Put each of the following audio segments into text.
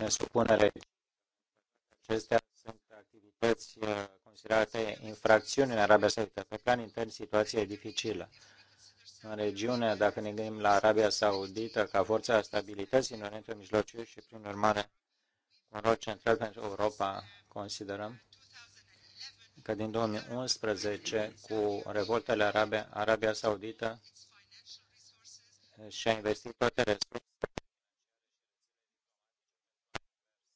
nesupunere. Acestea sunt activități uh, considerate infracțiuni în Arabia Saudită. Pe plan intern, situația e dificilă. În regiune, dacă ne gândim la Arabia Saudită ca forța stabilității în Orientul Mijlociu și, prin urmare, un rol central pentru Europa, considerăm că din 2011, cu revoltele arabe, Arabia Saudită și-a investit toate resursele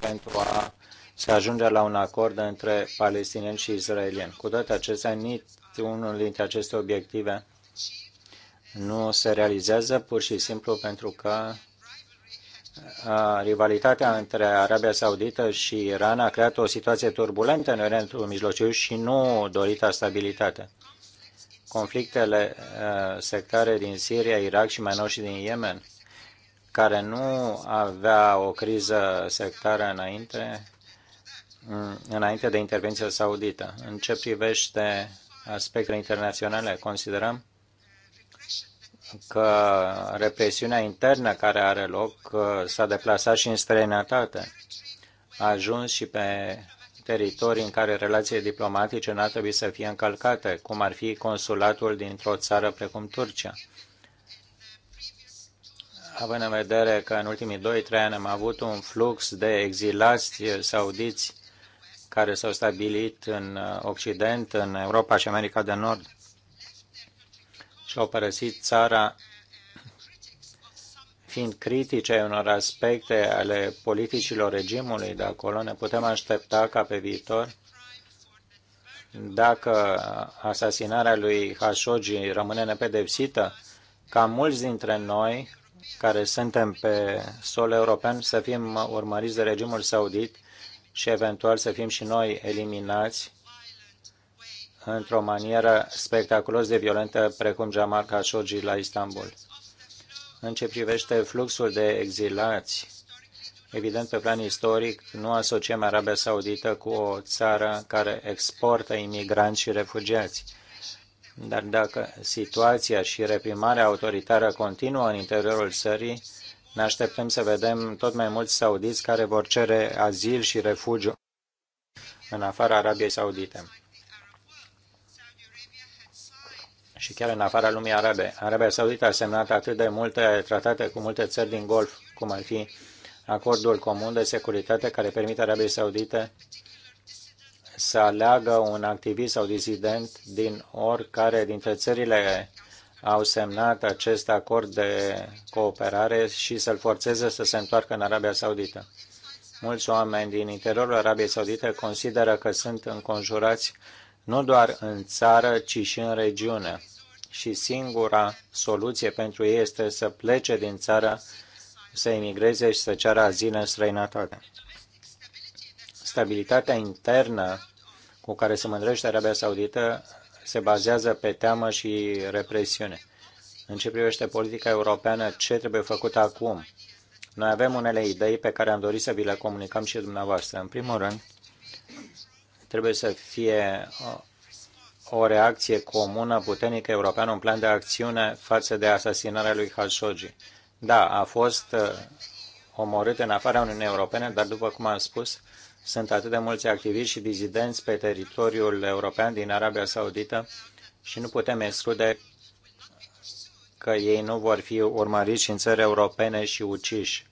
pentru a se ajunge la un acord între palestinieni și israelieni. Cu toate acestea, nici unul dintre aceste obiective nu se realizează pur și simplu pentru că rivalitatea între Arabia Saudită și Iran a creat o situație turbulentă în Orientul Mijlociu și nu dorita stabilitate. Conflictele sectare din Siria, Irak și mai nou și din Yemen care nu avea o criză sectară înainte, înainte de intervenția saudită. În ce privește aspectele internaționale, considerăm că represiunea internă care are loc uh, s-a deplasat și în străinătate. A ajuns și pe teritorii în care relațiile diplomatice n-ar trebui să fie încălcate, cum ar fi consulatul dintr-o țară precum Turcia având în vedere că în ultimii 2-3 ani am avut un flux de exilați saudiți care s-au stabilit în uh, Occident, în Europa și America de Nord și au părăsit țara fiind critice unor aspecte ale politicilor regimului de acolo, ne putem aștepta ca pe viitor, dacă asasinarea lui Khashoggi rămâne nepedepsită, ca mulți dintre noi care suntem pe sol european să fim urmăriți de regimul saudit și eventual să fim și noi eliminați într-o manieră spectaculos de violentă precum Jamal Khashoggi la Istanbul. În ce privește fluxul de exilați, evident pe plan istoric, nu asociem Arabia Saudită cu o țară care exportă imigranți și refugiați. Dar dacă situația și reprimarea autoritară continuă în interiorul țării, ne așteptăm să vedem tot mai mulți saudiți care vor cere azil și refugiu în afara Arabiei Saudite. Și chiar în afara lumii arabe. Arabia Saudită a semnat atât de multe tratate cu multe țări din Golf, cum ar fi acordul comun de securitate care permite Arabiei Saudite să aleagă un activist sau dizident din oricare dintre țările au semnat acest acord de cooperare și să-l forțeze să se întoarcă în Arabia Saudită. Mulți oameni din interiorul Arabiei Saudite consideră că sunt înconjurați nu doar în țară, ci și în regiune. Și singura soluție pentru ei este să plece din țară, să emigreze și să ceară azil în străinătate. Stabilitatea internă cu care se mândrește Arabia Saudită se bazează pe teamă și represiune. În ce privește politica europeană, ce trebuie făcut acum? Noi avem unele idei pe care am dorit să vi le comunicăm și dumneavoastră. În primul rând, trebuie să fie o reacție comună puternică europeană, un plan de acțiune față de asasinarea lui Khashoggi. Da, a fost uh, omorât în afara Uniunii Europene, dar după cum am spus, sunt atât de mulți activiști și dizidenți pe teritoriul european din Arabia Saudită și nu putem exclude că ei nu vor fi urmăriți și în țări europene și uciși.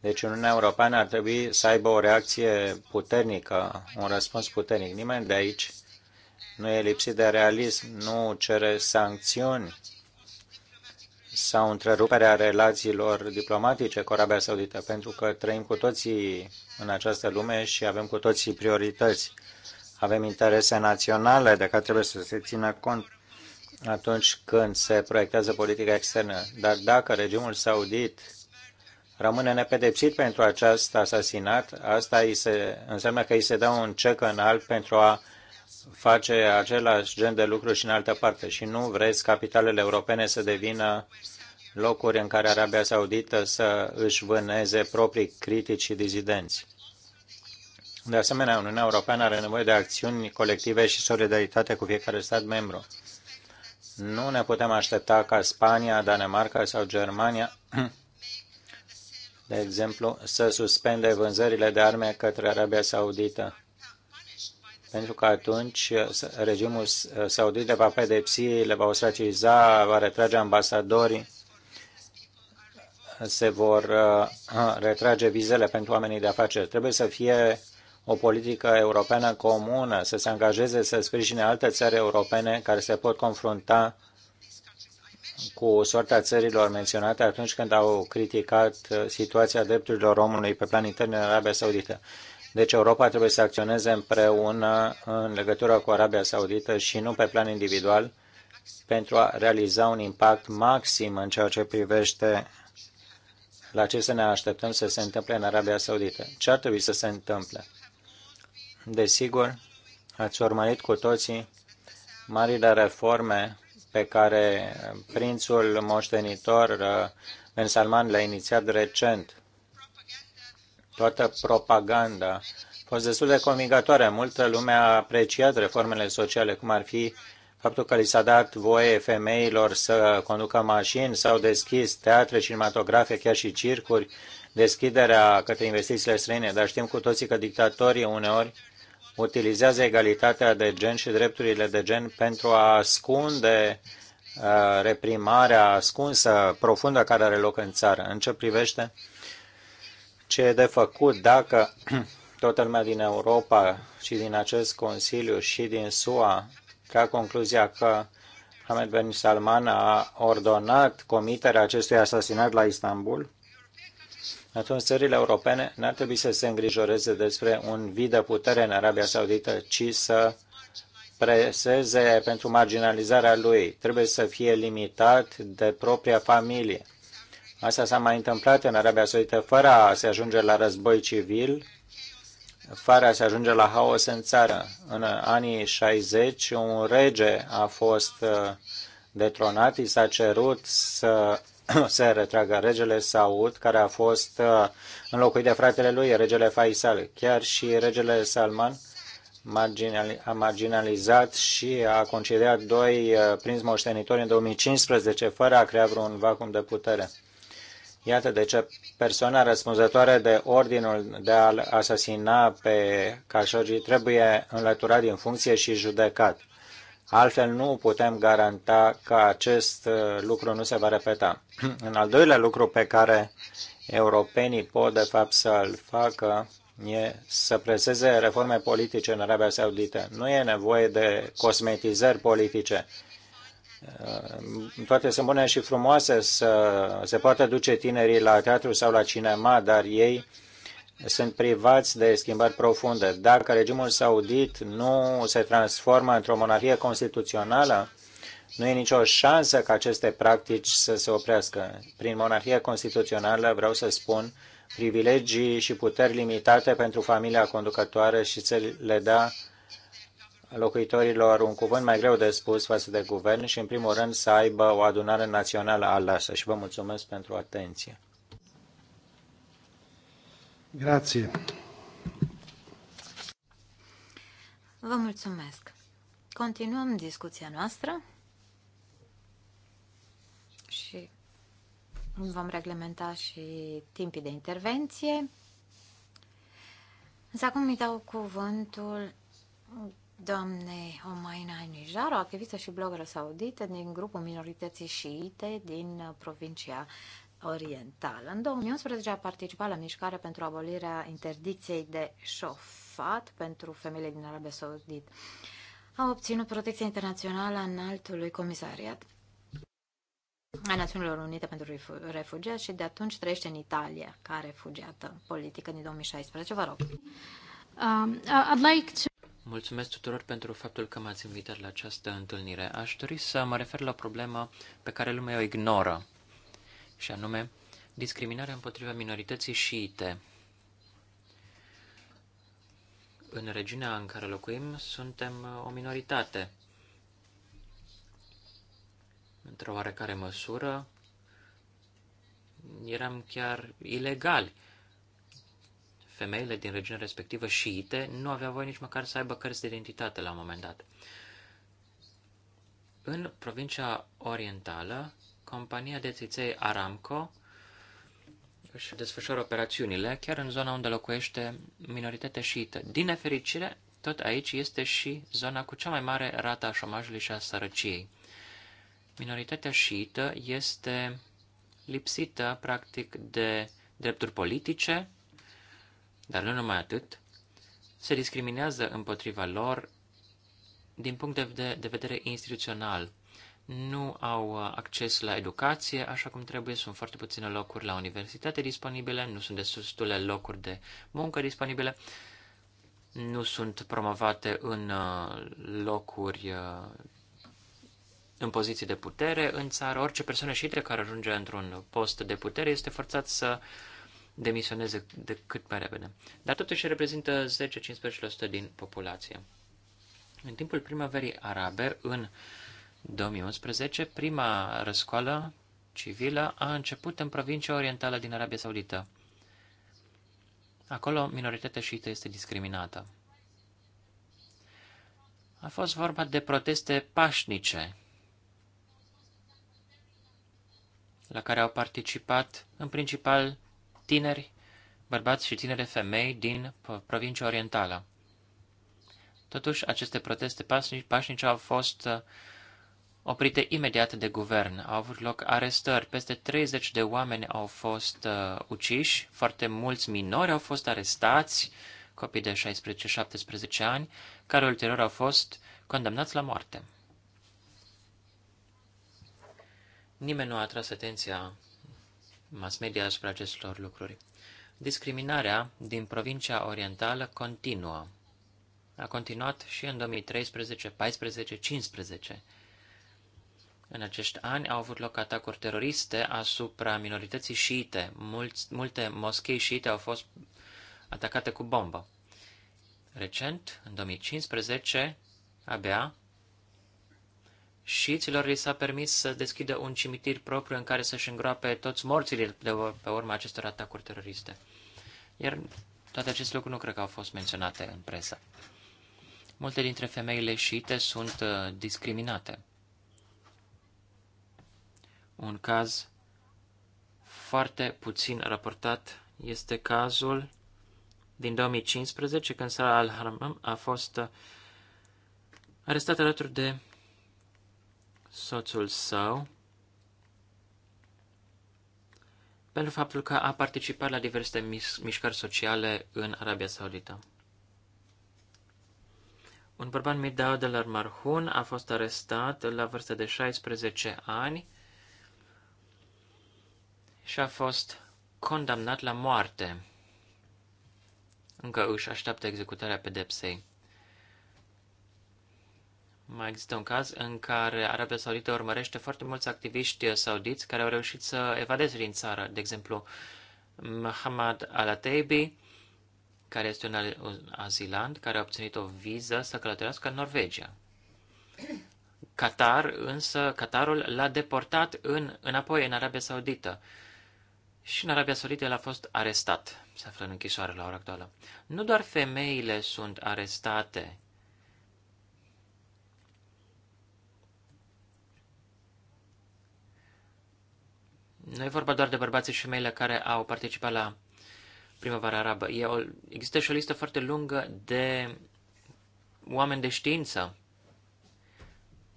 Deci Uniunea Europeană ar trebui să aibă o reacție puternică, un răspuns puternic. Nimeni de aici nu e lipsit de realism, nu cere sancțiuni sau întreruperea relațiilor diplomatice cu Arabia Saudită, pentru că trăim cu toții în această lume și avem cu toții priorități. Avem interese naționale de care trebuie să se țină cont atunci când se proiectează politica externă. Dar dacă regimul saudit rămâne nepedepsit pentru acest asasinat, asta îi se, înseamnă că îi se dă un cec în alb pentru a face același gen de lucru și în altă parte și nu vreți capitalele europene să devină locuri în care Arabia Saudită să își vâneze proprii critici și dizidenți. De asemenea, Uniunea Europeană are nevoie de acțiuni colective și solidaritate cu fiecare stat membru. Nu ne putem aștepta ca Spania, Danemarca sau Germania, de exemplu, să suspende vânzările de arme către Arabia Saudită pentru că atunci uh, regimul uh, saudit le va pedepsi, le va ostraciza, va retrage ambasadorii, uh, se vor retrage vizele pentru oamenii de afaceri. Trebuie să fie o politică europeană comună, să se angajeze să sprijine alte țări europene care se pot confrunta cu soarta țărilor menționate atunci când au criticat situația drepturilor omului pe plan intern în Arabia Saudită. Deci Europa trebuie să acționeze împreună în legătură cu Arabia Saudită și nu pe plan individual pentru a realiza un impact maxim în ceea ce privește la ce să ne așteptăm să se întâmple în Arabia Saudită. Ce ar trebui să se întâmple? Desigur, ați urmărit cu toții marile reforme pe care prințul moștenitor Ben Salman le-a inițiat recent toată propaganda a fost destul de convingătoare. Multă lume a apreciat reformele sociale, cum ar fi faptul că li s-a dat voie femeilor să conducă mașini, s-au deschis teatre cinematografe, chiar și circuri, deschiderea către investițiile străine, dar știm cu toții că dictatorii uneori utilizează egalitatea de gen și drepturile de gen pentru a ascunde uh, reprimarea ascunsă, profundă care are loc în țară. În ce privește ce e de făcut dacă toată lumea din Europa și din acest Consiliu și din SUA ca concluzia că Hamed Ben Salman a ordonat comiterea acestui asasinat la Istanbul, atunci țările europene n-ar trebui să se îngrijoreze despre un vid de putere în Arabia Saudită, ci să preseze pentru marginalizarea lui. Trebuie să fie limitat de propria familie Asta s-a mai întâmplat în Arabia Saudită fără a se ajunge la război civil, fără a se ajunge la haos în țară. În anii 60, un rege a fost uh, detronat, i s-a cerut să se retragă regele Saud, care a fost uh, înlocuit de fratele lui, regele Faisal. Chiar și regele Salman a marginalizat și a concediat doi uh, prinți moștenitori în 2015, fără a crea vreun vacum de putere. Iată de ce persoana răspunzătoare de ordinul de a-l asasina pe Khashoggi trebuie înlăturat din funcție și judecat. Altfel nu putem garanta că acest uh, lucru nu se va repeta. În al doilea lucru pe care europenii pot de fapt să-l facă e să preseze reforme politice în Arabia Saudită. Nu e nevoie de cosmetizări politice toate sunt bune și frumoase să se poată duce tinerii la teatru sau la cinema, dar ei sunt privați de schimbări profunde. Dacă regimul saudit nu se transformă într-o monarhie constituțională, nu e nicio șansă ca aceste practici să se oprească. Prin monarhie constituțională vreau să spun privilegii și puteri limitate pentru familia conducătoare și să le da locuitorilor un cuvânt mai greu de spus față de guvern și, în primul rând, să aibă o adunare națională alasă. Și vă mulțumesc pentru atenție. Grație. Vă mulțumesc. Continuăm discuția noastră și vom reglementa și timpii de intervenție. Însă acum îi dau cuvântul mai Omaina Nijaru, activistă și blogără saudită din grupul minorității șiite din uh, provincia Orientală. În 2011 a participat la mișcare pentru abolirea interdicției de șofat pentru femeile din Arabia Saudită. A obținut protecția internațională în altului comisariat a Națiunilor Unite pentru Refugiați și de atunci trăiește în Italia ca refugiată politică din 2016. Vă rog. Um, uh, I'd like to... Mulțumesc tuturor pentru faptul că m-ați invitat la această întâlnire. Aș dori să mă refer la problema pe care lumea o ignoră, și anume discriminarea împotriva minorității șiite. În regiunea în care locuim, suntem o minoritate. Într-o oarecare măsură, eram chiar ilegali femeile din regiunea respectivă șiite nu aveau voie nici măcar să aibă cărți de identitate la un moment dat. În provincia orientală, compania de țiței Aramco își desfășoară operațiunile chiar în zona unde locuiește minoritatea șiită. Din nefericire, tot aici este și zona cu cea mai mare rată a șomajului și a sărăciei. Minoritatea șiită este lipsită, practic, de drepturi politice, dar nu numai atât, se discriminează împotriva lor din punct de, de vedere instituțional. Nu au uh, acces la educație așa cum trebuie, sunt foarte puține locuri la universitate disponibile, nu sunt destule locuri de muncă disponibile, nu sunt promovate în uh, locuri uh, în poziții de putere în țară. Orice persoană și care ajunge într-un post de putere este forțat să uh, demisioneze de cât mai repede. Dar totuși reprezintă 10-15% din populație. În timpul primăverii arabe, în 2011, prima răscoală civilă a început în provincia orientală din Arabia Saudită. Acolo, minoritatea șiită este discriminată. A fost vorba de proteste pașnice, la care au participat în principal tineri, bărbați și tinere femei din provincia orientală. Totuși, aceste proteste pașnice au fost uh, oprite imediat de guvern. Au avut loc arestări. Peste 30 de oameni au fost uh, uciși, foarte mulți minori au fost arestați, copii de 16-17 ani, care ulterior au fost condamnați la moarte. Nimeni nu a atras atenția mass media asupra acestor lucruri. Discriminarea din provincia orientală continuă. A continuat și în 2013, 14, 15. În acești ani au avut loc atacuri teroriste asupra minorității șiite. Mulți, multe moschei șiite au fost atacate cu bombă. Recent, în 2015, abia șiților li s-a permis să deschidă un cimitir propriu în care să-și îngroape toți morții de pe urma acestor atacuri teroriste. Iar toate aceste lucruri nu cred că au fost menționate în presă. Multe dintre femeile șiite sunt uh, discriminate. Un caz foarte puțin raportat este cazul din 2015, când Sara al-Haram a fost uh, arestată alături de soțul său pentru faptul că a participat la diverse mișcări sociale în Arabia Saudită. Un bărbat Midaud de la Marhun a fost arestat la vârsta de 16 ani și a fost condamnat la moarte. Încă își așteaptă executarea pedepsei. Mai există un caz în care Arabia Saudită urmărește foarte mulți activiști saudiți care au reușit să evadeze din țară. De exemplu, Mohamed Al-Ateibi, care este un, un azilant, care a obținut o viză să călătorească în Norvegia. Qatar, însă, Qatarul l-a deportat în, înapoi în Arabia Saudită. Și în Arabia Saudită el a fost arestat. Se află în închisoare la ora actuală. Nu doar femeile sunt arestate Nu e vorba doar de bărbații și femeile care au participat la primăvara arabă. E o, există și o listă foarte lungă de oameni de știință.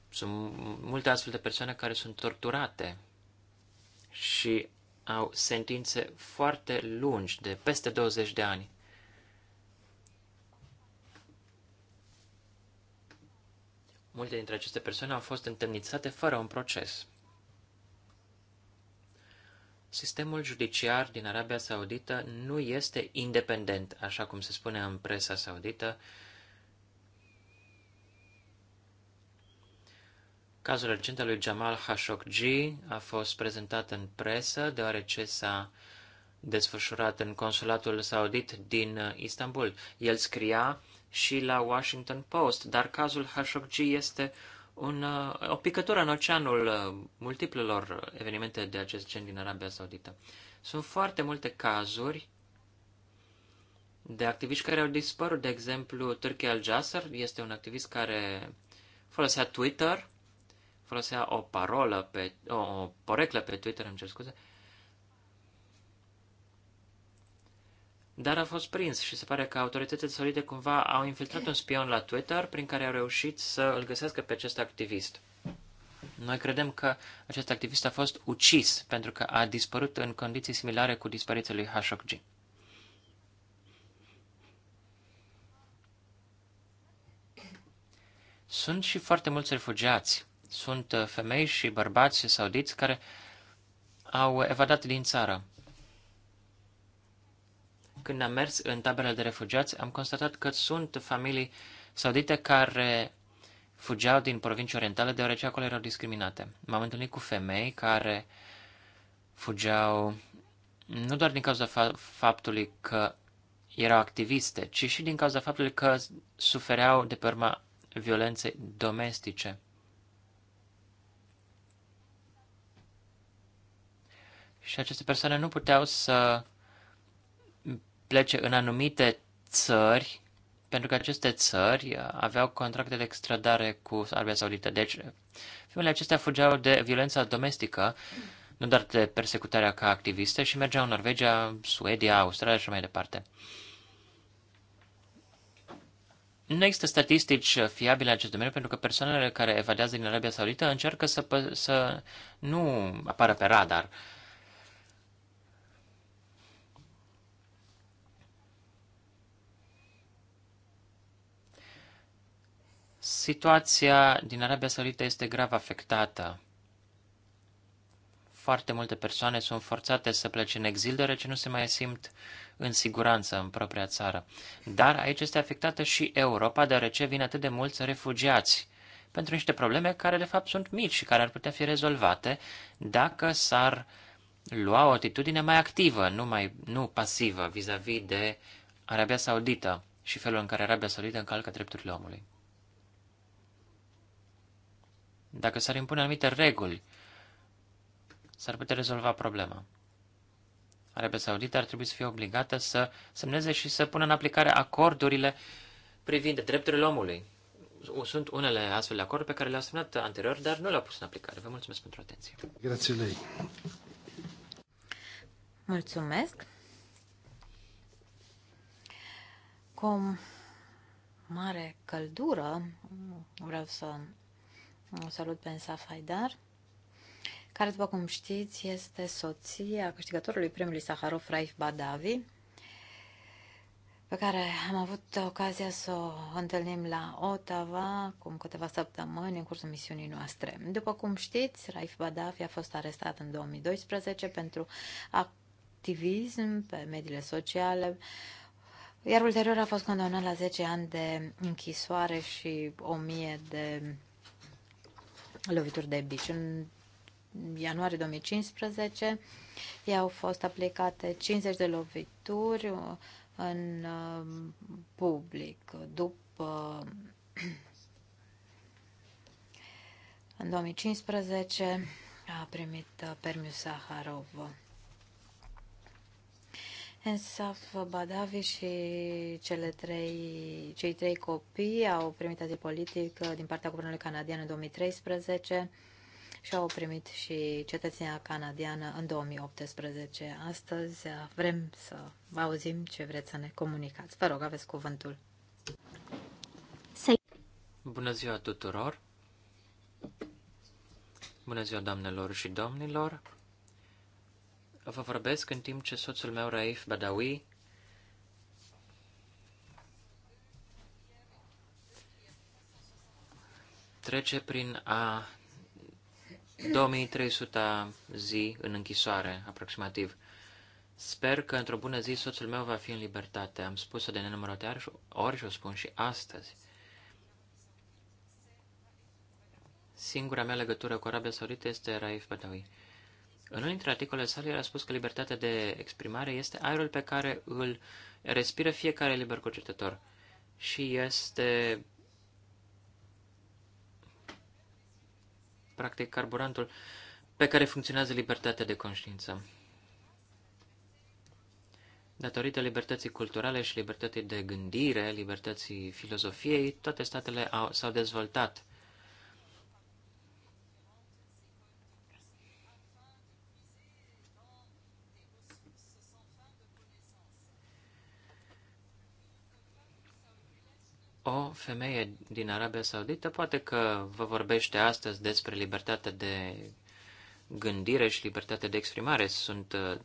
Sunt multe astfel de persoane care sunt torturate și au sentințe foarte lungi, de peste 20 de ani. Multe dintre aceste persoane au fost întemnițate fără un proces. Sistemul judiciar din Arabia Saudită nu este independent, așa cum se spune în presa saudită. Cazul recent al lui Jamal Khashoggi a fost prezentat în presă deoarece s-a desfășurat în consulatul saudit din uh, Istanbul. El scria și la Washington Post, dar cazul Khashoggi este uh, un, uh, o picătură în oceanul uh, multiplelor evenimente de acest gen din Arabia Saudită. Sunt foarte multe cazuri de activiști care au dispărut. De exemplu, Turkey Al-Jasser este un activist care folosea Twitter, folosea o parolă pe, o, o poreclă pe Twitter, îmi cer scuze, dar a fost prins și se pare că autoritățile solide cumva au infiltrat un spion la Twitter prin care au reușit să îl găsească pe acest activist. Noi credem că acest activist a fost ucis pentru că a dispărut în condiții similare cu dispariția lui Khashoggi. Sunt și foarte mulți refugiați. Sunt uh, femei și bărbați saudiți care au evadat din țară. Când am mers în taberele de refugiați, am constatat că sunt familii saudite care fugeau din provincii orientale deoarece acolo erau discriminate. M-am întâlnit cu femei care fugeau nu doar din cauza fa- faptului că erau activiste, ci și din cauza faptului că sufereau de pe urma violenței domestice. Și aceste persoane nu puteau să plece în anumite țări, pentru că aceste țări uh, aveau contracte de extradare cu Arabia Saudită. Deci, uh, femeile acestea fugeau de violența domestică, nu doar de persecutarea ca activiste, și mergeau în Norvegia, Suedia, Australia și mai departe. Nu există statistici uh, fiabile în acest domeniu pentru că persoanele care evadează din Arabia Saudită încearcă să, să nu apară pe radar. Uh, Situația din Arabia Saudită este grav afectată. Foarte multe persoane sunt forțate să plece în exil deoarece nu se mai simt în siguranță în propria țară. Dar aici este afectată și Europa deoarece vin atât de mulți refugiați pentru niște probleme care de fapt sunt mici și care ar putea fi rezolvate dacă s-ar lua o atitudine mai activă, nu, mai, nu pasivă, vis-a-vis -vis de Arabia Saudită și felul în care Arabia Saudită încalcă drepturile omului. Dacă s-ar impune anumite reguli, s-ar putea rezolva problema. Arabia Saudită ar trebui să fie obligată să semneze și să pună în aplicare acordurile privind drepturile omului. Sunt unele astfel de acorduri pe care le-au semnat anterior, dar nu le-au pus în aplicare. Vă mulțumesc pentru atenție. Grație lei. Mulțumesc. Cum mare căldură vreau să un salut pe Ensa Faidar, care, după cum știți, este soția câștigătorului premiului Saharov Raif Badavi, pe care am avut ocazia să o întâlnim la Ottawa cum câteva săptămâni în cursul misiunii noastre. După cum știți, Raif Badavi a fost arestat în 2012 pentru activism pe mediile sociale, iar ulterior a fost condamnat la 10 ani de închisoare și 1000 de lovituri de bici. În ianuarie 2015 i-au fost aplicate 50 de lovituri uh, în uh, public. După uh, în 2015 a primit permisul Saharov. Ensaf Badavi și cele trei, cei trei copii au primit azil politic din partea guvernului canadian în 2013 și au primit și cetățenia canadiană în 2018. Astăzi vrem să vă auzim ce vreți să ne comunicați. Vă rog, aveți cuvântul. Bună ziua tuturor! Bună ziua, doamnelor și domnilor! Vă vorbesc în timp ce soțul meu, Raif Badawi, trece prin a 2300 zi în închisoare, aproximativ. Sper că într-o bună zi soțul meu va fi în libertate. Am spus-o de nenumărate ori și o spun și astăzi. Singura mea legătură cu Arabia Saudită este Raif Badawi. În unul dintre articolele sale, el a spus că libertatea de exprimare este aerul pe care îl respiră fiecare liber cercetător. și este practic carburantul pe care funcționează libertatea de conștiință. Datorită libertății culturale și libertății de gândire, libertății filozofiei, toate statele s-au dezvoltat o femeie din Arabia Saudită poate că vă vorbește astăzi despre libertatea de gândire și libertatea de exprimare. Sunt uh,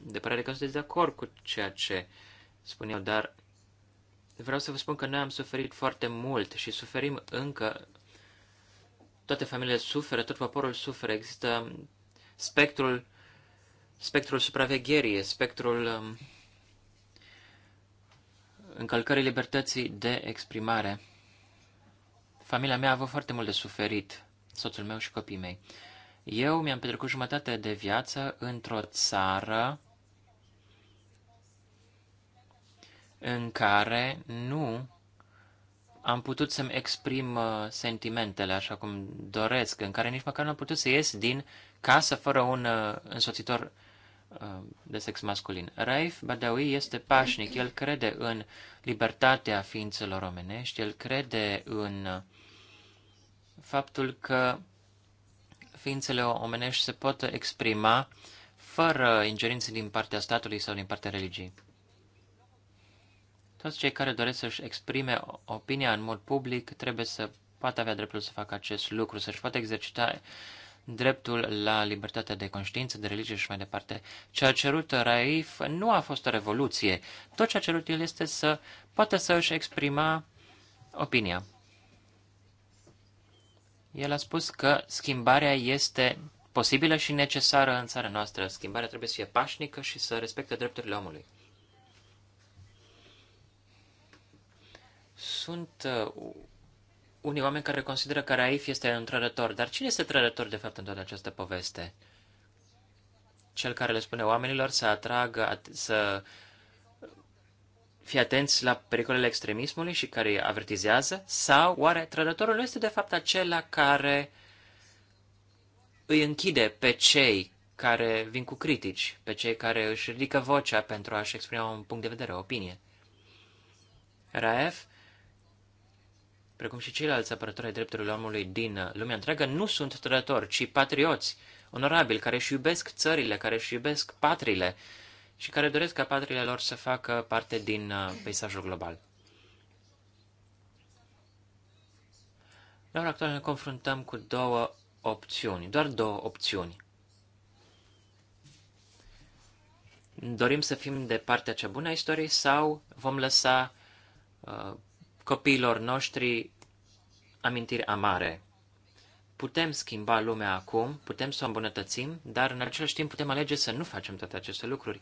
de părere că sunteți de acord cu ceea ce spun eu, dar vreau să vă spun că noi am suferit foarte mult și suferim încă. Toate familiile suferă, tot poporul suferă. Există spectrul, spectrul supravegherii, spectrul um, încălcării libertății de exprimare. Familia mea a avut foarte mult de suferit, soțul meu și copiii mei. Eu mi-am petrecut jumătate de viață într-o țară în care nu am putut să-mi exprim uh, sentimentele așa cum doresc, în care nici măcar nu am putut să ies din casă fără un uh, însoțitor Um, de sex masculin. Raif Badawi este pașnic, el crede în libertatea ființelor omenești, el crede în uh, faptul că ființele omenești se pot exprima fără ingerințe din partea statului sau din partea religiei. Toți cei care doresc să-și exprime opinia în mod public trebuie să poată avea dreptul să facă acest lucru, să-și poată exercita uh, dreptul la libertatea de conștiință, de religie și mai departe. Ce a cerut Raif nu a fost o revoluție. Tot ce a cerut el este să poată să își exprima opinia. El a spus că schimbarea este posibilă și necesară în țara noastră. Schimbarea trebuie să fie pașnică și să respecte drepturile omului. Sunt uh, unii oameni care consideră că Raif este un trădător. Dar cine este trădător, de fapt, în toată această poveste? Cel care le spune oamenilor să atragă, să fie atenți la pericolele extremismului și care îi avertizează? Sau oare trădătorul nu este, de fapt, acela care îi închide pe cei care vin cu critici, pe cei care își ridică vocea pentru a-și exprima un punct de vedere, o opinie? Raif precum și ceilalți apărători ai drepturilor omului din lumea întreagă, nu sunt trădători, ci patrioți, onorabili, care își iubesc țările, care își iubesc patriile și care doresc ca patriile lor să facă parte din uh, peisajul global. La ora actuală ne confruntăm cu două opțiuni, doar două opțiuni. Dorim să fim de partea cea bună a istoriei sau vom lăsa uh, copiilor noștri amintiri amare. Putem schimba lumea acum, putem să o îmbunătățim, dar în același timp putem alege să nu facem toate aceste lucruri.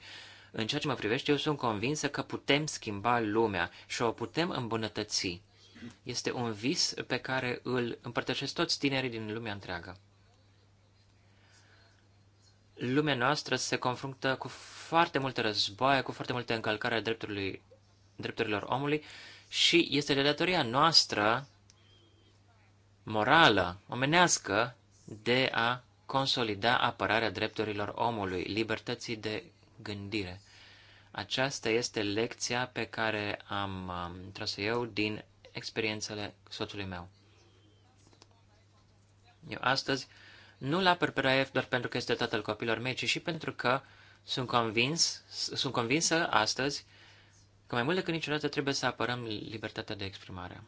În ceea ce mă privește, eu sunt convinsă că putem schimba lumea și o putem îmbunătăți. Este un vis pe care îl împărtășesc toți tinerii din lumea întreagă. Lumea noastră se confruntă cu foarte multe războaie, cu foarte multe încălcare a drepturilor omului și este de datoria noastră morală, omenească, de a consolida apărarea drepturilor omului, libertății de gândire. Aceasta este lecția pe care am tras eu din experiențele soțului meu. Eu astăzi nu la apăr pe Raef doar pentru că este tatăl copilor mei, ci și pentru că sunt, convins, sunt convinsă astăzi că mai mult decât niciodată trebuie să apărăm libertatea de exprimare.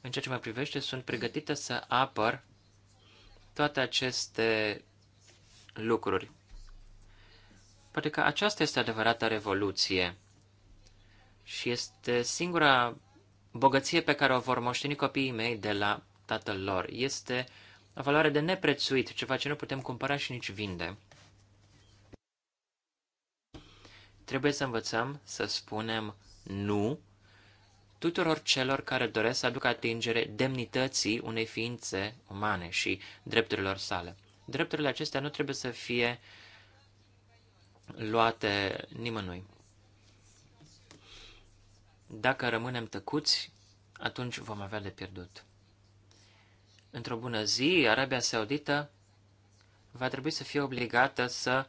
În ceea ce mă privește, sunt pregătită să apăr toate aceste lucruri. Poate că aceasta este adevărata revoluție și este singura bogăție pe care o vor moșteni copiii mei de la tatăl lor. Este o valoare de neprețuit, ceva ce nu putem cumpăra și nici vinde. Trebuie să învățăm să spunem nu tuturor celor care doresc să aducă atingere demnității unei ființe umane și drepturilor sale. Drepturile acestea nu trebuie să fie luate nimănui. Dacă rămânem tăcuți, atunci vom avea de pierdut. Într-o bună zi, Arabia Saudită va trebui să fie obligată să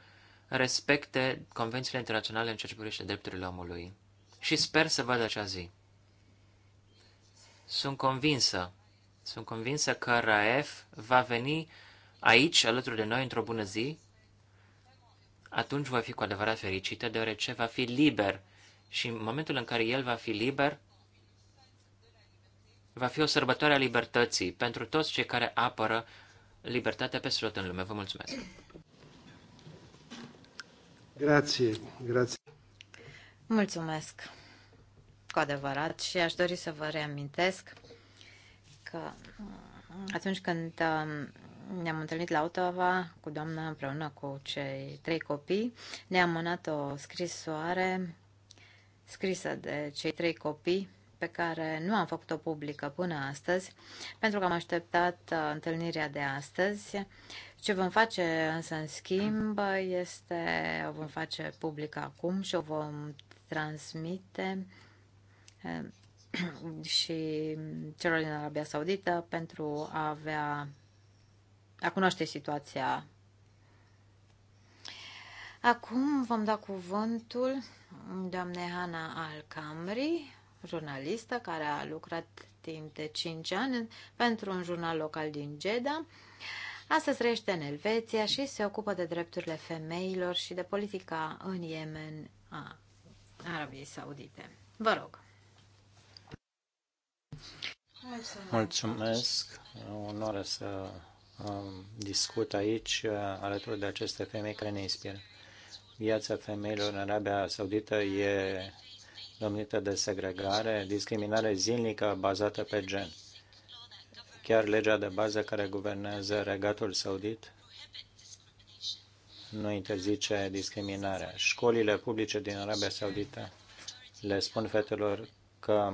respecte convențiile internaționale în ceea ce privește drepturile omului. Și sper să văd acea zi. Sunt convinsă, sunt convinsă că Raef va veni aici, alături de noi, într-o bună zi. Atunci voi fi cu adevărat fericită, deoarece va fi liber. Și în momentul în care el va fi liber, va fi o sărbătoare a libertății pentru toți cei care apără libertatea peste tot în lume. Vă mulțumesc! Grație, grație. Mulțumesc cu adevărat și aș dori să vă reamintesc că mm, atunci când um, ne-am întâlnit la Ottawa cu doamna împreună cu cei trei copii, ne-am mânat o scrisoare scrisă de cei trei copii pe care nu am făcut-o publică până astăzi, pentru că am așteptat uh, întâlnirea de astăzi. Ce vom face însă în schimb este, o vom face publică acum și o vom transmite uh, și celor din Arabia Saudită pentru a avea a cunoaște situația. Acum vom da cuvântul doamnei Hana Al-Kamri, jurnalistă care a lucrat timp de 5 ani pentru un jurnal local din Jeddah. Astăzi trăiește în Elveția și se ocupă de drepturile femeilor și de politica în Yemen a Arabiei Saudite. Vă rog! Mulțumesc! Mulțumesc. Onoare să um, discut aici uh, alături de aceste femei care ne inspiră. Viața femeilor în Arabia Saudită e numită de segregare, discriminare zilnică bazată pe gen. Chiar legea de bază care guvernează regatul saudit nu interzice discriminarea. Școlile publice din Arabia Saudită le spun fetelor că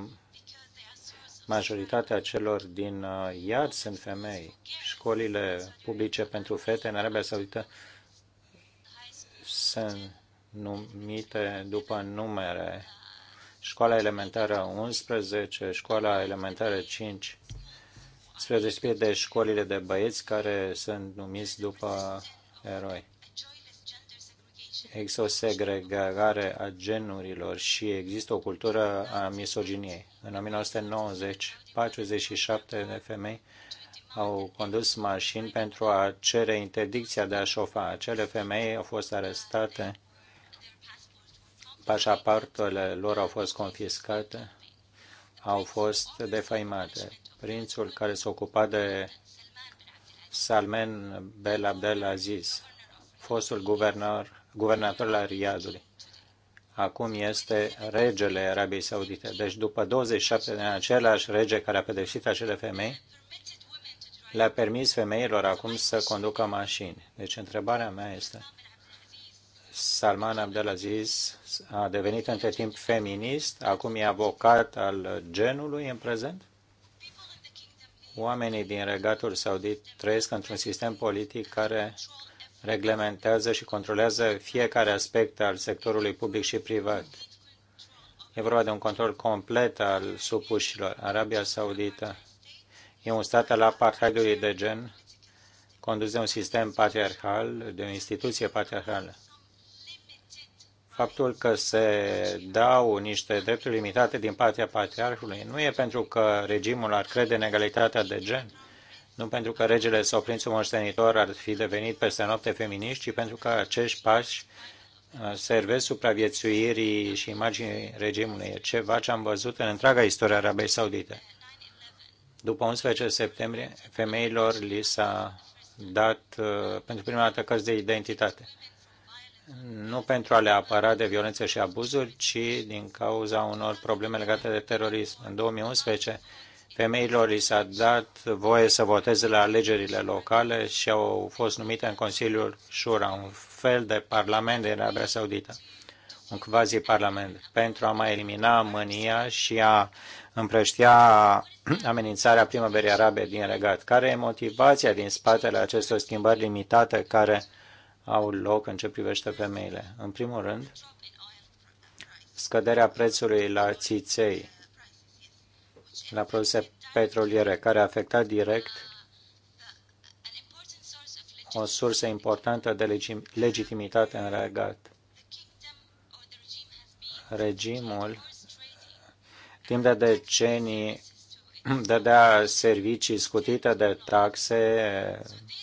majoritatea celor din uh, iad sunt femei. Școlile publice pentru fete în Arabia Saudită sunt numite după numere școala elementară 11, școala elementară 5, spre despre de școlile de băieți care sunt numiți după eroi. Există o segregare a genurilor și există o cultură a misoginiei. În 1990, 47 de femei au condus mașini pentru a cere interdicția de a șofa. Acele femei au fost arestate pașapartele lor au fost confiscate, au fost defăimate. Prințul care se ocupa de Salmen Bel Abdel Aziz, fostul guvernor, guvernator al Riyadului, acum este regele Arabiei Saudite. Deci după 27 de ani, același rege care a pedepsit acele femei, le-a permis femeilor acum să conducă mașini. Deci întrebarea mea este, Salman Abdelaziz a devenit între timp feminist, acum e avocat al genului în prezent? Oamenii din regatul saudit trăiesc într-un sistem politic care reglementează și controlează fiecare aspect al sectorului public și privat. E vorba de un control complet al supușilor. Arabia Saudită e un stat al apartheidului de gen, condus de un sistem patriarhal, de o instituție patriarhală faptul că se dau niște drepturi limitate din partea patriarhului nu e pentru că regimul ar crede în egalitatea de gen, nu pentru că regele sau prințul moștenitor ar fi devenit peste noapte feminist, ci pentru că acești pași uh, servesc supraviețuirii și imaginii regimului. E ceva ce am văzut în întreaga istoria Arabiei Saudite. După 11 septembrie, femeilor li s-a dat uh, pentru prima dată cărți de identitate nu pentru a le apăra de violențe și abuzuri, ci din cauza unor probleme legate de terorism. În 2011, femeilor li s-a dat voie să voteze la alegerile locale și au fost numite în Consiliul Shura, un fel de parlament din Arabia Saudită, un quasi-parlament, pentru a mai elimina mânia și a împrăștia amenințarea primăverii arabe din regat. Care e motivația din spatele acestor schimbări limitate care au loc în ce privește femeile. În primul rând, scăderea prețului la țiței, la produse petroliere, care a afectat direct o sursă importantă de legitimitate în regat. Regimul, timp de decenii, dădea servicii scutite de taxe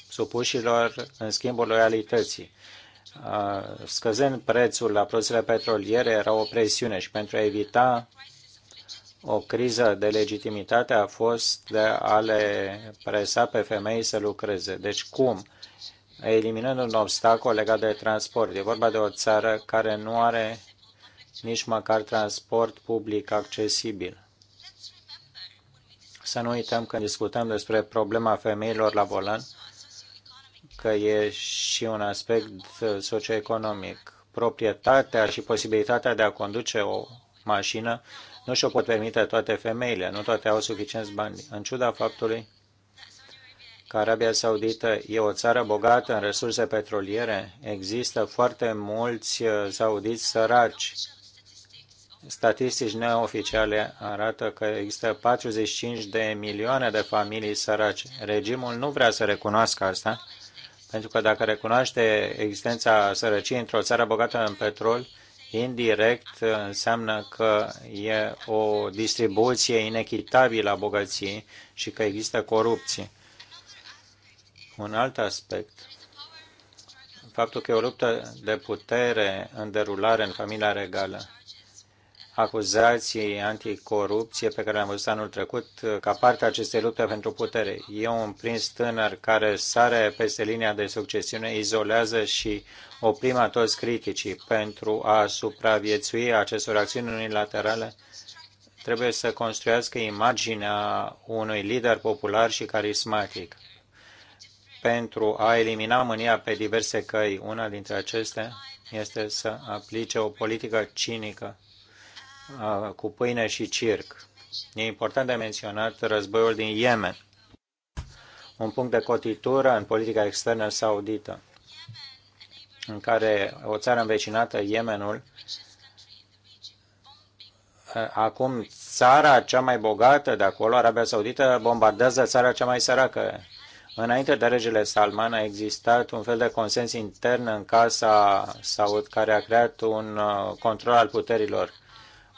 supușilor în schimbul loialității. Scăzând prețul la produsele petroliere era o presiune și pentru a evita o criză de legitimitate a fost de a le presa pe femei să lucreze. Deci cum? Eliminând un obstacol legat de transport. E vorba de o țară care nu are nici măcar transport public accesibil. Să nu uităm când discutăm despre problema femeilor la volan, că e și un aspect uh, socioeconomic. Proprietatea și posibilitatea de a conduce o mașină nu și-o pot permite toate femeile, nu toate au suficienți bani. În ciuda faptului că Arabia Saudită e o țară bogată în resurse petroliere, există foarte mulți uh, saudiți săraci statistici neoficiale arată că există 45 de milioane de familii sărace. Regimul nu vrea să recunoască asta, pentru că dacă recunoaște existența sărăciei într-o țară bogată în petrol, indirect înseamnă că e o distribuție inechitabilă a bogăției și că există corupție. Un alt aspect, faptul că e o luptă de putere în derulare în familia regală acuzații anticorupție pe care le-am văzut anul trecut ca parte a acestei lupte pentru putere. E un prins tânăr care sare peste linia de succesiune, izolează și oprimă toți criticii pentru a supraviețui acestor acțiuni unilaterale trebuie să construiască imaginea unui lider popular și carismatic. Pentru a elimina mânia pe diverse căi, una dintre acestea este să aplice o politică cinică cu pâine și circ. E important de menționat războiul din Yemen, un punct de cotitură în politica externă saudită, în care o țară învecinată, Yemenul, acum țara cea mai bogată de acolo, Arabia Saudită, bombardează țara cea mai săracă. Înainte de regele Salman a existat un fel de consens intern în casa Saud care a creat un uh, control al puterilor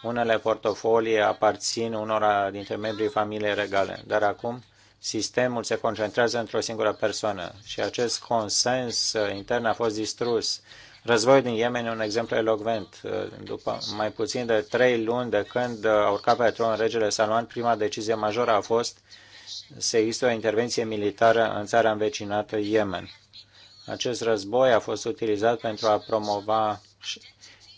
unele portofolii aparțin unora dintre membrii familiei regale, dar acum sistemul se concentrează într-o singură persoană și acest consens uh, intern a fost distrus. Războiul din Yemen e un exemplu elogvent. Uh, după mai puțin de trei luni de când uh, a urcat pe tron regele Salman, prima decizie majoră a fost să există o intervenție militară în țara învecinată Yemen. Acest război a fost utilizat pentru a promova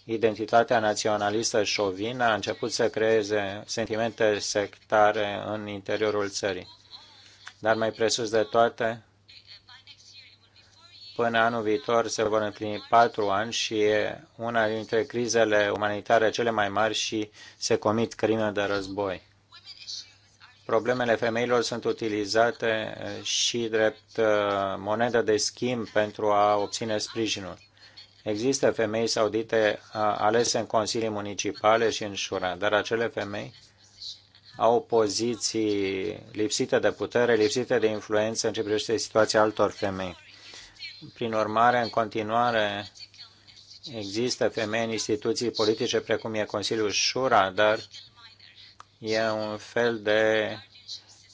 identitatea naționalistă șovină a început să creeze sentimente sectare în interiorul țării. Dar mai presus de toate, până anul viitor se vor împlini patru ani și e una dintre crizele umanitare cele mai mari și se comit crime de război. Problemele femeilor sunt utilizate și drept uh, monedă de schimb pentru a obține sprijinul. Există femei saudite alese în consilii municipale și în șura, dar acele femei au poziții lipsite de putere, lipsite de influență în ce privește situația altor femei. Prin urmare, în continuare, există femei în instituții politice precum e Consiliul Shura, dar e un fel de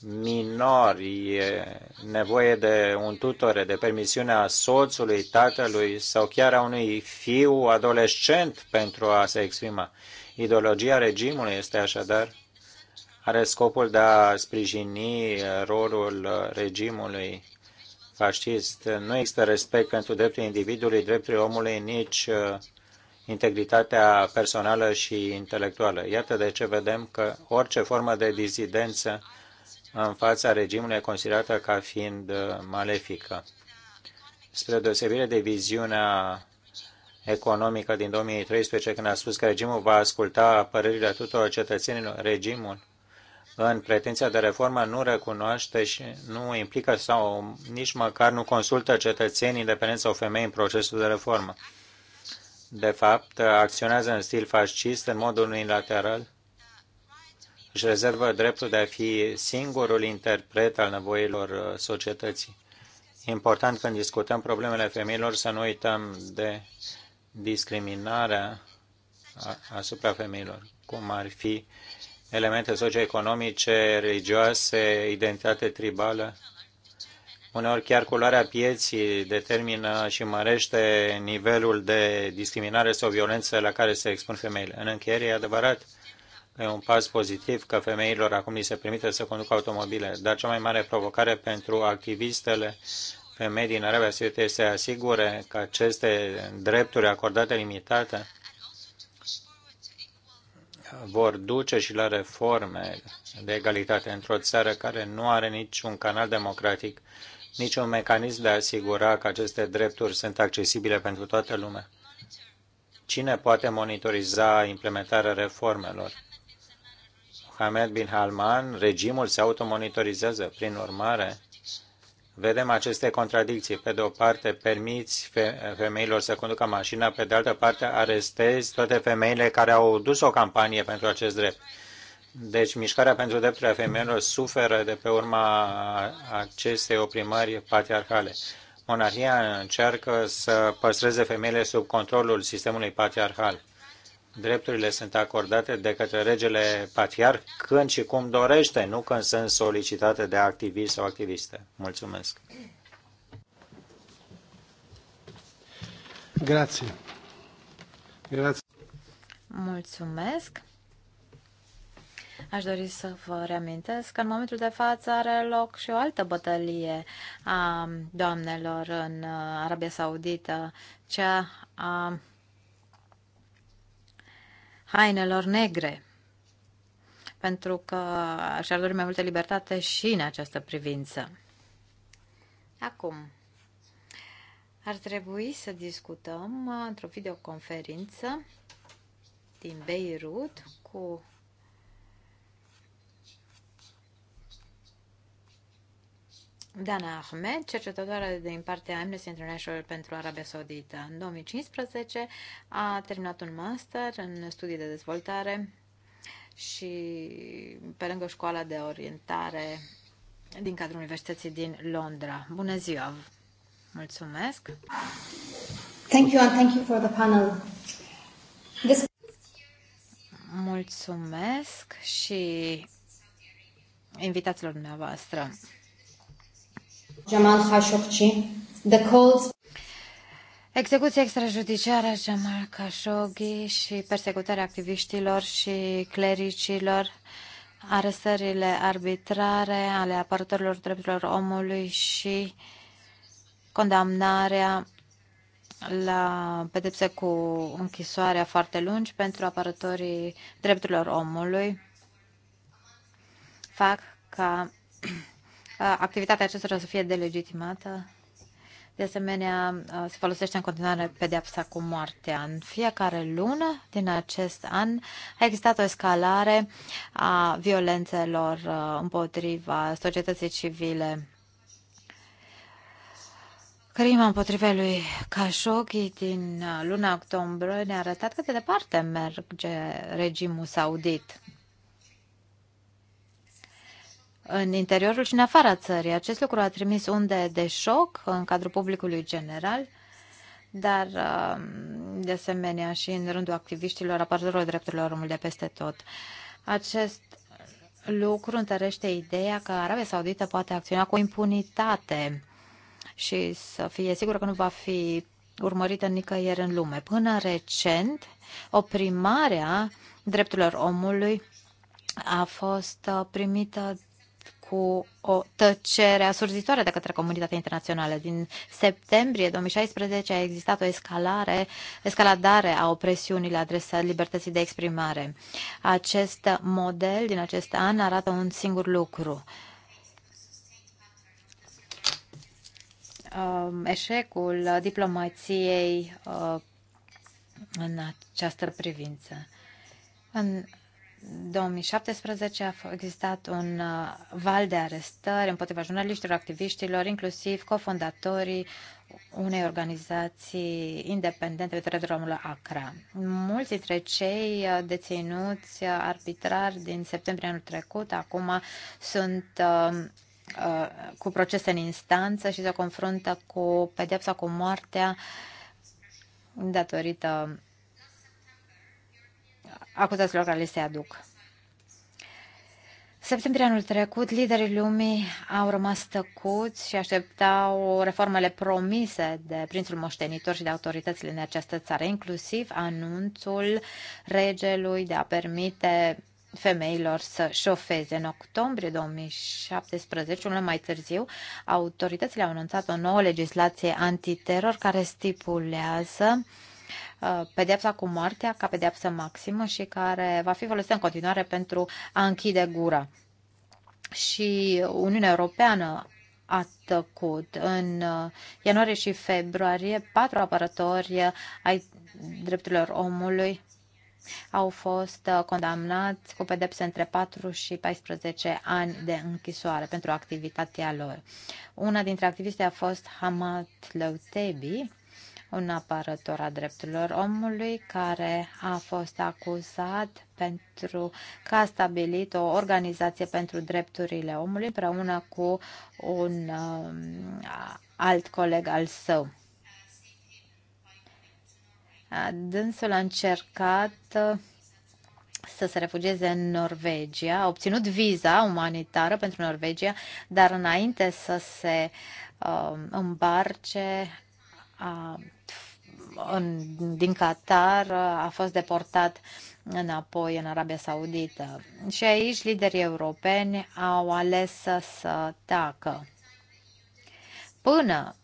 minori, e nevoie de un tutore, de permisiunea soțului, tatălui sau chiar a unui fiu adolescent pentru a se exprima. Ideologia regimului este așadar, are scopul de a sprijini rolul regimului fascist. Nu există respect pentru dreptul individului, dreptul omului, nici uh, integritatea personală și intelectuală. Iată de ce vedem că orice formă de dizidență în fața regimului considerată ca fiind uh, malefică. Spre deosebire de viziunea economică din 2013, când a spus că regimul va asculta părerile tuturor cetățenilor, regimul în pretenția de reformă nu recunoaște și nu implică sau nici măcar nu consultă cetățenii, independența o femei în procesul de reformă. De fapt, acționează în stil fascist, în mod unilateral, își rezervă dreptul de a fi singurul interpret al nevoilor uh, societății. Important când discutăm problemele femeilor să nu uităm de discriminarea asupra femeilor, cum ar fi elemente socioeconomice, religioase, identitate tribală. Uneori chiar culoarea pieții determină și mărește nivelul de discriminare sau violență la care se expun femeile. În încheiere, e adevărat E un pas pozitiv că femeilor acum li se permite să conducă automobile, dar cea mai mare provocare pentru activistele femei din Arabia Saudită este să asigure că aceste drepturi acordate limitate vor duce și la reforme de egalitate într-o țară care nu are niciun canal democratic, niciun mecanism de a asigura că aceste drepturi sunt accesibile pentru toată lumea. Cine poate monitoriza implementarea reformelor? Ahmed bin Halman, regimul se automonitorizează. Prin urmare, vedem aceste contradicții. Pe de o parte, permiți femeilor să conducă mașina, pe de altă parte, arestezi toate femeile care au dus o campanie pentru acest drept. Deci, mișcarea pentru drepturile femeilor suferă de pe urma acestei oprimări patriarhale. Monarhia încearcă să păstreze femeile sub controlul sistemului patriarhal. Drepturile sunt acordate de către regele patriar când și cum dorește, nu când sunt solicitate de activiști sau activiste. Mulțumesc. Grazie. Grazie. Mulțumesc. Aș dori să vă reamintesc că în momentul de față are loc și o altă bătălie a doamnelor în Arabia Saudită, cea a hainelor negre, pentru că și-ar dori mai multă libertate și în această privință. Acum, ar trebui să discutăm într-o videoconferință din Beirut cu Dana Ahmed, cercetătoare din partea Amnesty International pentru Arabia Saudită. În 2015 a terminat un master în studii de dezvoltare și pe lângă școala de orientare din cadrul Universității din Londra. Bună ziua! Mulțumesc! Thank you and thank you for the panel. This... Mulțumesc și invitațiilor dumneavoastră. Jamal Khashoggi, the calls Execuția extrajudiciară Jamal Khashoggi și persecutarea activiștilor și clericilor, arestările arbitrare ale apărătorilor drepturilor omului și condamnarea la pedepse cu închisoarea foarte lungi pentru apărătorii drepturilor omului fac ca activitatea acestora să fie delegitimată. De asemenea, uh, se folosește în continuare pedeapsa cu moartea. În fiecare lună din acest an a existat o escalare a violențelor uh, împotriva societății civile. Crima împotriva lui Khashoggi din uh, luna octombrie ne-a arătat cât de departe merge regimul saudit în interiorul și în afara țării. Acest lucru a trimis unde de șoc în cadrul publicului general, dar um, de asemenea și în rândul activiștilor, apărătorilor drepturilor omului de peste tot. Acest lucru întărește ideea că Arabia Saudită poate acționa cu impunitate și să fie sigură că nu va fi urmărită nicăieri în lume. Până recent, oprimarea drepturilor omului a fost uh, primită cu o tăcere asurzitoare de către comunitatea internațională. Din septembrie 2016 a existat o escalare, escaladare a opresiunii la adresa libertății de exprimare. Acest model din acest an arată un singur lucru. Um, eșecul diplomației uh, în această privință. În 2017 a existat un uh, val de arestări împotriva jurnaliștilor, activiștilor, inclusiv cofondatorii unei organizații independente pe dreptul omului ACRA. Mulți dintre cei uh, deținuți uh, arbitrar din septembrie anul trecut acum sunt cu procese în instanță și se confruntă cu pedepsa cu moartea datorită acuzațiilor care le se aduc. Septembrie anul trecut, liderii lumii au rămas tăcuți și așteptau reformele promise de prințul moștenitor și de autoritățile în această țară, inclusiv anunțul regelui de a permite femeilor să șofeze. În octombrie 2017, un an mai târziu, autoritățile au anunțat o nouă legislație antiteror care stipulează uh, Uh, pedepsa cu moartea ca pedepsă maximă și care va fi folosită în continuare pentru a închide gura. Și Uniunea Europeană a tăcut. În uh, ianuarie și februarie, patru apărători ai drepturilor omului au fost uh, condamnați cu pedepse între 4 și 14 ani de închisoare pentru activitatea lor. Una dintre activiste a fost Hamad Leutebi, un apărător a drepturilor omului care a fost acuzat pentru că a stabilit o organizație pentru drepturile omului împreună cu un um, alt coleg al său. Dânsul a încercat uh, să se refugieze în Norvegia, a obținut viza umanitară pentru Norvegia, dar înainte să se uh, îmbarce în, din Qatar a fost deportat înapoi în Arabia Saudită. Și aici liderii europeni au ales să, să tacă. Până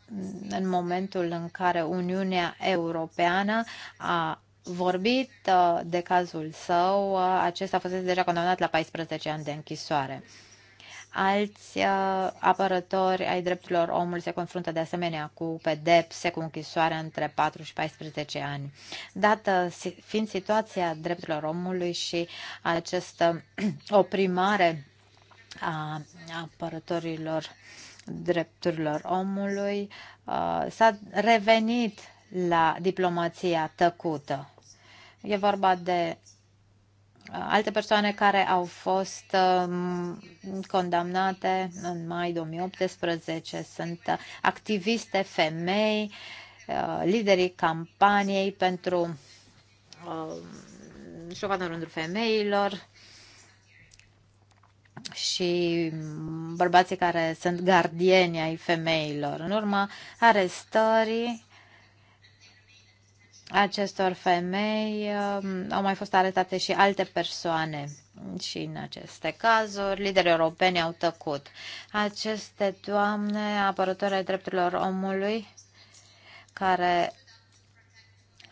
în momentul în care Uniunea Europeană a vorbit uh, de cazul său, uh, acesta a fost deja condamnat la 14 ani de închisoare. Alți uh, apărători ai drepturilor omului se confruntă de asemenea cu pedepse, cu închisoare între 4 și 14 ani. Dată fiind situația drepturilor omului și această oprimare a apărătorilor drepturilor omului, uh, s-a revenit la diplomația tăcută. E vorba de alte persoane care au fost um, condamnate în mai 2018 sunt uh, activiste femei, uh, liderii campaniei pentru um, șovană în rândul femeilor și bărbații care sunt gardieni ai femeilor. În urma arestării acestor femei um, au mai fost arestate și alte persoane și în aceste cazuri liderii europeni au tăcut. Aceste doamne, apărători ai drepturilor omului, care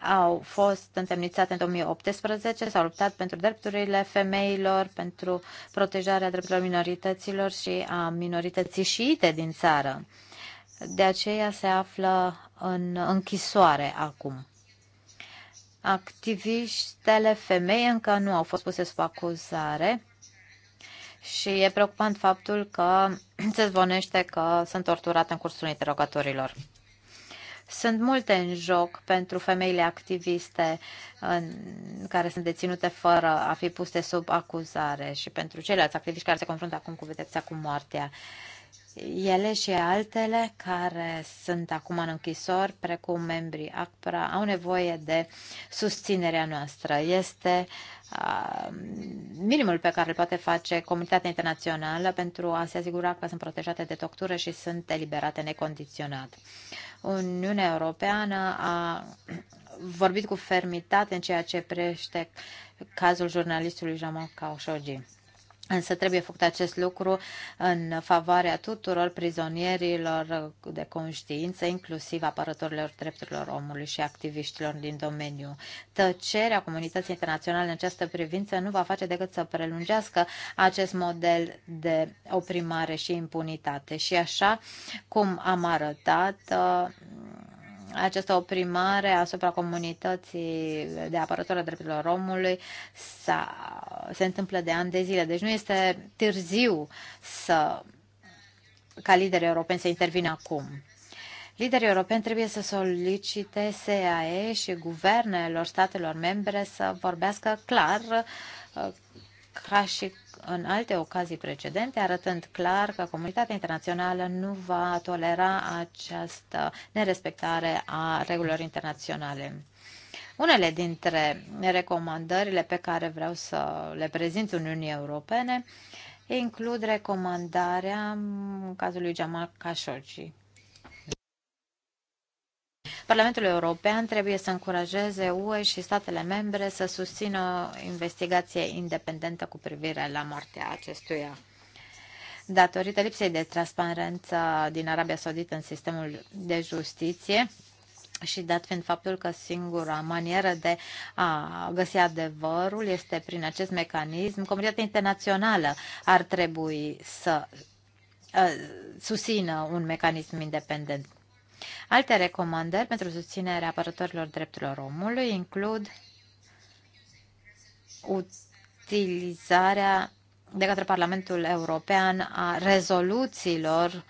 au fost întemnițate în 2018, s-au luptat pentru drepturile femeilor, pentru protejarea drepturilor minorităților și a minorității șiite din țară. De aceea se află în închisoare acum. Activiștele femei încă nu au fost puse sub acuzare și e preocupant faptul că se zvonește că sunt torturate în cursul interogatorilor. Sunt multe în joc pentru femeile activiste în, care sunt deținute fără a fi puse sub acuzare și pentru ceilalți activiști care se confruntă acum cu pedepsa cu moartea. Uh, ele și altele care sunt acum în închisori, precum membrii ACPRA, au nevoie de susținerea noastră. Este uh, minimul pe care îl poate face comunitatea internațională pentru a se asigura că sunt protejate de tortură și sunt eliberate necondiționat. Uniunea Europeană a vorbit cu fermitate în ceea ce prește cazul jurnalistului Jamal Khashoggi. Însă trebuie făcut acest lucru în favoarea tuturor prizonierilor de conștiință, inclusiv apărătorilor drepturilor omului și activiștilor din domeniu. Tăcerea comunității internaționale în această privință nu va face decât să prelungească acest model de oprimare și impunitate. Și așa cum am arătat, această oprimare asupra comunității de apărători a drepturilor omului se întâmplă de ani de zile. Deci nu este târziu să, ca liderii europeni să intervină acum. Liderii europeni trebuie să solicite SAE și guvernelor statelor membre să vorbească clar ca și în alte ocazii precedente, arătând clar că comunitatea internațională nu va tolera această nerespectare a regulilor internaționale. Unele dintre recomandările pe care vreau să le prezint Uniunii Europene includ recomandarea în cazul lui Jamal Khashoggi. Parlamentul European trebuie să încurajeze UE și statele membre să susțină investigație independentă cu privire la moartea acestuia. Datorită lipsei de transparență din Arabia Saudită în sistemul de justiție, și dat fiind faptul că singura manieră de a găsi adevărul este prin acest mecanism, comunitatea internațională ar trebui să uh, susțină un mecanism independent. Alte recomandări pentru susținerea apărătorilor drepturilor omului includ utilizarea de către Parlamentul European a rezoluțiilor,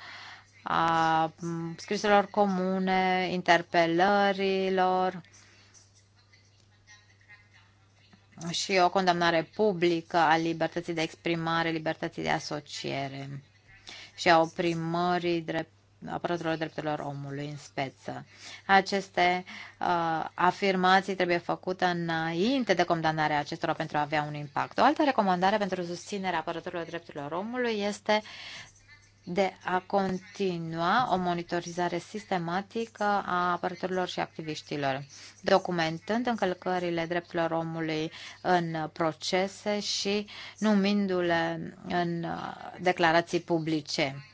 a scriselor comune, interpelărilor și o condamnare publică a libertății de exprimare, libertății de asociere și a oprimării drept apărătorilor drepturilor omului în speță. Aceste uh, afirmații trebuie făcute înainte de condamnarea acestora pentru a avea un impact. O altă recomandare pentru susținerea apărătorilor drepturilor omului este de a continua o monitorizare sistematică a apărătorilor și activiștilor, documentând încălcările drepturilor omului în procese și numindu-le în uh, declarații publice.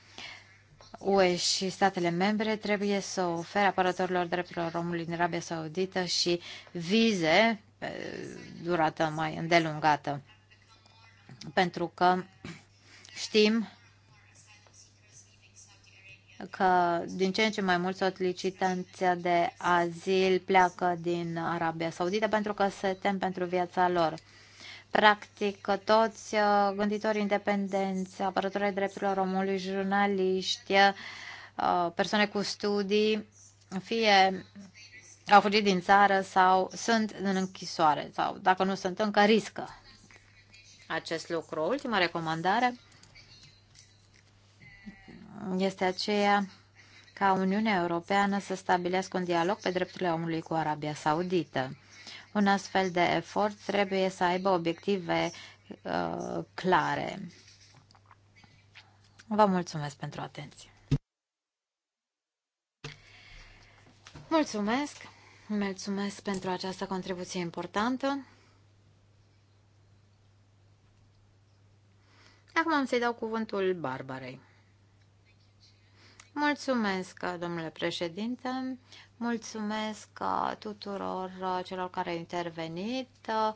UE și statele membre trebuie să ofere apărătorilor drepturilor omului din Arabia Saudită și vize pe durată mai îndelungată. Pentru că știm că din ce în ce mai mulți solicitanți de azil pleacă din Arabia Saudită pentru că se tem pentru viața lor. Practic, toți uh, gânditorii independenți, apărători ai drepturilor omului, jurnaliști, uh, persoane cu studii, fie au fugit din țară sau sunt în închisoare sau, dacă nu sunt încă, riscă acest lucru. Ultima recomandare este aceea ca Uniunea Europeană să stabilească un dialog pe drepturile omului cu Arabia Saudită. Un astfel de efort trebuie să aibă obiective uh, clare. Vă mulțumesc pentru atenție. Mulțumesc! Mulțumesc pentru această contribuție importantă. Acum am să-i dau cuvântul Barbarei. Mulțumesc, domnule președinte. Mulțumesc uh, tuturor uh, celor care au intervenit. Uh,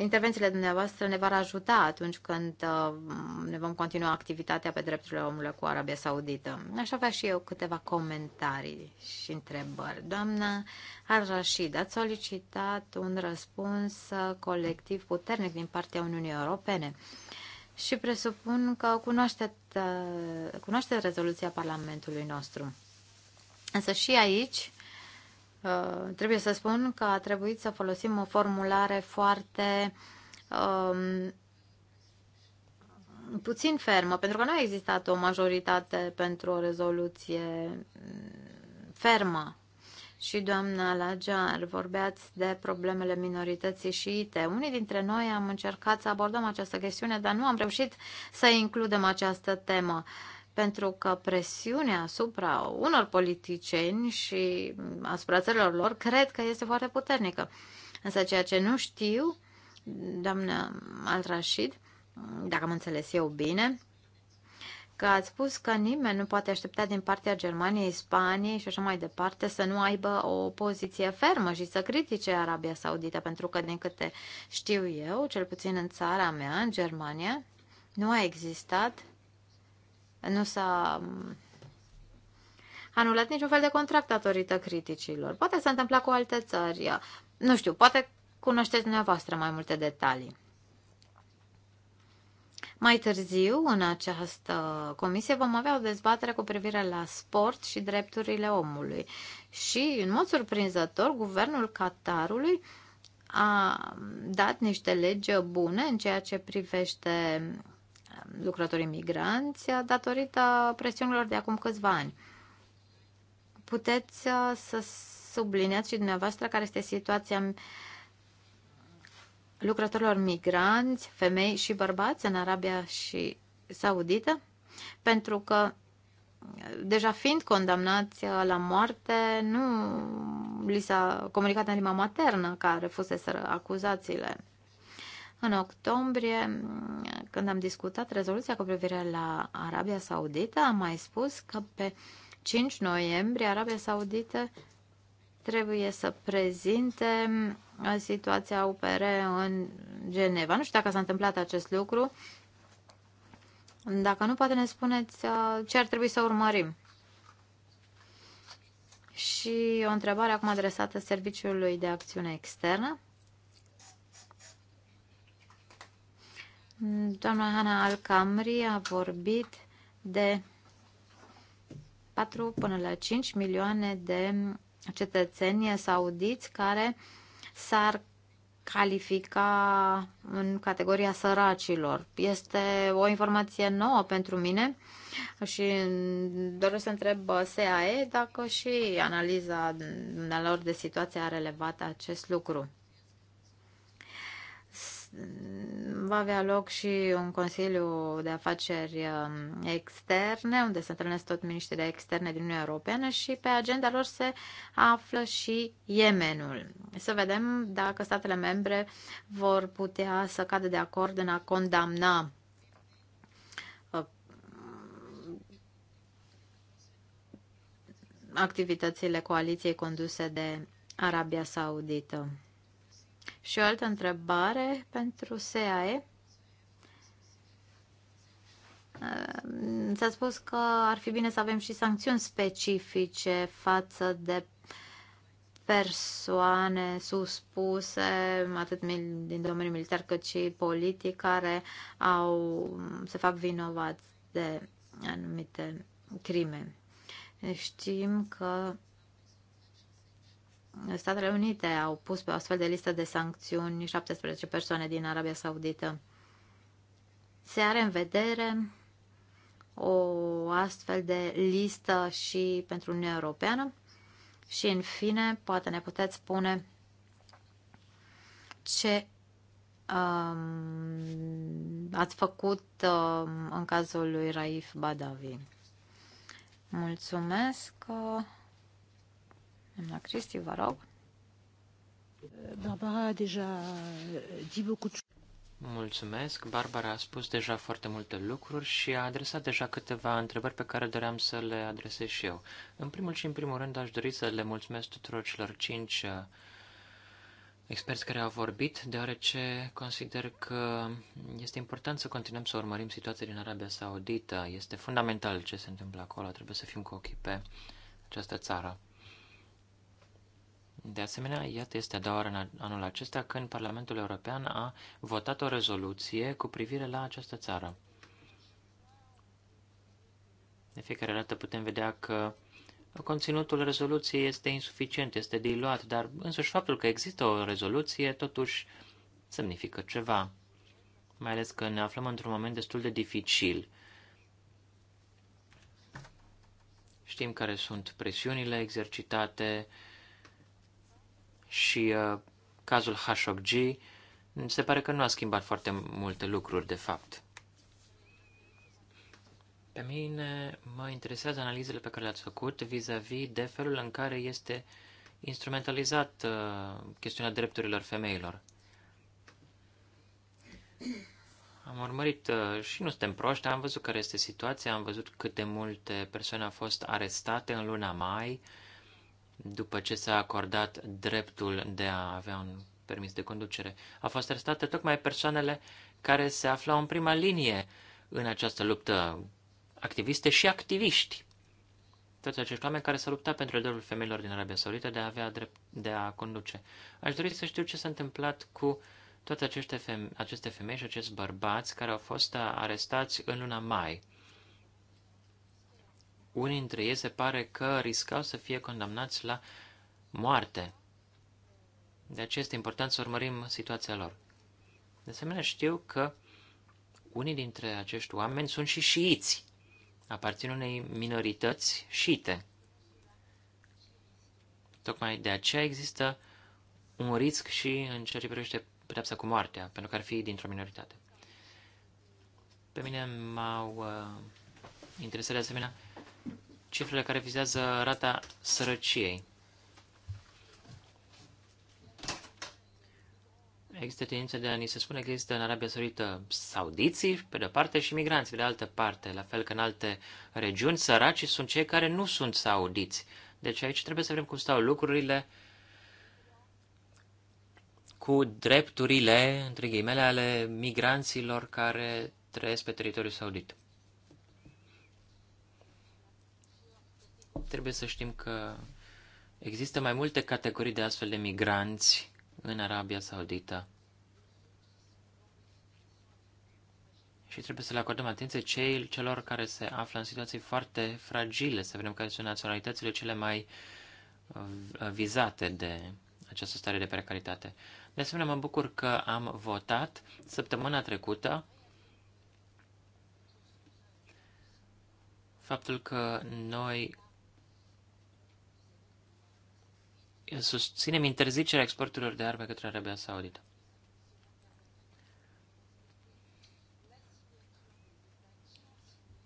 intervențiile dumneavoastră ne vor ajuta atunci când ne vom continua activitatea pe drepturile omului cu Arabia Saudită. Aș avea și eu câteva comentarii și întrebări. Doamna Arrașid, rashid ați solicitat un răspuns colectiv puternic din partea Uniunii Europene și presupun că cunoașteți, cunoaște rezoluția Parlamentului nostru. Însă și aici Uh, trebuie să spun că a trebuit să folosim o formulare foarte um, puțin fermă, pentru că nu a existat o majoritate pentru o rezoluție mm, fermă. Și doamna Lajar, vorbeați de problemele minorității șiite. Unii dintre noi am încercat să abordăm această chestiune, dar nu am reușit să includem această temă. Uh, pentru că presiunea asupra unor politicieni și asupra țărilor lor cred că este foarte puternică. Însă ceea ce nu știu, doamnă Al-Rashid, dacă am înțeles eu bine, că ați spus că nimeni nu poate aștepta din partea Germaniei, Spaniei și așa mai departe să nu aibă o poziție fermă și să critique Arabia Saudită, pentru că, din câte știu eu, cel puțin în țara mea, în Germania, nu a existat nu s-a mm, anulat niciun fel de contract datorită criticilor. Poate s-a întâmplat cu alte țări. Nu știu, poate cunoașteți dumneavoastră mai multe detalii. Mai târziu, în această comisie, vom avea o dezbatere cu privire la sport și drepturile omului. Și, în mod surprinzător, guvernul Qatarului a dat niște legi bune în ceea ce privește lucrătorii migranți datorită presiunilor de acum câțiva ani. Puteți uh, să subliniați și dumneavoastră care este situația um, lucrătorilor migranți, femei și bărbați în Arabia și Saudită? Pentru că uh, deja fiind condamnați uh, la moarte, nu li s-a comunicat în limba maternă care fuseseră acuzațiile în octombrie, mm, când am discutat rezoluția cu privire la Arabia Saudită, am mai spus că pe 5 noiembrie Arabia Saudită trebuie să prezinte mm, situația UPR în Geneva. Nu știu dacă s-a întâmplat acest lucru. Dacă nu, poate ne spuneți uh, ce ar trebui să urmărim. Și o întrebare acum adresată Serviciului de Acțiune Externă. Doamna Al Alcamri a vorbit de 4 până la 5 milioane de cetățeni saudiți care s-ar califica în categoria săracilor. Este o informație nouă pentru mine și doresc să întreb SAE dacă și analiza lor de situație a relevat acest lucru va avea loc și un Consiliu de Afaceri um, Externe, unde se întâlnesc tot miniștrii de externe din Uniunea Europeană și pe agenda lor se află și Yemenul. Să vedem dacă statele membre vor putea să cadă de acord în a condamna uh, activitățile coaliției conduse de Arabia Saudită. Și o altă întrebare pentru SAE. S-a spus că ar fi bine să avem și sancțiuni specifice față de persoane suspuse, atât din domeniul militar cât și politic, care au, se fac vinovați de anumite crime. Știm că Statele Unite au pus pe o astfel de listă de sancțiuni 17 persoane din Arabia Saudită. Se are în vedere o astfel de listă și pentru Uniunea Europeană? Și, în fine, poate ne puteți spune ce um, ați făcut um, în cazul lui Raif Badavi. Mulțumesc! Uh, Doamna Cristi, vă rog. Barbara deja eh, dit beaucoup de Mulțumesc. Barbara a spus deja foarte multe lucruri și a adresat deja câteva întrebări pe care doream să le adresez și eu. În primul și în primul rând aș dori să le mulțumesc tuturor celor cinci eh, experți care au vorbit, deoarece consider că este important să continuăm să urmărim situația din Arabia Saudită. Este fundamental ce se întâmplă acolo, trebuie să fim cu ochii pe această țară. De asemenea, iată este a doua oară în anul acesta când Parlamentul European a votat o rezoluție cu privire la această țară. De fiecare dată putem vedea că conținutul rezoluției este insuficient, este diluat, dar însuși faptul că există o rezoluție totuși semnifică ceva, mai ales că ne aflăm într-un moment destul de dificil. Știm care sunt presiunile exercitate, uh, și uh, cazul Khashoggi, se pare că nu a schimbat foarte multe lucruri, de fapt. Pe mine mă interesează analizele pe care le-ați făcut vis-a-vis -vis de felul în care este instrumentalizat uh, chestiunea drepturilor femeilor. Am urmărit uh, și nu suntem proști, am văzut care este situația, am văzut cât de multe persoane au fost arestate în luna mai, uh, după ce s-a acordat dreptul de a avea un permis de conducere. a fost arestate tocmai persoanele care se aflau în prima linie în această luptă, activiste și activiști. Toți acești oameni care s-au luptat pentru dreptul femeilor din Arabia Saudită de a avea drept de a conduce. Aș dori să știu ce s-a întâmplat cu toate aceste, feme- aceste femei și acești bărbați care au fost arestați în luna mai. Unii dintre ei se pare că riscau să fie condamnați la moarte. De aceea este important să urmărim situația lor. De asemenea, știu că unii dintre acești oameni sunt și șiiți, aparțin unei minorități șiite. Tocmai de aceea există un risc și în ceea ce privește pedepsa cu moartea, pentru că ar fi dintr-o minoritate. Pe mine m-au uh, interesat de asemenea cifrele care vizează rata sărăciei. Există tendința de a ni se spune că există în Arabia Saudită saudiții, pe de parte, și migranți, pe de altă parte, la fel că în alte regiuni, săracii sunt cei care nu sunt saudiți. Deci aici trebuie să vedem cum stau lucrurile cu drepturile, între ghimele, ale migranților care trăiesc pe teritoriul saudit. trebuie să știm că există mai multe categorii de astfel de migranți în Arabia Saudită. Și trebuie să le acordăm atenție cei, celor care se află în situații foarte fragile, să vedem care sunt naționalitățile cele mai uh, vizate de această stare de precaritate. De asemenea, mă bucur că am votat săptămâna trecută faptul că noi susținem interzicerea exporturilor de arme către Arabia Saudită.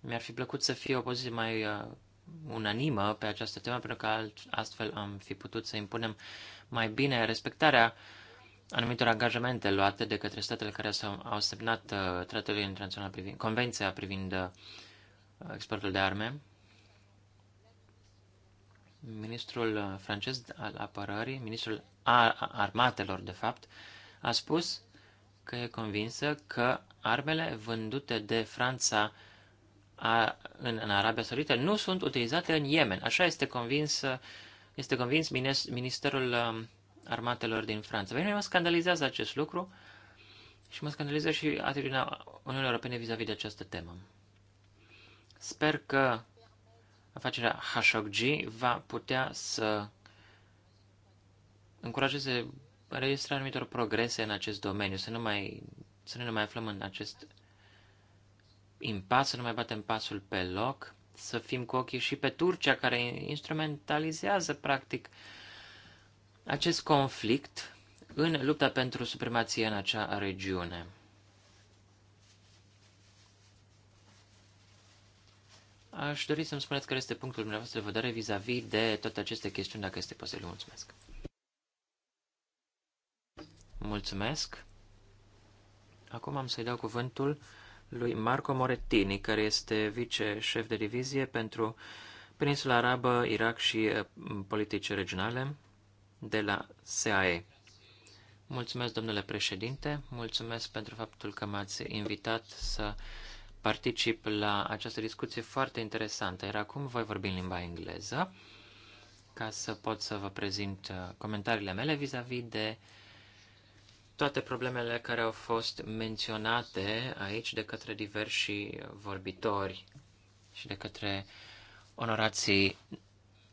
Mi-ar fi plăcut să fie o poziție mai uh, unanimă pe această temă, pentru că alt, astfel am fi putut să impunem mai bine respectarea anumitor angajamente luate de către statele care s-au, au semnat uh, tratatul internațional privind, convenția privind uh, exportul de arme ministrul francez al apărării, ministrul ar armatelor, de fapt, a spus că e convinsă că armele vândute de Franța a, în, în Arabia Saudită nu sunt utilizate în Yemen. Așa este convins, este convins Ministerul um, Armatelor din Franța. Pe mă scandalizează acest lucru și mă scandalizează și atitudinea Uniunii Europene vis-a-vis -vis de această temă. Sper că afacerea Hashogji va putea să încurajeze înregistrarea anumitor progrese în acest domeniu, să nu, mai, să nu ne mai aflăm în acest impas, să nu mai batem pasul pe loc, să fim cu ochii și pe Turcia, care instrumentalizează, practic, acest conflict în lupta pentru supremație în acea regiune. Aș dori să-mi spuneți care este punctul dumneavoastră de vedere vis-a-vis -vis de toate aceste chestiuni, dacă este posibil. Mulțumesc! Mulțumesc! Acum am să-i dau cuvântul lui Marco Morettini, care este vice-șef de divizie pentru Peninsula Arabă, Irak și eh, politici regionale de la SAE. Mulțumesc, domnule președinte, mulțumesc pentru faptul că m-ați invitat să uh, particip la această discuție foarte interesantă, Era cum voi vorbi în limba engleză ca să pot să vă prezint uh, comentariile mele vis-a-vis -vis de toate problemele care au fost menționate aici de către diversi vorbitori și de către onorații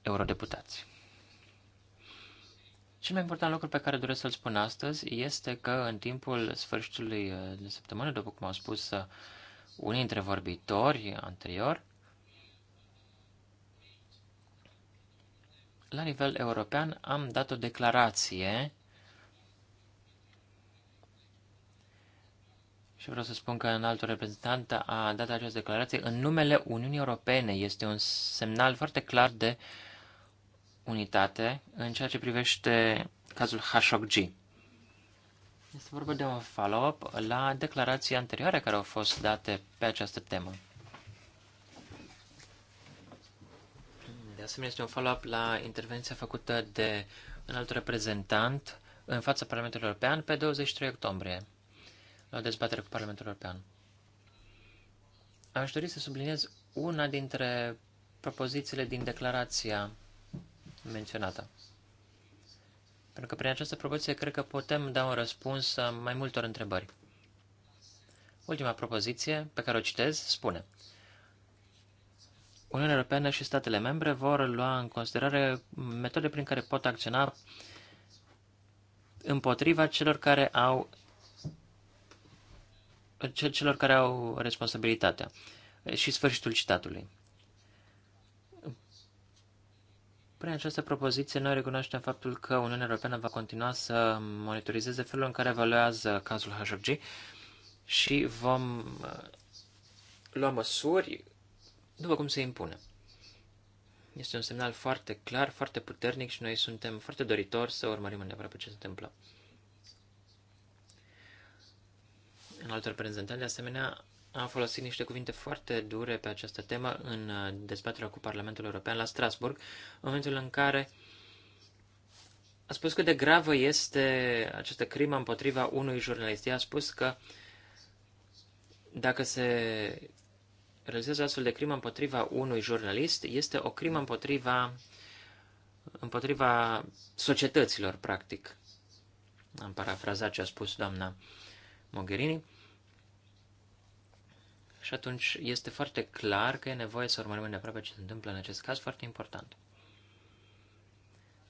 eurodeputați. Cel mai important lucru pe care doresc să-l spun astăzi este că în timpul sfârșitului uh, de săptămână, după cum au spus uh, unii dintre vorbitori anterior, la nivel european am dat o declarație și vreau să spun că în altul reprezentant a dat această declarație în numele Uniunii Europene. Este un semnal foarte clar de unitate în ceea ce privește cazul Hashoggi. Este vorba de un follow-up la declarații anterioare care au fost date pe această temă. De asemenea, este un follow-up la intervenția făcută de un alt reprezentant în fața Parlamentului European pe 23 octombrie, la o dezbatere cu Parlamentul European. Aș dori să subliniez una dintre propozițiile din declarația menționată. Pentru că prin această propoziție cred că putem da un răspuns a mai multor întrebări. Ultima propoziție pe care o citez spune Uniunea Europeană și statele membre vor lua în considerare metode prin care pot acționa împotriva celor care au celor care au responsabilitatea. Și sfârșitul citatului. Prin această propoziție, noi recunoaștem faptul că Uniunea Europeană va continua să monitorizeze felul în care evaluează cazul Khashoggi și vom uh, lua măsuri după cum se impune. Este un semnal foarte clar, foarte puternic și noi suntem foarte doritori să urmărim îndeaproape ce se întâmplă. În altă prezentări, de asemenea, a folosit niște cuvinte foarte dure pe această temă în uh, dezbaterea cu Parlamentul European la Strasburg, în momentul în care a spus cât de gravă este această crimă împotriva unui jurnalist. Ea a spus că dacă se realizează astfel de crimă împotriva unui jurnalist, este o crimă împotriva, împotriva societăților, practic. Am parafrazat ce a spus doamna Mogherini. Și atunci este foarte clar că e nevoie să urmărim de aproape ce se întâmplă în acest caz, foarte important.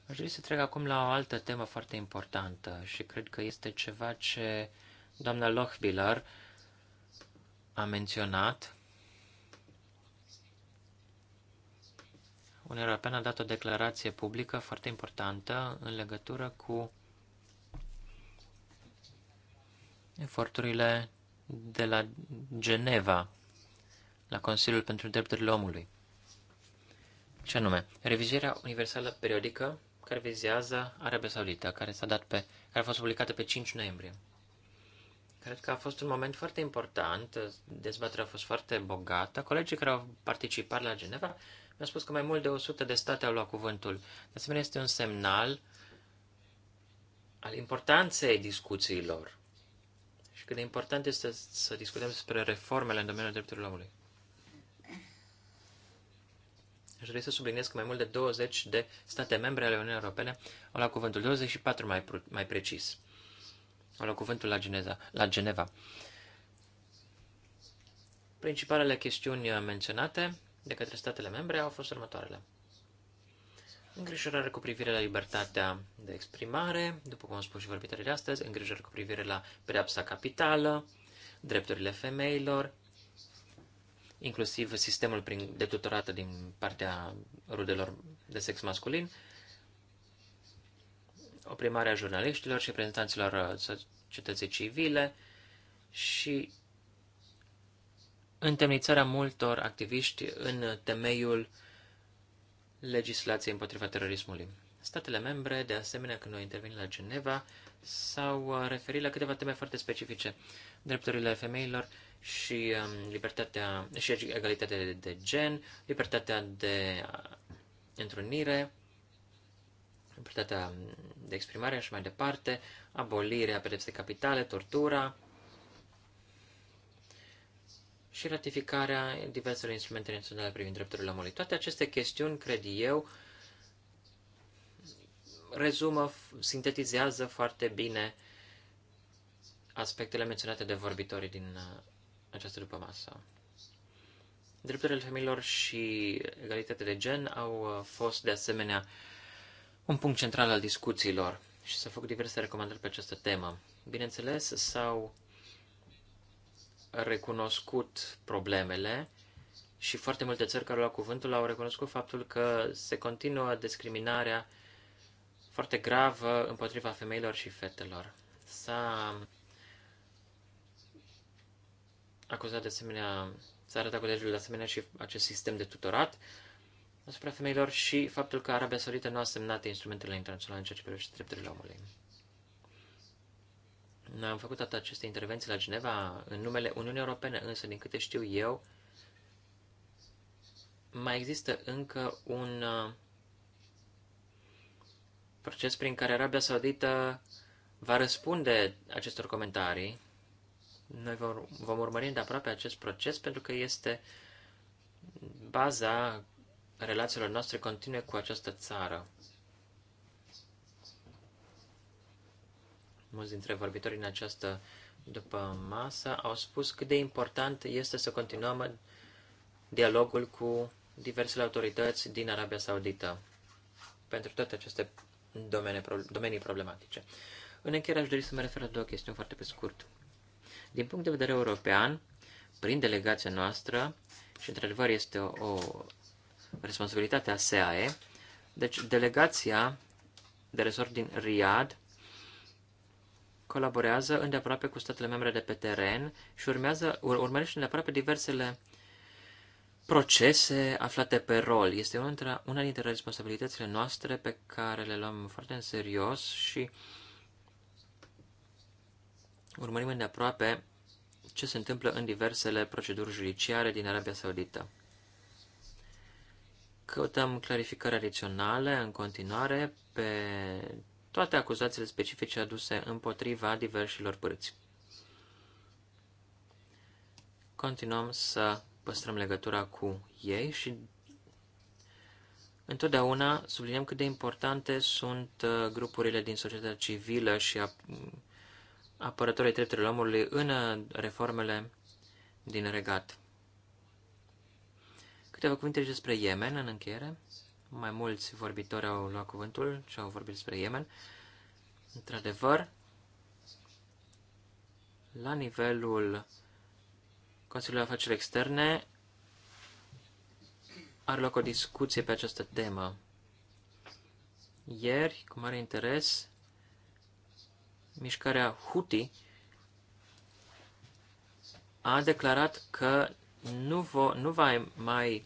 Aș vrea să trec acum la o altă temă foarte importantă și cred că este ceva ce doamna Lochbiller a menționat. Un european a dat o declarație publică foarte importantă în legătură cu eforturile de la Geneva, la Consiliul pentru Drepturile Omului. Ce anume? Revizuirea universală periodică care vizează Arabia Saudită, care s-a dat pe, care a fost publicată pe 5 noiembrie. Cred că a fost un moment foarte important, dezbaterea a fost foarte bogată. Colegii care au participat la Geneva mi-au spus că mai mult de 100 de state au luat cuvântul. De asemenea, este un semnal al importanței discuțiilor cât de important este să discutăm despre reformele în domeniul drepturilor omului. Aș dori să subliniez că mai mult de 20 de state membre ale Uniunii Europene au luat cuvântul, 24 mai, mai precis, au luat cuvântul la, Geneza, la Geneva. Principalele chestiuni menționate de către statele membre au fost următoarele. Îngrijorare cu privire la libertatea de exprimare, după cum am spus și vorbitorii de astăzi, îngrijorare cu privire la pedeapsa capitală, drepturile femeilor, inclusiv sistemul prin, de tutorată din partea rudelor de sex masculin, oprimarea jurnaliștilor și reprezentanților societății civile și întemnițarea multor activiști în temeiul uh, legislației împotriva terorismului. Statele membre, de asemenea, când au intervenit la Geneva, s-au uh, referit la câteva teme foarte specifice. Drepturile femeilor și um, libertatea și egalitatea de, de gen, libertatea de uh, întrunire, libertatea de exprimare și mai departe, abolirea pedepsei capitale, tortura, și ratificarea diverselor instrumente naționale privind drepturile omului. Toate aceste chestiuni, cred eu, rezumă, sintetizează foarte bine aspectele menționate de vorbitorii din uh, această dupămasă. Drepturile femeilor și egalitatea de gen au uh, fost, de asemenea, un punct central al discuțiilor și s-au făcut diverse recomandări pe această temă. Bineînțeles, s-au recunoscut problemele și foarte multe țări care au luat cuvântul au recunoscut faptul că se continuă discriminarea foarte gravă împotriva femeilor și fetelor. S-a acuzat de asemenea, s-a arătat colegiul de asemenea și acest sistem de tutorat asupra femeilor și faptul că Arabia Saudită nu a semnat instrumentele internaționale în ceea ce privește drepturile omului. Am făcut toate aceste intervenții la Geneva în numele Uniunii Europene, însă, din câte știu eu, mai există încă un uh, proces prin care Arabia Saudită va răspunde acestor comentarii. Noi vom, vom urmări îndeaproape acest proces pentru că este baza relațiilor noastre continue cu această țară. mulți dintre vorbitorii în această după masă au spus cât de important este să continuăm dialogul cu diversele autorități din Arabia Saudită pentru toate aceste domenii, domenii problematice. În încheiere aș dori să mă refer la două chestiuni foarte pe scurt. Din punct de vedere european, prin delegația noastră, și într-adevăr este o, o responsabilitate a SAE, deci delegația de resort din Riyadh colaborează îndeaproape cu statele membre de pe teren și urmează, urmărește îndeaproape diversele procese aflate pe rol. Este una dintre, una dintre responsabilitățile noastre pe care le luăm foarte în serios și urmărim îndeaproape ce se întâmplă în diversele proceduri judiciare din Arabia Saudită. Căutăm clarificări adiționale în continuare pe toate acuzațiile specifice aduse împotriva diversilor părți. Continuăm să păstrăm legătura cu ei și întotdeauna subliniem cât de importante sunt uh, grupurile din societatea civilă și apărătorii drepturilor omului în uh, reformele din regat. Câteva cuvinte despre Yemen în încheiere. Mai mulți vorbitori au luat cuvântul și au vorbit despre Yemen. Într-adevăr, la nivelul Consiliului Afaceri Externe are loc o discuție pe această temă. Ieri, cu mare interes, mișcarea Houthi a declarat că nu, vo, nu va mai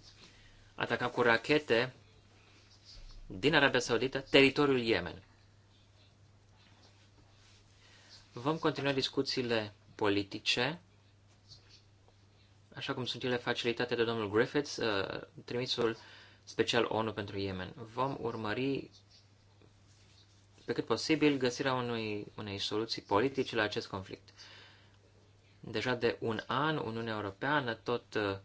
ataca cu rachete din Arabia Saudită teritoriul Yemen. Vom continua discuțiile politice, așa cum sunt ele facilitate de domnul Griffiths, uh, trimisul special ONU pentru Yemen. Vom urmări pe cât posibil găsirea unui, unei soluții politice la acest conflict. Deja de un an, Uniunea Europeană tot uh,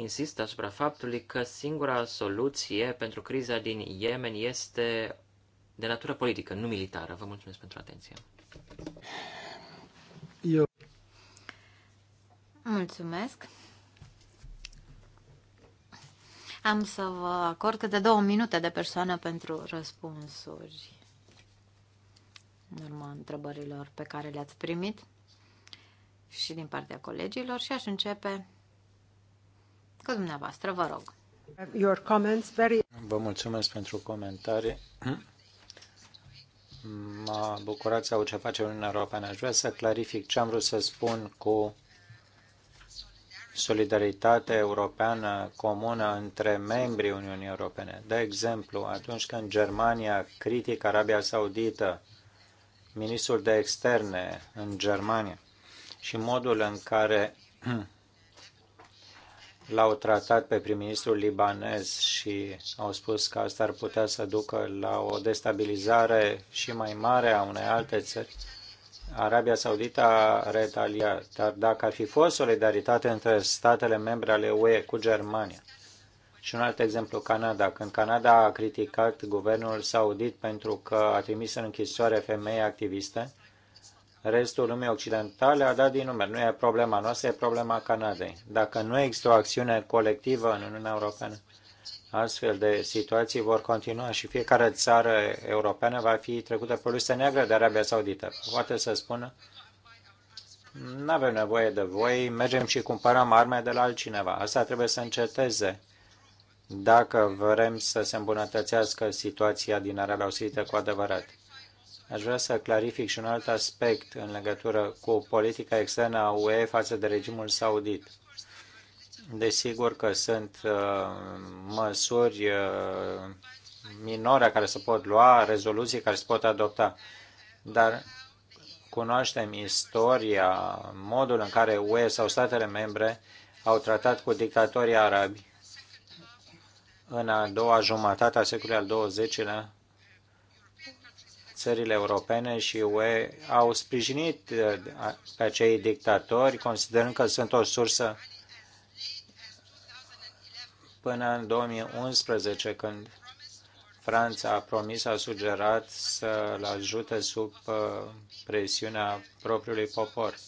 insist asupra faptului că singura soluție pentru criza din Yemen este de natură politică, nu militară. Vă mulțumesc pentru atenție. Eu. Mulțumesc. Am să vă acord câte două minute de persoană pentru răspunsuri în urma întrebărilor pe care le-ați primit și din partea colegilor și aș începe cu dumneavoastră, vă rog. Your comments very... Vă mulțumesc pentru comentarii. Mă bucurat să au ce face Uniunea Europeană. Aș vrea să clarific ce am vrut să spun cu solidaritate europeană comună între membrii Uniunii Europene. De exemplu, atunci când Germania critică Arabia Saudită, ministrul de externe în Germania și modul în care l-au tratat pe prim-ministrul libanez și au spus că asta ar putea să ducă la o destabilizare și mai mare a unei alte țări. Arabia Saudită a retaliat, dar dacă ar fi fost solidaritate între statele membre ale UE cu Germania, și un alt exemplu, Canada. Când Canada a criticat guvernul saudit pentru că a trimis în închisoare femei activiste, restul lumii occidentale a dat din număr. Nu e problema noastră, e problema Canadei. Dacă nu există o acțiune colectivă în Uniunea Europeană, astfel de situații vor continua și fiecare țară europeană va fi trecută pe lustă neagră de Arabia Saudită. Poate să spună, nu avem nevoie de voi, mergem și cumpărăm arme de la altcineva. Asta trebuie să înceteze dacă vrem să se îmbunătățească situația din Arabia Saudită cu adevărat. Aș vrea să clarific și un alt aspect în legătură cu politica externă a UE față de regimul saudit. Desigur că sunt uh, măsuri uh, minore care se pot lua, rezoluții care se pot adopta, dar cunoaștem istoria, modul în care UE sau statele membre au tratat cu dictatorii arabi în a doua jumătate a secolului al XX-lea țările europene și UE au sprijinit uh, pe acei dictatori, considerând că sunt o sursă până în 2011, când Franța a promis, a sugerat să-l ajute sub uh, presiunea propriului popor.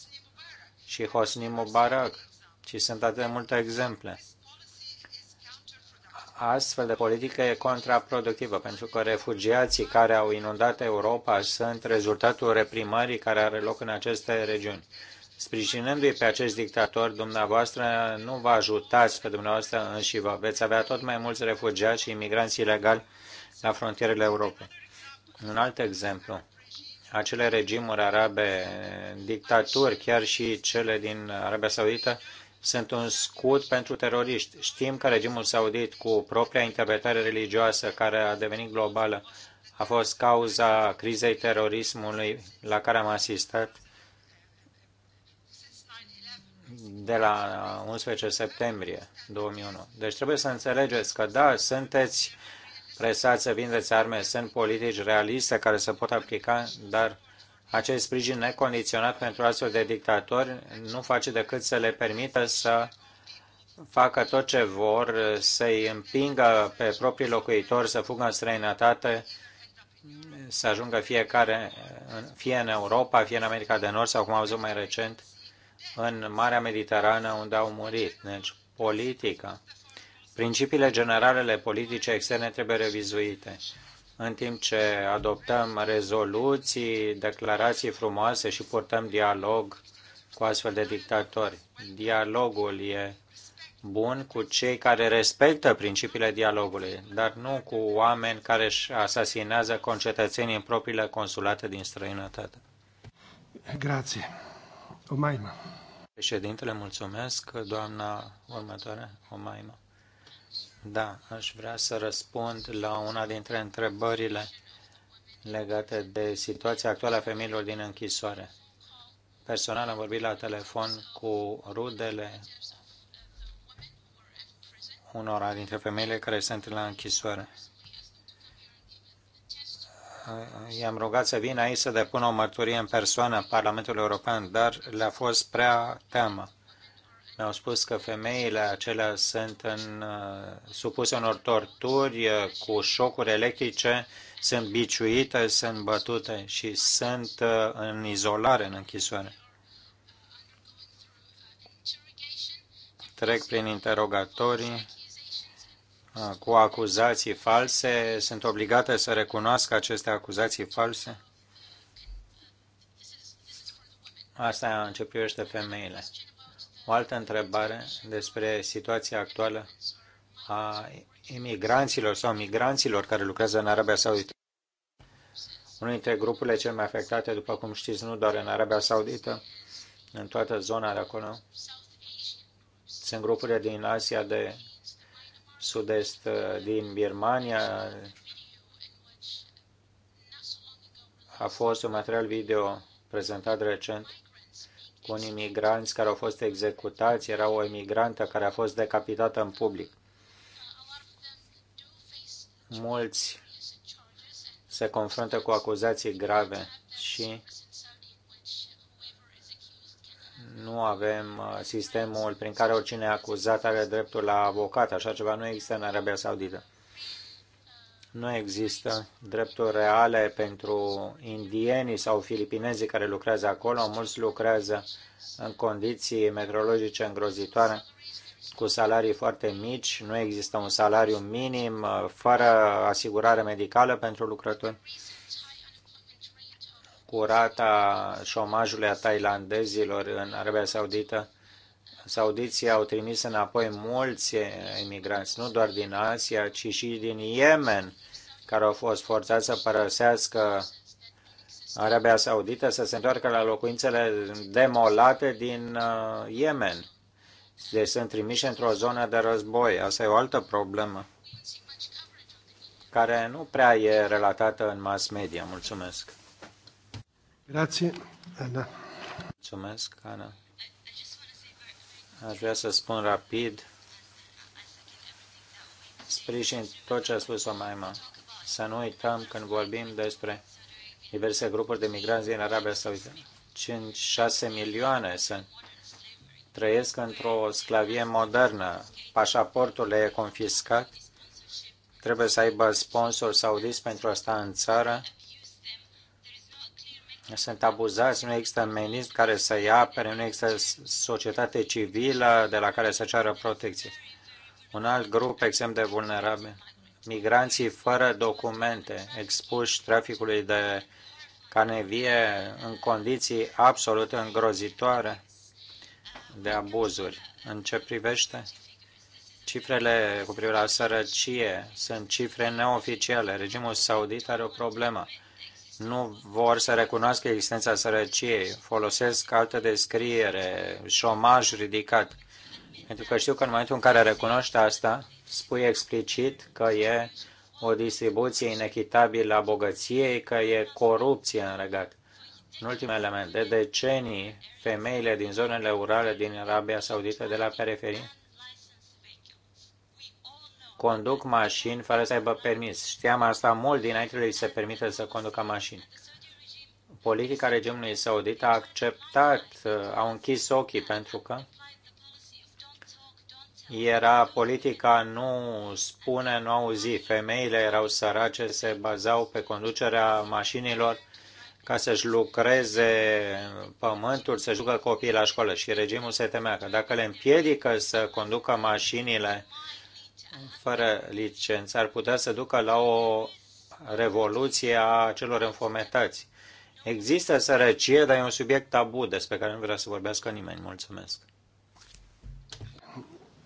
Și Hosni Mubarak. Și sunt atât de multe exemple astfel de politică e contraproductivă, pentru că refugiații care au inundat Europa sunt rezultatul reprimării care are loc în aceste regiuni. Sprijinându-i pe acest dictator, dumneavoastră nu vă ajutați pe dumneavoastră înși vă. Veți avea tot mai mulți refugiați și imigranți ilegali la frontierele Europei. Un alt exemplu, acele regimuri arabe, dictaturi, chiar și cele din Arabia Saudită, sunt un scut pentru teroriști. Știm că regimul saudit cu propria interpretare religioasă care a devenit globală a fost cauza crizei terorismului la care am asistat de la 11 septembrie 2001. Deci trebuie să înțelegeți că da, sunteți presați să vindeți arme, sunt politici realiste care se pot aplica, dar acest sprijin necondiționat pentru astfel de dictatori nu face decât să le permită să facă tot ce vor, să-i împingă pe proprii locuitori să fugă în străinătate, să ajungă fiecare, fie în Europa, fie în America de Nord sau, cum am văzut mai recent, în Marea Mediterană, unde au murit. Deci, politica. Principiile generale ale politicii externe trebuie revizuite în timp ce adoptăm rezoluții, declarații frumoase și purtăm dialog cu astfel de dictatori. Dialogul e bun cu cei care respectă principiile dialogului, dar nu cu oameni care își asasinează concetățenii în propriile consulate din străinătate. Grație. Omaima. Președintele, mulțumesc. Doamna următoare, Omaima. Da, aș vrea să răspund la una dintre întrebările legate de situația actuală a femeilor din închisoare. Personal am vorbit la telefon cu rudele unora dintre femeile care sunt la închisoare. I-am rugat să vină aici să depună o mărturie în persoană în Parlamentul European, dar le-a fost prea teamă mi-au spus că femeile acelea sunt în, uh, supuse unor torturi uh, cu șocuri electrice, sunt biciuite, sunt bătute și sunt uh, în izolare, în închisoare. Trec prin interogatorii cu acuzații false, sunt obligate să recunoască aceste acuzații false. Asta începește femeile. O altă întrebare despre situația actuală a imigranților sau migranților care lucrează în Arabia Saudită. Unul dintre grupurile cel mai afectate, după cum știți, nu doar în Arabia Saudită, în toată zona de acolo, sunt grupurile din Asia de sud-est, din Birmania. A fost un material video prezentat recent cu unii care au fost executați, era o imigrantă care a fost decapitată în public. Mulți se confruntă cu acuzații grave și nu avem uh, sistemul prin care oricine e acuzat are dreptul la avocat. Așa ceva nu există în Arabia Saudită nu există drepturi reale pentru indienii sau filipinezii care lucrează acolo. Mulți lucrează în condiții meteorologice îngrozitoare, cu salarii foarte mici, nu există un salariu minim, uh, fără asigurare medicală pentru lucrători. Cu rata șomajului a tailandezilor în Arabia Saudită, saudiții au trimis înapoi mulți emigranți, nu doar din Asia, ci și din Yemen, care au fost forțați să părăsească Arabia Saudită, să se întoarcă la locuințele demolate din uh, Yemen. Deci sunt trimiși într-o zonă de război. Asta e o altă problemă care nu prea e relatată în mass media. Mulțumesc. Grazie, Ana. Mulțumesc, Ana. Aș vrea să spun rapid, sprijin tot ce a spus o maimă. Să nu uităm când vorbim despre diverse grupuri de migranți din Arabia Saudită. 5-6 milioane sunt trăiesc într-o sclavie modernă. Pașaportul le e confiscat. Trebuie să aibă sponsor saudiți pentru a sta în țară sunt abuzați, nu există menism care să-i apere, nu există societate civilă de la care să ceară protecție. Un alt grup extrem de vulnerabil, migranții fără documente, expuși traficului de carne vie în condiții absolut îngrozitoare de abuzuri. În ce privește cifrele cu privire la sărăcie, sunt cifre neoficiale. Regimul saudit are o problemă nu vor să recunoască existența sărăciei, folosesc altă descriere, șomaj ridicat. Pentru că știu că în momentul în care recunoști asta, spui explicit că e o distribuție inechitabilă a bogăției, că e corupție în regat. În ultim element. De decenii, femeile din zonele rurale din Arabia Saudită, de la periferie, conduc mașini fără să aibă permis. Știam asta mult dinainte de se permite să conducă mașini. Politica regimului saudit a acceptat, uh, au închis ochii pentru că era politica nu spune, nu auzi. Femeile erau sărace, se bazau pe conducerea mașinilor ca să-și lucreze pământul, să-și ducă copiii la școală. Și regimul se temea că dacă le împiedică să conducă mașinile fără licență ar putea să ducă la o revoluție a celor înfometați. Există sărăcie, dar e un subiect tabu despre care nu vrea să vorbească nimeni. Mulțumesc.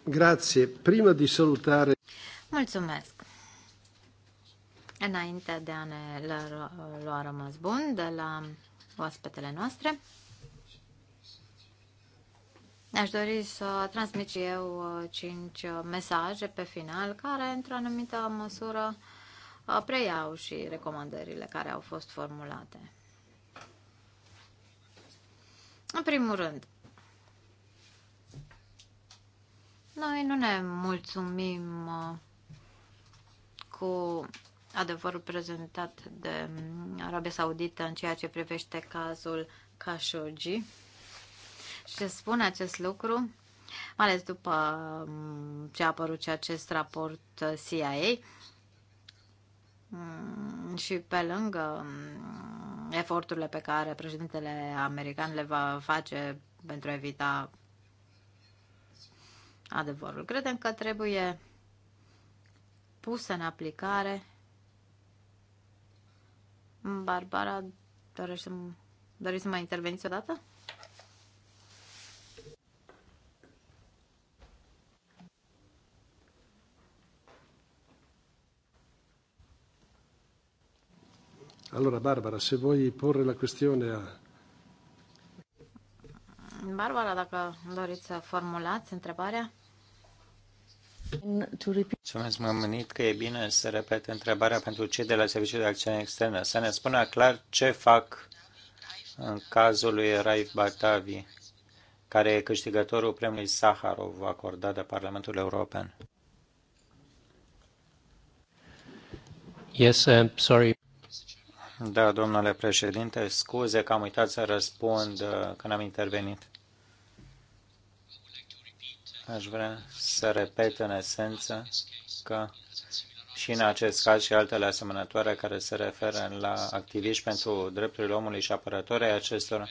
Grație. Primă de salutare. Mulțumesc. Înainte de a ne lua rămas bun de la oaspetele noastre, Aș dori să transmit și eu uh, cinci uh, mesaje pe final care, într-o anumită măsură, uh, preiau și recomandările care au fost formulate. În primul rând, noi nu ne mulțumim cu adevărul prezentat de Arabia Saudită în ceea ce privește cazul Khashoggi. Și spun acest lucru, mai ales după mm, ce a apărut și acest raport uh, CIA, mm, și pe lângă mm, eforturile pe care președintele american le va face pentru a evita adevărul. Credem că trebuie pusă în aplicare. Barbara, dorești să, dorești să mai interveniți odată? Allora, Barbara, se vuoi porre la questione a... Barbara, dacă doriți să formulați întrebarea. Mulțumesc, m-am gândit că e bine să repet întrebarea pentru cei de la Serviciul de Acțiune Externă. Să ne spună clar ce fac în cazul lui Raif Batavi, care e câștigătorul premiului Saharov acordat de Parlamentul European. Yes, um, sorry. Da, domnule președinte, scuze că am uitat să răspund uh, când am intervenit. Aș vrea să repet în esență că și în acest caz și altele asemănătoare care se referă la activiști pentru drepturile omului și apărătorii acestora,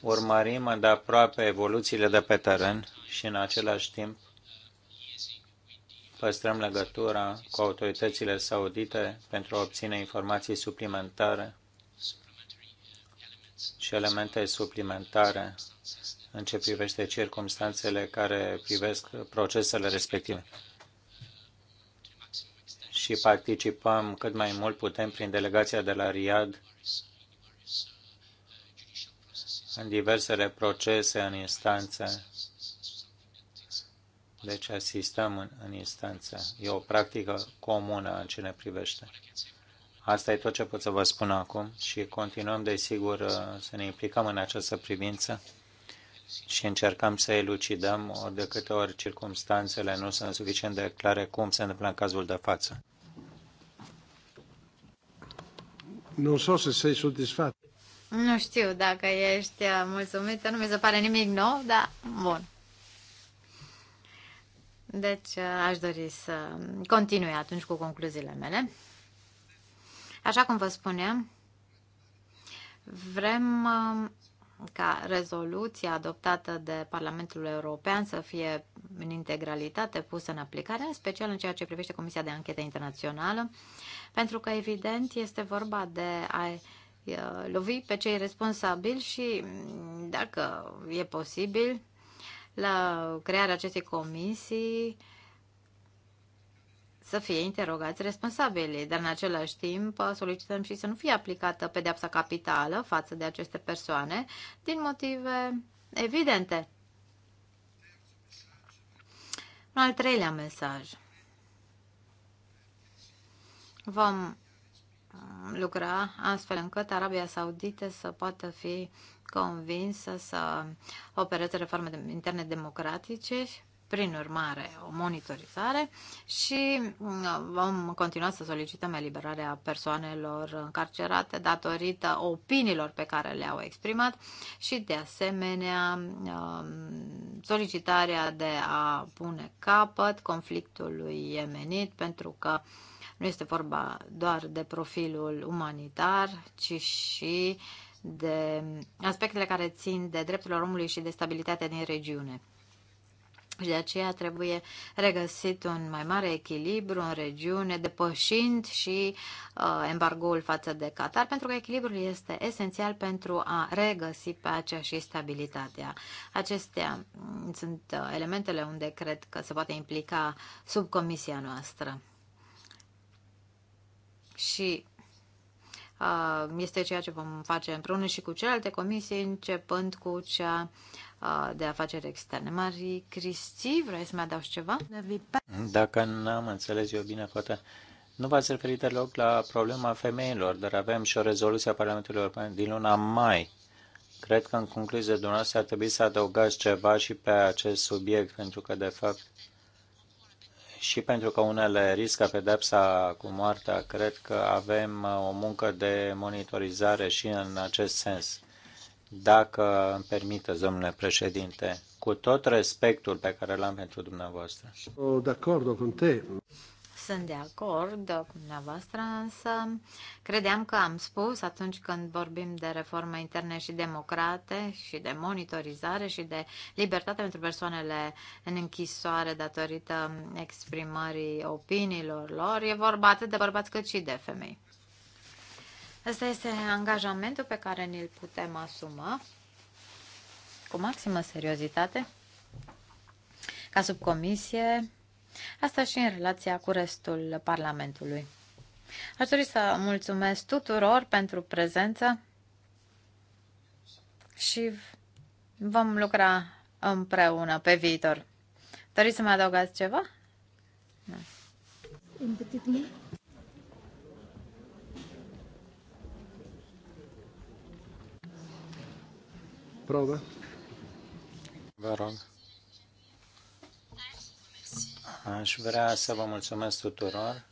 urmărim de aproape evoluțiile de pe teren și în același timp păstrăm legătura cu autoritățile saudite pentru a obține informații suplimentare și elemente suplimentare în ce privește circumstanțele care privesc procesele respective. Și participăm cât mai mult putem prin delegația de la Riad în diversele procese în instanță deci asistăm în, în instanță. E o practică comună în ce ne privește. Asta e tot ce pot să vă spun acum și continuăm, desigur, uh, să ne implicăm în această privință și încercăm să elucidăm ori de câte ori circumstanțele nu sunt suficient de clare cum se întâmplă în cazul de față. Nu știu să sei satisfat. Nu știu dacă ești uh, mulțumită, nu mi se pare nimic nou, dar bun. Deci uh, aș dori să continui atunci cu concluziile mele. Așa cum vă spuneam, vrem um, ca rezoluția adoptată de Parlamentul European să fie în integralitate pusă în aplicare, în special în ceea ce privește Comisia de Anchetă Internațională, pentru că, evident, este vorba de a uh, lovi pe cei responsabili și, mm, dacă e posibil, la crearea acestei comisii să fie interogați responsabile, dar în același timp solicităm și să nu fie aplicată pedeapsa capitală față de aceste persoane din motive evidente. Un al treilea mesaj. Vom Um, lucra astfel încât Arabia Saudită să poată fi convinsă să opereze reforme interne democratice prin urmare o monitorizare și um, vom continua să solicităm eliberarea persoanelor încarcerate datorită opiniilor pe care le-au exprimat și de asemenea um, solicitarea de a pune capăt conflictului iemenit pentru că nu este vorba doar de profilul umanitar, ci și de aspectele care țin de drepturile omului și de stabilitatea din regiune. Și de aceea trebuie regăsit un mai mare echilibru în regiune, depășind și uh, embargoul față de Qatar, pentru că echilibrul este esențial pentru a regăsi pacea și stabilitatea. Acestea sunt uh, elementele unde cred că se poate implica subcomisia noastră și este ceea ce vom face împreună și cu celelalte comisii, începând cu cea de afaceri externe. Marie Cristi, vrei să mai adaugi ceva? Dacă n-am înțeles eu bine, poate nu v-ați referit deloc la problema femeilor, dar avem și o rezoluție a Parlamentului European din luna mai. Cred că în concluzie dumneavoastră ar trebui să adăugați ceva și pe acest subiect, pentru că, de fapt, și pentru că unele riscă pedepsa cu moartea, cred că avem uh, o muncă de monitorizare și în acest sens. Dacă îmi permiteți, domnule președinte, cu tot respectul pe care l-am pentru dumneavoastră. D'accordo con te. Sunt de acord cu dumneavoastră, însă credeam că am spus atunci când vorbim de reformă interne și democrate și de monitorizare și de libertate pentru persoanele în închisoare datorită exprimării opiniilor lor, e vorba atât de bărbați cât și de femei. Asta este angajamentul pe care ni-l putem asuma cu maximă seriozitate ca subcomisie Asta și în relația cu restul Parlamentului. Aș dori să mulțumesc tuturor pentru prezență și vom lucra împreună pe viitor. Doriți să mai adăugați ceva? Nu. Prova. Vă rog. Aș vrea să vă mulțumesc tuturor.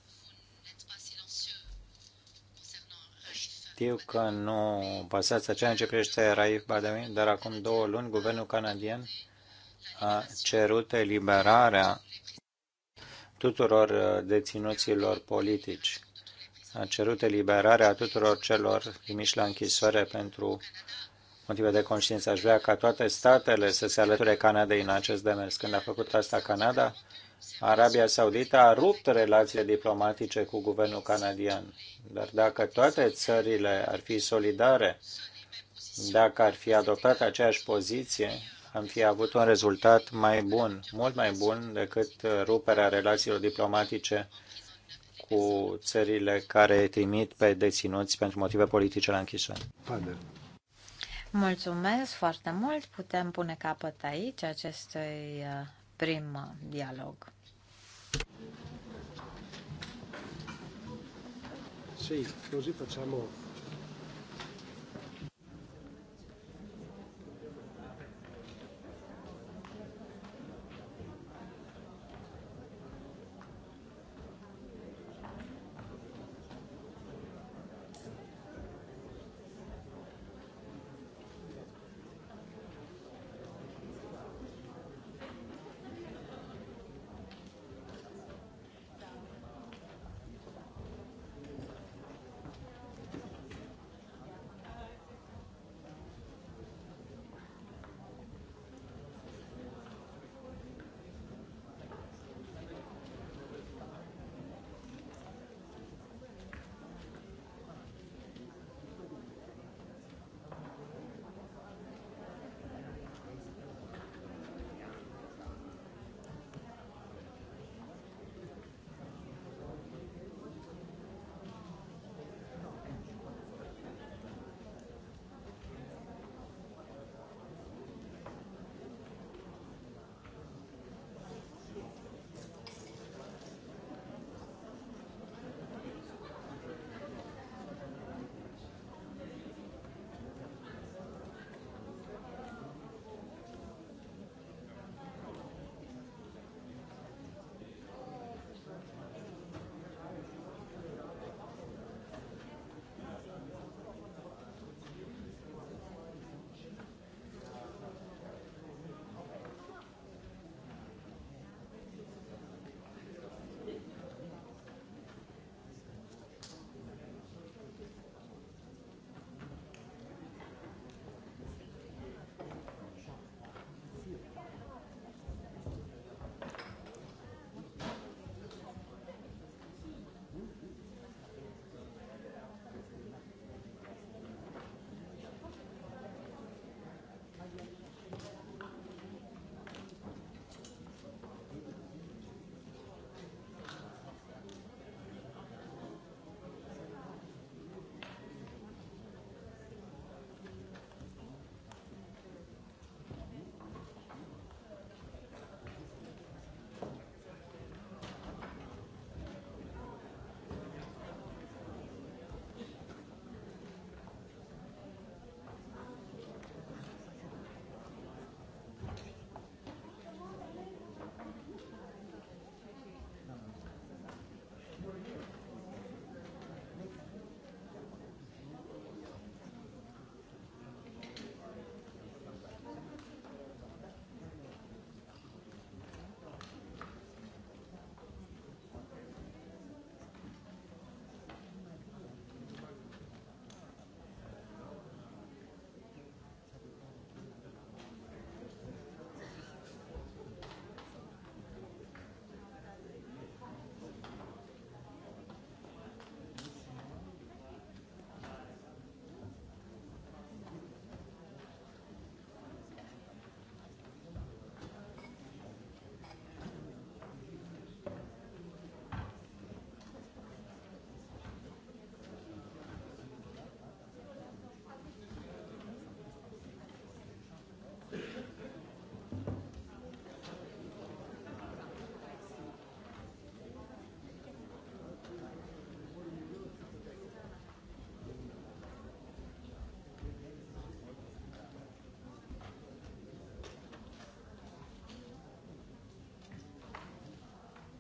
Știu că nu pasați aceea în ce privește Raif Badawi, dar acum două luni guvernul canadian a cerut eliberarea tuturor uh, deținuților politici. A cerut eliberarea tuturor celor trimiși la închisoare pentru motive de conștiință. Aș vrea ca toate statele să se alăture Canadei în acest demers. Când a făcut asta Canada, Arabia Saudită a rupt relațiile diplomatice cu guvernul canadian. Dar dacă toate țările ar fi solidare, dacă ar fi adoptat aceeași poziție, am fi avut un rezultat mai bun, mult mai bun decât ruperea relațiilor diplomatice cu țările care trimit pe deținuți pentru motive politice la închisoare. Mulțumesc foarte mult. Putem pune capăt aici acestui uh, prim dialog. Sì, così facciamo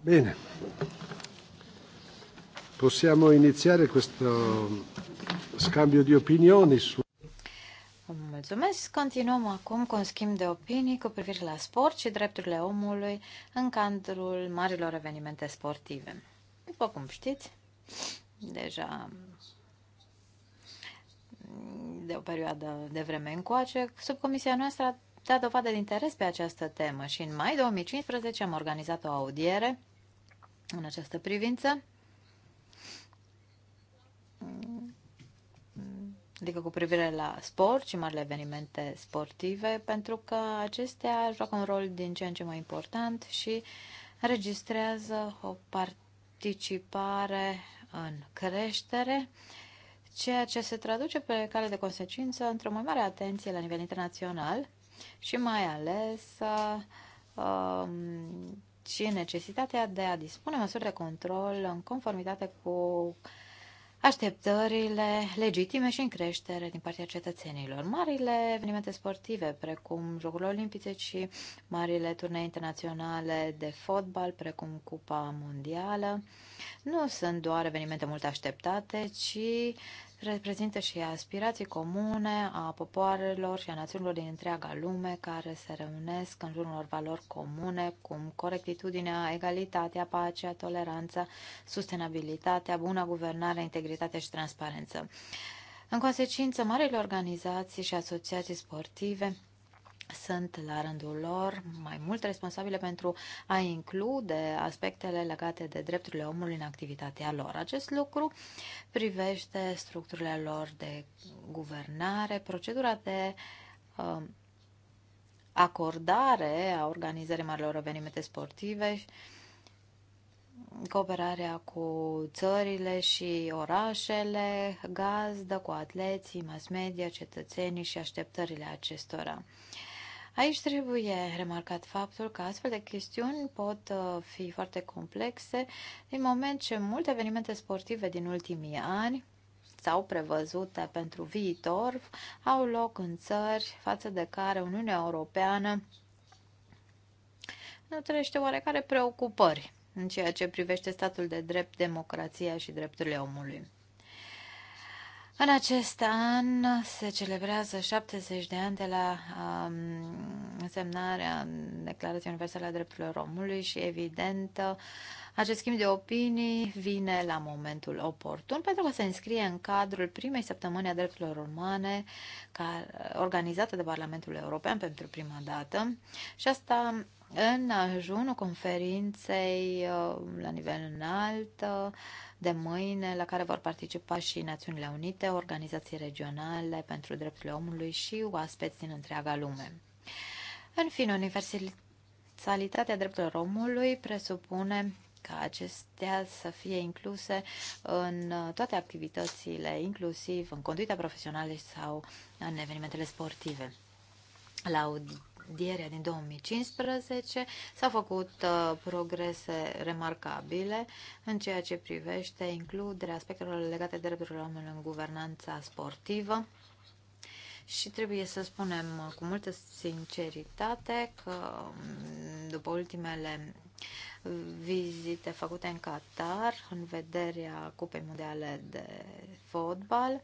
Bene, possiamo iniziare questo scambio di opinioni su... Mulțumesc! Continuăm acum cu un schimb de opinii cu privire la sport și drepturile omului în cadrul marilor evenimente sportive. După cum știți, deja de o perioadă de vreme încoace, subcomisia noastră a dat dovadă de interes pe această temă și în mai 2015 am organizat o audiere în această privință. adică cu privire la sport și marile evenimente sportive, pentru că acestea joacă un rol din ce în ce mai important și registrează o participare în creștere, ceea ce se traduce pe cale de consecință într-o mai mare atenție la nivel internațional și mai ales uh, um, și necesitatea de a dispune măsuri de control în conformitate cu așteptările legitime și în creștere din partea cetățenilor. Marile evenimente sportive, precum Jocurile Olimpice și marile turnee internaționale de fotbal, precum Cupa Mondială, nu sunt doar evenimente mult așteptate, ci reprezintă și aspirații comune a popoarelor și a națiunilor din întreaga lume care se reunesc în jurul unor valori comune, cum corectitudinea, egalitatea, pacea, toleranța, sustenabilitatea, buna guvernare, integritatea și transparență. În consecință, marile organizații și asociații sportive sunt la rândul lor mai mult responsabile pentru a include aspectele legate de drepturile omului în activitatea lor. Acest lucru privește structurile lor de guvernare, procedura de uh, acordare a organizării marilor evenimente sportive cooperarea cu țările și orașele, gazdă, cu atleții, mass media, cetățenii și așteptările acestora. Aici trebuie remarcat faptul că astfel de chestiuni pot uh, fi foarte complexe din moment ce multe evenimente sportive din ultimii ani sau prevăzute pentru viitor au loc în țări față de care Uniunea Europeană nu trăiește oarecare preocupări în ceea ce privește statul de drept, democrația și drepturile omului. În acest an se celebrează 70 de ani de la um, semnarea Declarației Universale a Drepturilor Omului și, evident, acest schimb de opinii vine la momentul oportun pentru că se înscrie în cadrul primei săptămâni a drepturilor umane ca, organizată de Parlamentul European pentru prima dată și asta în ajunul conferinței uh, la nivel înalt de mâine, la care vor participa și Națiunile Unite, organizații regionale pentru drepturile omului și oaspeți din întreaga lume. În fine, universalitatea drepturilor omului presupune ca acestea să fie incluse în toate activitățile, inclusiv în conduita profesională sau în evenimentele sportive. La medierea din 2015 s-au făcut uh, progrese remarcabile în ceea ce privește includerea aspectelor legate de drepturile omului în guvernanța sportivă. Și trebuie să spunem cu multă sinceritate că um, după ultimele vizite făcute în Qatar în vederea Cupei Mondiale de Fotbal.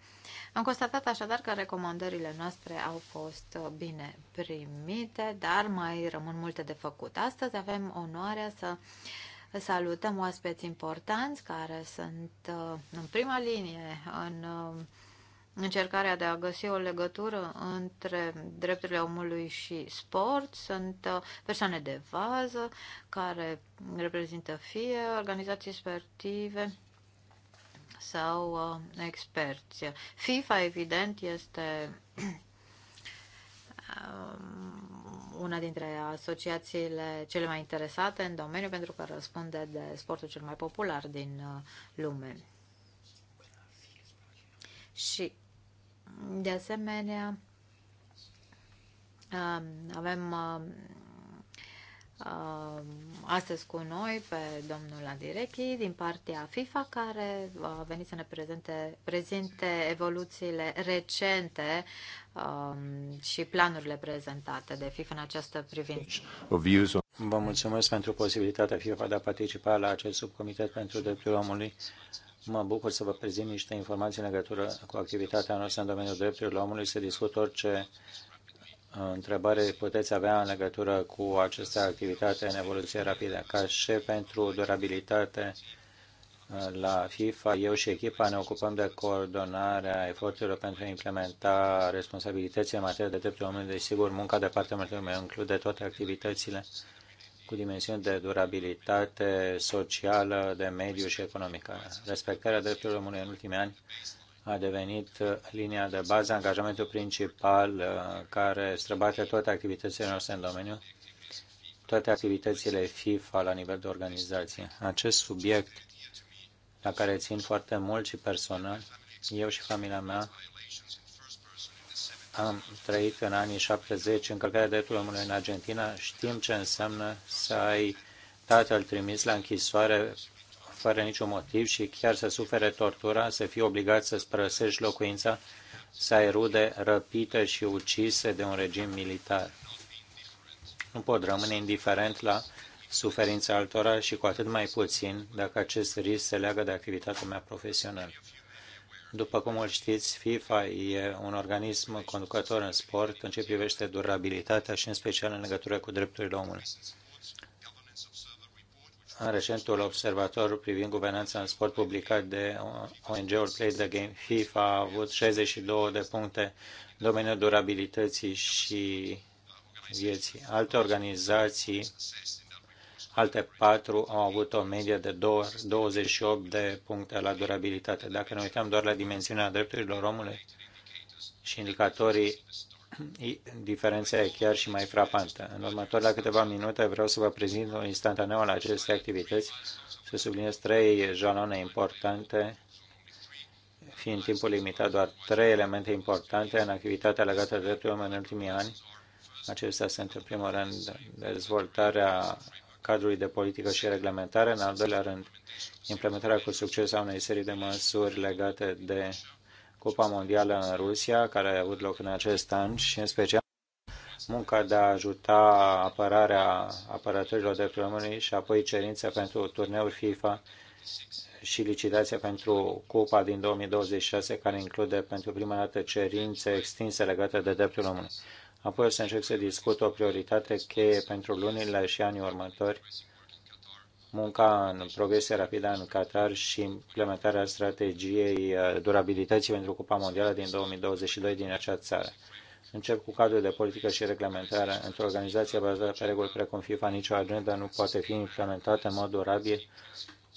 Am constatat așadar că recomandările noastre au fost bine primite, dar mai rămân multe de făcut. Astăzi avem onoarea să salutăm oaspeți importanți care sunt uh, în prima linie în uh, încercarea de a găsi o legătură între drepturile omului și sport. Sunt uh, persoane de vază care reprezintă fie organizații sportive sau uh, experți. FIFA, evident, este um, una dintre asociațiile cele mai interesate în domeniu pentru că răspunde de sportul cel mai popular din uh, lume. Și de asemenea, avem astăzi cu noi pe domnul Adirechi din partea FIFA care a venit să ne prezente, prezinte evoluțiile recente și planurile prezentate de FIFA în această privință. Vă mulțumesc pentru posibilitatea FIFA de a participa la acest subcomitet pentru drepturile omului Mă bucur să vă prezint niște informații în legătură cu activitatea noastră în domeniul drepturilor omului, Se discut orice uh, întrebare puteți avea în legătură cu această activitate în evoluție rapidă. Ca și pentru durabilitate uh, la FIFA, eu și echipa ne ocupăm de coordonarea eforturilor pentru a implementa responsabilitățile în materie de drepturi omului. Desigur, munca departamentului meu include toate activitățile cu dimensiuni de durabilitate socială, de mediu și economică. Respectarea drepturilor omului în ultimii ani a devenit linia de bază, angajamentul principal uh, care străbate toate activitățile noastre în domeniu, toate activitățile FIFA la nivel de organizație. Acest subiect la care țin foarte mult și personal, eu și familia mea am trăit în anii 70 încălcarea drepturilor omului în Argentina, știm ce înseamnă să ai tatăl trimis la închisoare fără niciun motiv și chiar să sufere tortura, să fii obligat să spărăsești locuința, să ai rude răpite și ucise de un regim militar. Nu pot rămâne indiferent la suferința altora și cu atât mai puțin dacă acest risc se leagă de activitatea mea profesională. După cum îl știți, FIFA e un organism conducător în sport în ce privește durabilitatea și în special în legătură cu drepturile omului. În recentul observator privind guvernanța în sport publicat de ONG-ul Play the Game, FIFA a avut 62 de puncte în domeniul durabilității și vieții. Alte organizații Alte patru au avut o medie de 28 de puncte la durabilitate. Dacă ne uităm doar la dimensiunea drepturilor omului și indicatorii, diferența e chiar și mai frapantă. În următoarele câteva minute vreau să vă prezint o instantaneu la aceste activități, să subliniez trei jalone importante fiind timpul limitat, doar trei elemente importante în activitatea legată de drepturilor omului în ultimii ani. Acestea sunt, în primul rând, dezvoltarea cadrului de politică și reglementare, în al doilea rând, implementarea cu succes a unei serii de măsuri legate de Cupa Mondială în Rusia, care a avut loc în acest an și, în special, munca de a ajuta apărarea apărătorilor de plămâni și apoi cerința pentru turneuri FIFA și licitația pentru Cupa din 2026, care include pentru prima dată cerințe extinse legate de dreptul omului. Apoi o să încerc să discut o prioritate cheie pentru lunile și anii următori, munca în progresie rapidă în Qatar și implementarea strategiei uh, durabilității pentru Cupa Mondială din 2022 din acea țară. Încep cu cadrul de politică și reglementare. Într-o organizație bazată pe reguli precum FIFA, nicio agenda nu poate fi implementată în mod durabil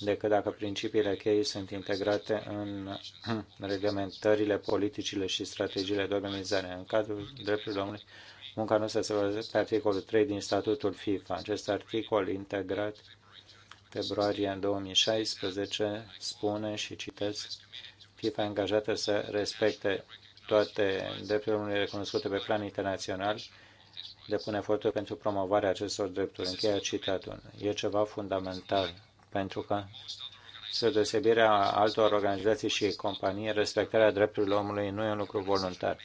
decât dacă principiile cheie sunt integrate în reglementările, politicile și strategiile de organizare. În cadrul drepturilor omului, munca nu se bazează pe articolul 3 din statutul FIFA. Acest articol integrat februarie 2016 spune și citesc FIFA angajată să respecte toate drepturile omului recunoscute pe plan internațional, depune eforturi pentru promovarea acestor drepturi. Încheia citatul. E ceva fundamental pentru că, să deosebirea altor organizații și companii, respectarea drepturilor omului nu e un lucru voluntar.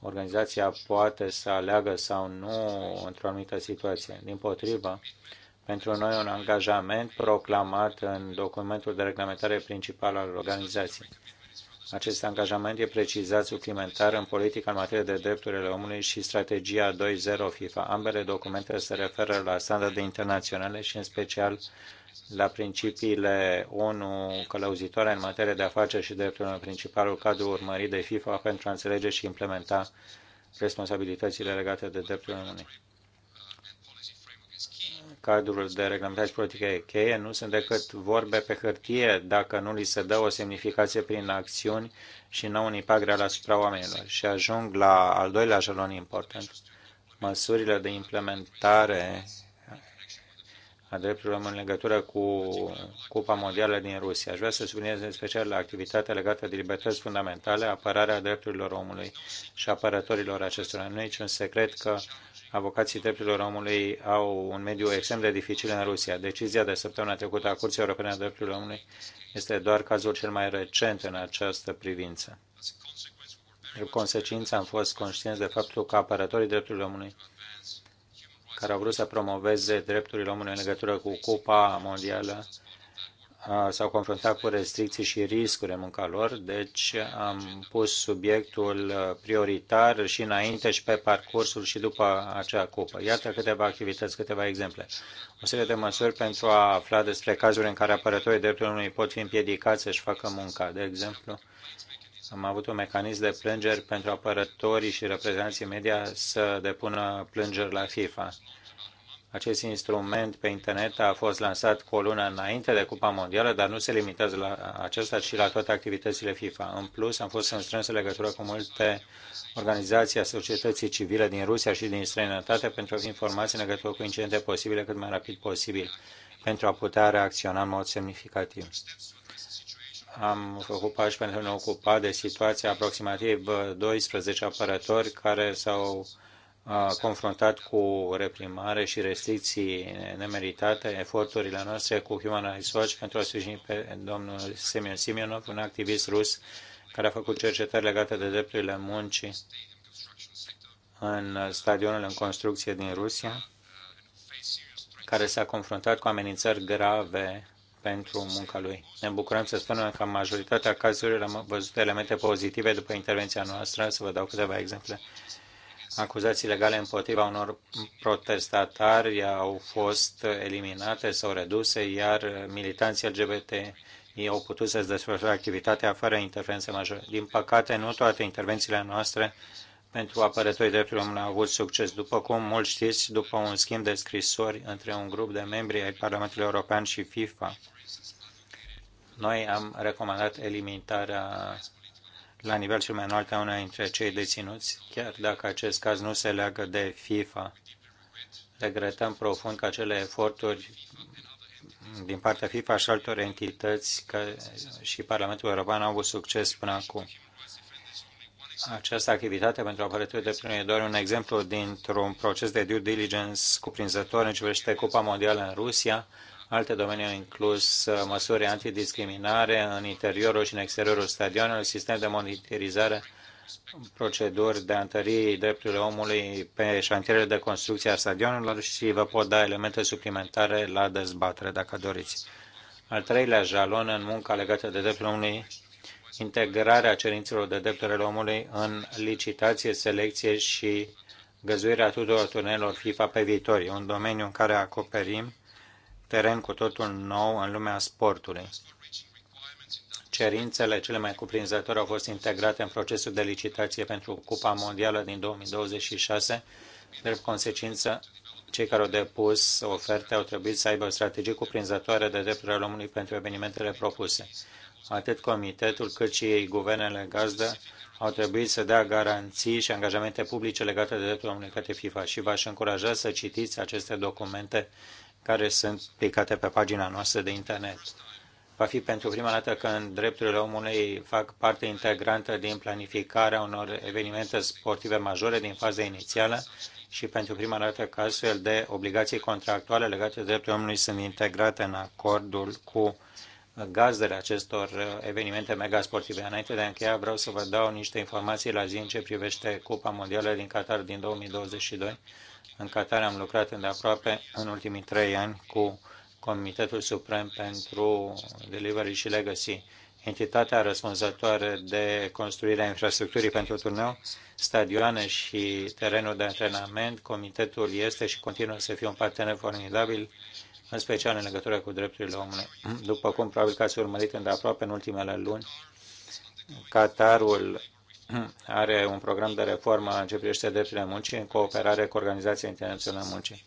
Organizația poate să aleagă sau nu într-o anumită situație. Din potrivă, pentru noi un angajament proclamat în documentul de reglementare principal al organizației. Acest angajament e precizat suplimentar în politica în materie de drepturile omului și strategia 2.0 FIFA. Ambele documente se referă la standarde internaționale și în special la principiile ONU călăuzitoare în materie de afaceri și dreptul în principalul cadru urmărit de FIFA pentru a înțelege și implementa responsabilitățile legate de dreptul omului. Cadrul de reglementare și politică e cheie nu sunt decât vorbe pe hârtie dacă nu li se dă o semnificație prin acțiuni și nu un impact real asupra oamenilor. Și ajung la al doilea jalon important, măsurile de implementare a drepturilor în legătură cu Cupa Mondială din Rusia. Aș vrea să subliniez în special la activitatea legată de libertăți fundamentale, apărarea drepturilor omului și apărătorilor acestora. Nu e niciun secret că avocații drepturilor omului au un mediu extrem de dificil în Rusia. Decizia de săptămâna trecută a Curții Europene a Drepturilor Omului este doar cazul cel mai recent în această privință. Consecința consecință, am fost conștienți de faptul că apărătorii drepturilor omului care au vrut să promoveze drepturile omului în legătură cu Cupa Mondială s-au confruntat cu restricții și riscuri în munca lor, deci am pus subiectul prioritar și înainte și pe parcursul și după acea cupă. Iată câteva activități, câteva exemple. O serie de măsuri pentru a afla despre cazuri în care apărătorii drepturilor omului pot fi împiedicați să-și facă munca. De exemplu, am avut un mecanism de plângeri pentru apărătorii și reprezentanții media să depună plângeri la FIFA. Acest instrument pe internet a fost lansat cu o lună înainte de Cupa Mondială, dar nu se limitează la acesta, ci la toate activitățile FIFA. În plus, am fost în strânsă legătură cu multe organizații a societății civile din Rusia și din străinătate pentru a fi informați în legătură cu incidente posibile cât mai rapid posibil, pentru a putea reacționa în mod semnificativ am făcut pași pentru a ne ocupa de situația aproximativ 12 uh, apărători care s-au uh, confruntat cu reprimare și restricții nemeritate, eforturile noastre cu Human Rights Watch pentru a sprijini pe domnul Semyon Simionov, un activist rus care a făcut cercetări legate de drepturile muncii în stadionul în construcție din Rusia, care s-a confruntat cu amenințări grave pentru munca lui. Ne bucurăm să spunem că în majoritatea cazurilor am văzut elemente pozitive după intervenția noastră. Să vă dau câteva exemple. Acuzații legale împotriva unor protestatari au fost eliminate sau reduse, iar militanții LGBT au putut să-și desfășoare activitatea fără intervenție majoră. Din păcate, nu toate intervențiile noastre pentru apărătorii drepturilor omului au avut succes. După cum mulți știți, după un schimb de scrisori între un grup de membri ai Parlamentului European și FIFA, noi am recomandat eliminarea la nivel cel mai înalt a una dintre cei deținuți, chiar dacă acest caz nu se leagă de FIFA. Regretăm profund că acele eforturi din partea FIFA și altor entități că și Parlamentul European au avut succes până acum. Această activitate pentru apărături de plin e doar un exemplu dintr-un proces de due diligence cuprinzător în ce privește Cupa Mondială în Rusia, Alte domenii au inclus uh, măsuri antidiscriminare în interiorul și în exteriorul stadionelor, sistem de monitorizare, proceduri de a întări drepturile omului pe șantierele de construcție a stadionelor și vă pot da elemente suplimentare la dezbatere, dacă doriți. Al treilea jalon în munca legată de drepturile omului integrarea cerințelor de drepturile omului în licitație, selecție și găzuirea tuturor turnelor FIFA pe viitor. E un domeniu în care acoperim teren cu totul nou în lumea sportului. Cerințele cele mai cuprinzătoare au fost integrate în procesul de licitație pentru Cupa Mondială din 2026. Drept consecință, cei care au depus oferte au trebuit să aibă o strategie cuprinzătoare de drepturile omului pentru evenimentele propuse. Atât comitetul cât și ei, guvernele gazdă, au trebuit să dea garanții și angajamente publice legate de drepturile omului către FIFA și v-aș încuraja să citiți aceste documente care sunt publicate pe pagina noastră de internet. Va fi pentru prima dată când drepturile omului fac parte integrantă din planificarea unor evenimente sportive majore din faza inițială și pentru prima dată că astfel de obligații contractuale legate de drepturile omului sunt integrate în acordul cu gazdele acestor uh, evenimente mega sportive. Înainte de a încheia, vreau să vă dau niște informații la zi în ce privește Cupa Mondială din Qatar din 2022 în Qatar am lucrat îndeaproape în ultimii trei ani cu Comitetul Suprem pentru Delivery și Legacy, entitatea răspunzătoare de construirea infrastructurii pentru turneu, stadioane și terenul de antrenament. Comitetul este și continuă să fie un partener formidabil, în special în legătură cu drepturile omului. După cum probabil că ați urmărit îndeaproape în ultimele luni, Qatarul are un program de reformă în ce privește drepturile muncii în cooperare cu Organizația Internațională a Muncii.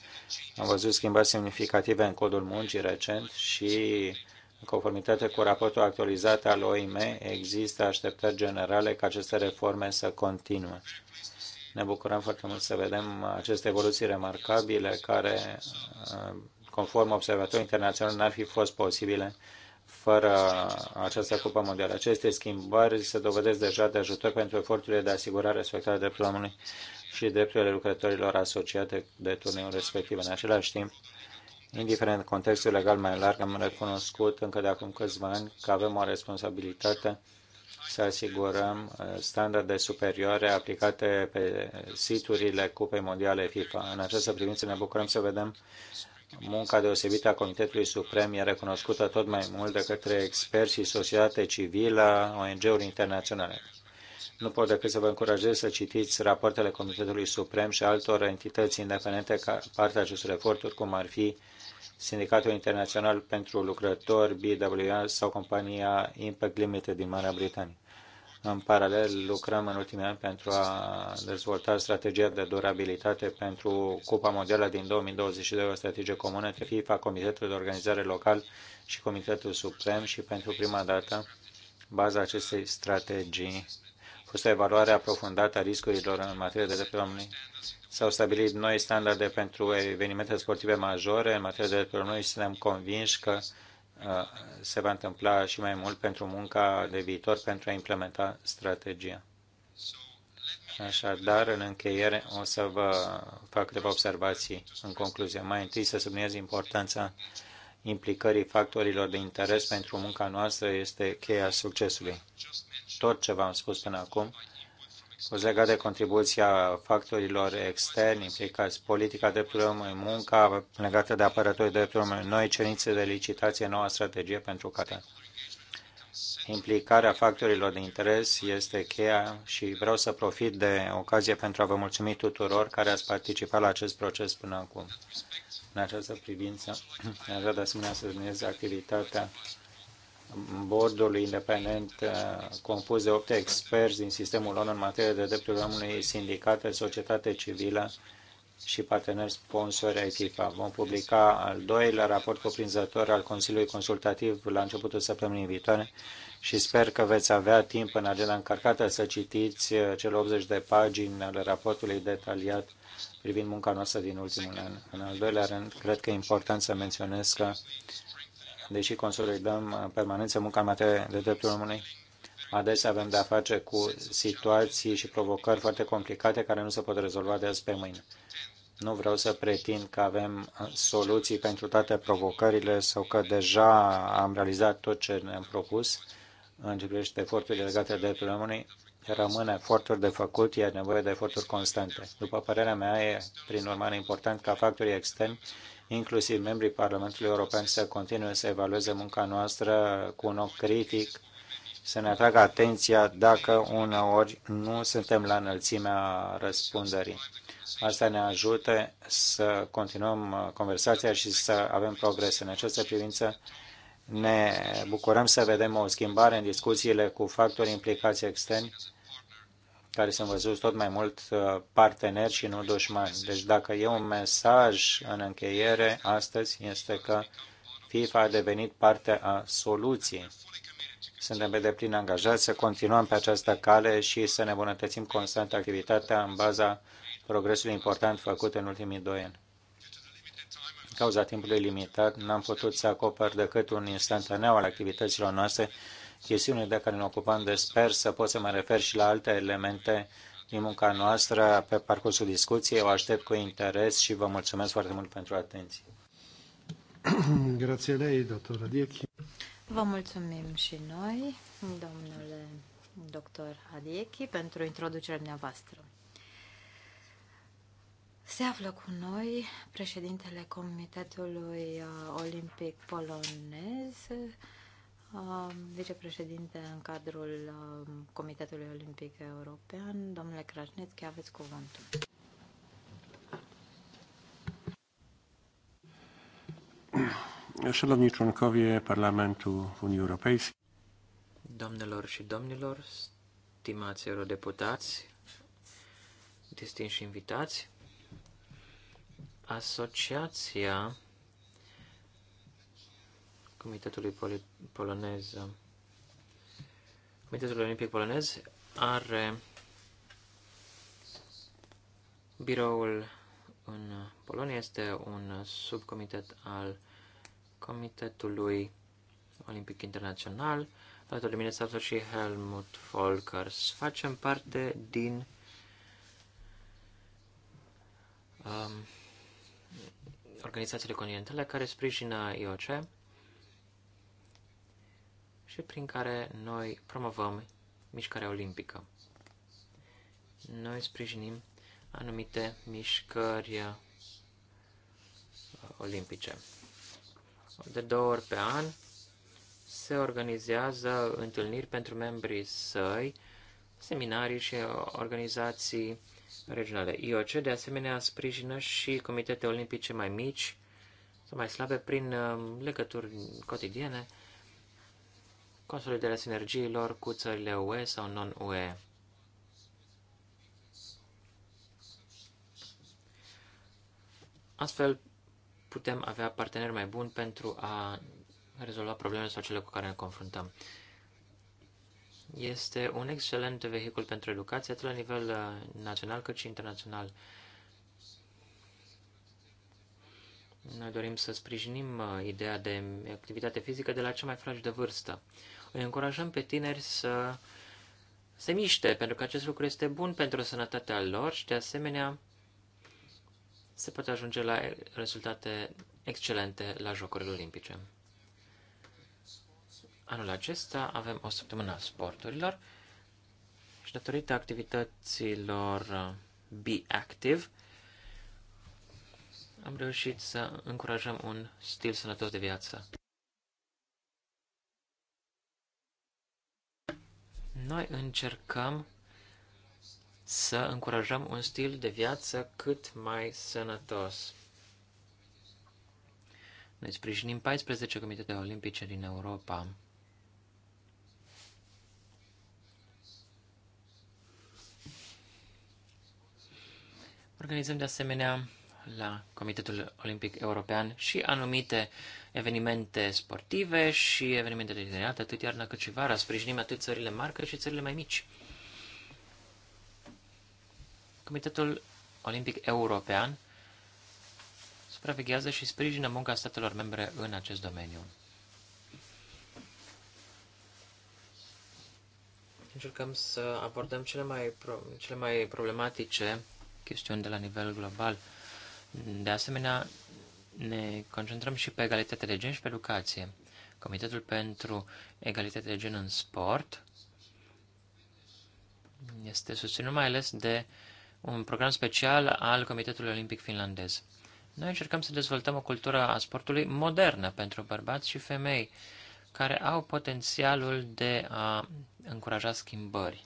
Am văzut schimbări semnificative în codul muncii recent și în conformitate cu raportul actualizat al OIM, există așteptări generale ca aceste reforme să continue. Ne bucurăm foarte mult să vedem aceste evoluții remarcabile care, conform observatorilor internațional, n-ar fi fost posibile fără această cupă mondială. Aceste schimbări se dovedesc deja de ajutor pentru eforturile de asigurare respectarea drepturilor omului și drepturile lucrătorilor asociate de turneul respectiv. În același timp, indiferent contextul legal mai larg, am recunoscut încă de acum câțiva ani că avem o responsabilitate să asigurăm uh, standarde superioare aplicate pe siturile Cupei Mondiale FIFA. În această privință ne bucurăm să vedem Munca deosebită a Comitetului Suprem e recunoscută tot mai mult de către experți și societate civilă, ONG-uri internaționale. Nu pot decât să vă încurajez să citiți rapoartele Comitetului Suprem și altor entități independente ca parte a acestor eforturi, cum ar fi Sindicatul Internațional pentru Lucrători, BWA sau compania Impact Limited din Marea Britanie. În paralel, lucrăm în ultimii ani pentru a dezvolta strategia de durabilitate pentru Cupa Mondială din 2022, o strategie comună între FIFA, Comitetul de Organizare Local și Comitetul Suprem și pentru prima dată baza acestei strategii a fost o evaluare aprofundată a riscurilor în materie de drepturi omului. S-au stabilit noi standarde pentru evenimente sportive majore în materie de drepturi omului și suntem convinși că Uh, se va întâmpla și mai mult pentru munca de viitor pentru a implementa strategia. Așadar, în încheiere, o să vă fac câteva observații în concluzie. Mai întâi să subliniez importanța implicării factorilor de interes pentru munca noastră este cheia succesului. Tot ce v-am spus până acum fost legat de contribuția factorilor externi implicați, politica drepturilor omului, munca legată de apărătorii drepturilor omului, noi cerințe de licitație, noua strategie pentru Qatar. Implicarea factorilor de interes este cheia și vreau să profit de ocazie pentru a vă mulțumi tuturor care ați participat la acest proces până acum. În această privință, aș de asemenea să subliniez activitatea bordului independent uh, compus de opt experți din sistemul lor în materie de drepturile omului, sindicate, societate civilă și parteneri sponsori ai FIFA. Vom publica al doilea raport cuprinzător al Consiliului Consultativ la începutul săptămânii viitoare și sper că veți avea timp în agenda încărcată să citiți uh, cele 80 de pagini ale raportului detaliat privind munca noastră din ultimul an. În al doilea rând, cred că e important să menționez că deși consolidăm uh, permanență munca în materie de dreptul omului, adesea avem de-a face cu situații și provocări foarte complicate care nu se pot rezolva de azi pe mâine. Nu vreau să pretind că avem uh, soluții pentru toate provocările sau că deja am realizat tot ce ne-am propus în ce privește eforturile legate de dreptul omului, rămâne eforturi de făcut, e nevoie de eforturi constante. După părerea mea, e prin urmare important ca factorii externi inclusiv membrii Parlamentului European, să continue să evalueze munca noastră cu un ochi critic, să ne atragă atenția dacă uneori nu suntem la înălțimea răspunderii. Asta ne ajută să continuăm conversația și să avem progres. În această privință ne bucurăm să vedem o schimbare în discuțiile cu factori implicați externi care sunt văzuți tot mai mult uh, parteneri și nu dușmani. Deci dacă e un mesaj în încheiere astăzi este că FIFA a devenit parte a soluției. Suntem pe de deplin angajați să continuăm pe această cale și să ne bunătățim constant activitatea în baza progresului important făcut în ultimii doi ani. În cauza timpului limitat, n-am putut să acopăr decât un instantaneu al activităților noastre chestiunile de care ne ocupăm de deci sper să pot să mă refer și la alte elemente din munca noastră pe parcursul discuției. O aștept cu interes și vă mulțumesc foarte mult pentru atenție. Grazie lei, doctora Vă mulțumim și noi, domnule doctor Adiechi, pentru introducerea dumneavoastră. Se află cu noi președintele Comitetului Olimpic Polonez, vicepreședinte în cadrul um, Comitetului Olimpic European. Domnule Krasnetski, aveți cuvântul. Szanowni członkowie Parlamentu Unii Europejskiej. Domnilor și domnilor, stimați eurodeputați, distinși invitați, Asociația Comitetului Pol Polonez. Comitetul Olimpic Polonez are biroul în Polonia, este un subcomitet al Comitetului Olimpic Internațional. Alături de mine și Helmut Volkers. Facem parte din um, organizațiile continentale care sprijină IOC și prin care noi promovăm mișcarea olimpică. Noi sprijinim anumite mișcări uh, olimpice. De două ori pe an se organizează întâlniri pentru membrii săi, seminarii și organizații regionale. IOC de asemenea sprijină și comitete olimpice mai mici sau mai slabe prin uh, legături cotidiene consolidarea sinergiilor cu țările UE sau non-UE. Astfel, putem avea parteneri mai buni pentru a rezolva problemele sau cele cu care ne confruntăm. Este un excelent vehicul pentru educație, atât la nivel uh, național cât și internațional. Noi dorim să sprijinim uh, ideea de activitate fizică de la cea mai fragedă vârstă. Îi încurajăm pe tineri să se miște, pentru că acest lucru este bun pentru sănătatea lor și, de asemenea, se poate ajunge la rezultate excelente la Jocurile Olimpice. Anul acesta avem o săptămână a sporturilor și datorită activităților uh, Be Active am reușit să încurajăm un stil sănătos de viață. Noi încercăm să încurajăm un stil de viață cât mai sănătos. Noi sprijinim 14 comitete olimpice din Europa. Organizăm de asemenea la Comitetul Olimpic European și anumite evenimente sportive și evenimente de generat, atât iarna cât și vara. Sprijinim atât țările mari cât și țările mai mici. Comitetul Olimpic European supraveghează și sprijină munca statelor membre în acest domeniu. Încercăm să abordăm cele mai, pro- cele mai problematice chestiuni de la nivel global. De asemenea, ne concentrăm și pe egalitatea de gen și pe educație. Comitetul pentru egalitatea de gen în sport este susținut mai ales de un program special al Comitetului Olimpic Finlandez. Noi încercăm să dezvoltăm o cultură a sportului modernă pentru bărbați și femei care au potențialul de a încuraja schimbări.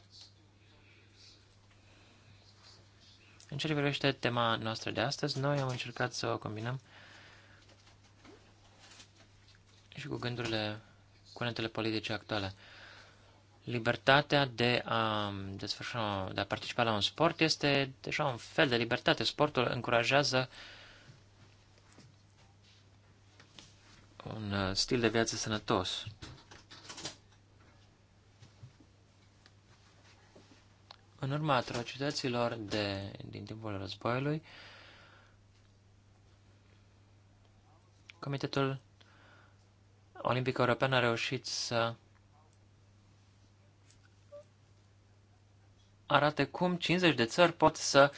În ce privește tema noastră de astăzi, noi am încercat să o combinăm și cu gândurile curentele politice actuale. Libertatea de a, desfășura, de a participa la un sport este deja un fel de libertate. Sportul încurajează un uh, stil de viață sănătos. În urma atrocităților de, din timpul războiului, Comitetul Olimpica Europeană a reușit să arate cum 50 de țări pot să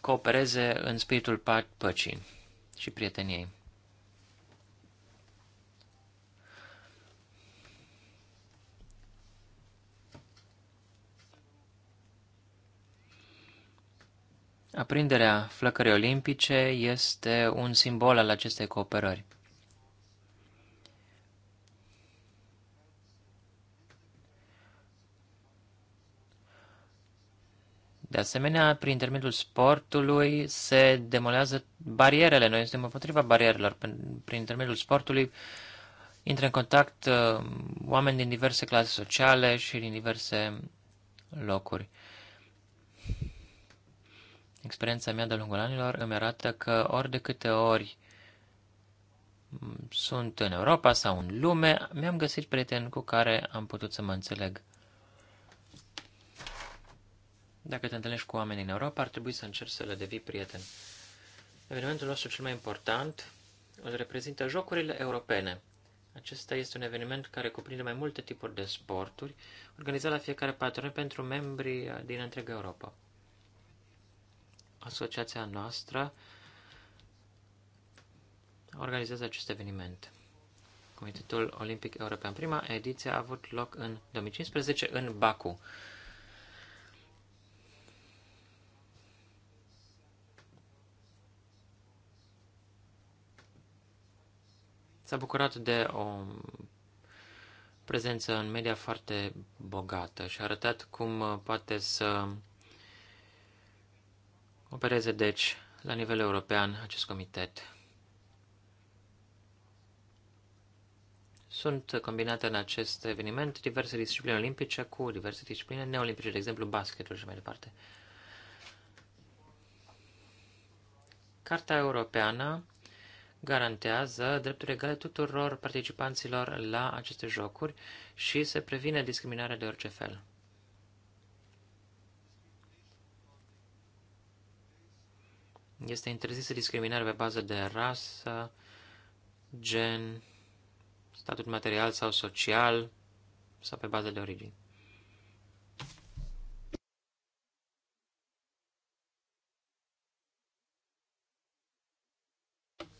coopereze în spiritul păcii și prieteniei. Aprinderea flăcării olimpice este un simbol al acestei cooperări. De asemenea, prin intermediul sportului se demolează barierele. Noi suntem împotriva barierelor. Prin intermediul sportului intră în contact uh, oameni din diverse clase sociale și din diverse locuri. Experiența mea de-a lungul anilor îmi arată că ori de câte ori sunt în Europa sau în lume, mi-am găsit prieteni cu care am putut să mă înțeleg. Dacă te întâlnești cu oameni în Europa, ar trebui să încerci să le devii prieten. Evenimentul nostru cel mai important îl reprezintă Jocurile Europene. Acesta este un eveniment care cuprinde mai multe tipuri de sporturi, organizat la fiecare patru pentru membrii din întreaga Europa. Asociația noastră organizează acest eveniment. Comitetul Olimpic European. Prima ediție a avut loc în 2015 în Baku. s-a bucurat de o prezență în media foarte bogată și a arătat cum uh, poate să opereze, deci, la nivel european acest comitet. Sunt combinate în acest eveniment diverse discipline olimpice cu diverse discipline neolimpice, de exemplu basketul și mai departe. Carta europeană garantează drepturi egale tuturor participanților la aceste jocuri și se previne discriminarea de orice fel. Este interzisă discriminarea pe bază de rasă, gen, statut material sau social sau pe bază de origine.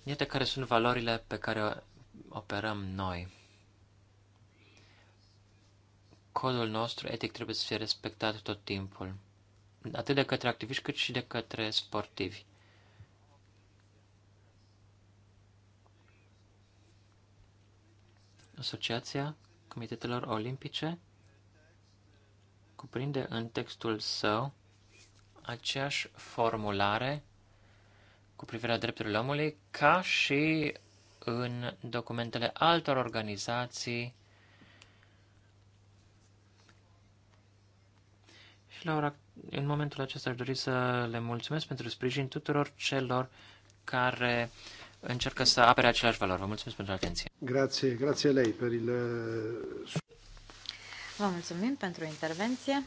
Iată care sunt valorile pe care operăm noi. Codul nostru etic trebuie să fie respectat tot timpul, atât de către activiști cât și de către sportivi. Asociația Comitetelor Olimpice cuprinde în textul său aceeași formulare cu privire la drepturile omului, ca și în documentele altor organizații Și la ora, în momentul acesta aș dori să le mulțumesc pentru sprijin tuturor celor care încercă să apere aceleași valori. Vă mulțumesc pentru atenție. Grație, grație lei per il... Vă mulțumim pentru intervenție.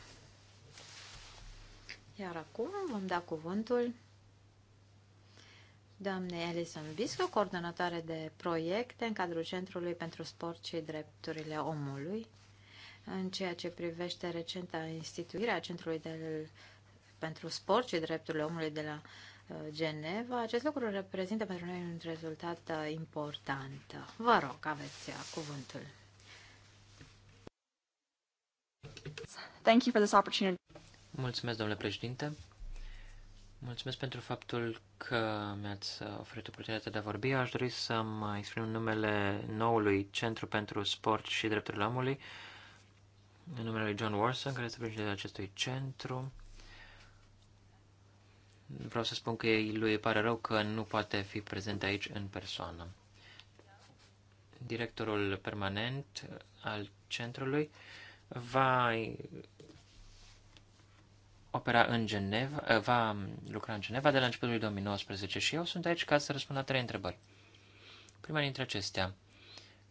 Iar acum vom da cuvântul doamnei Alison Bisco, coordonatoare de proiecte în cadrul Centrului pentru Sport și Drepturile Omului, în ceea ce privește recenta instituire a Centrului de, pentru Sport și Drepturile Omului de la uh, Geneva. Acest lucru reprezintă pentru noi un rezultat uh, important. Vă rog, aveți uh, cuvântul. Thank you for this opportunity. Mulțumesc, domnule președinte. Mulțumesc pentru faptul că mi-ați oferit oportunitatea de a vorbi. Aș dori să mă exprim numele noului Centru pentru Sport și Drepturile Omului, în numele lui John Warson, care este președintele acestui centru. Vreau să spun că lui îi pare rău că nu poate fi prezent aici în persoană. Directorul permanent al centrului va opera în Geneva, eh, va lucra în Geneva de la începutul lui 2019 și eu sunt aici ca să răspund la trei întrebări. Prima dintre acestea,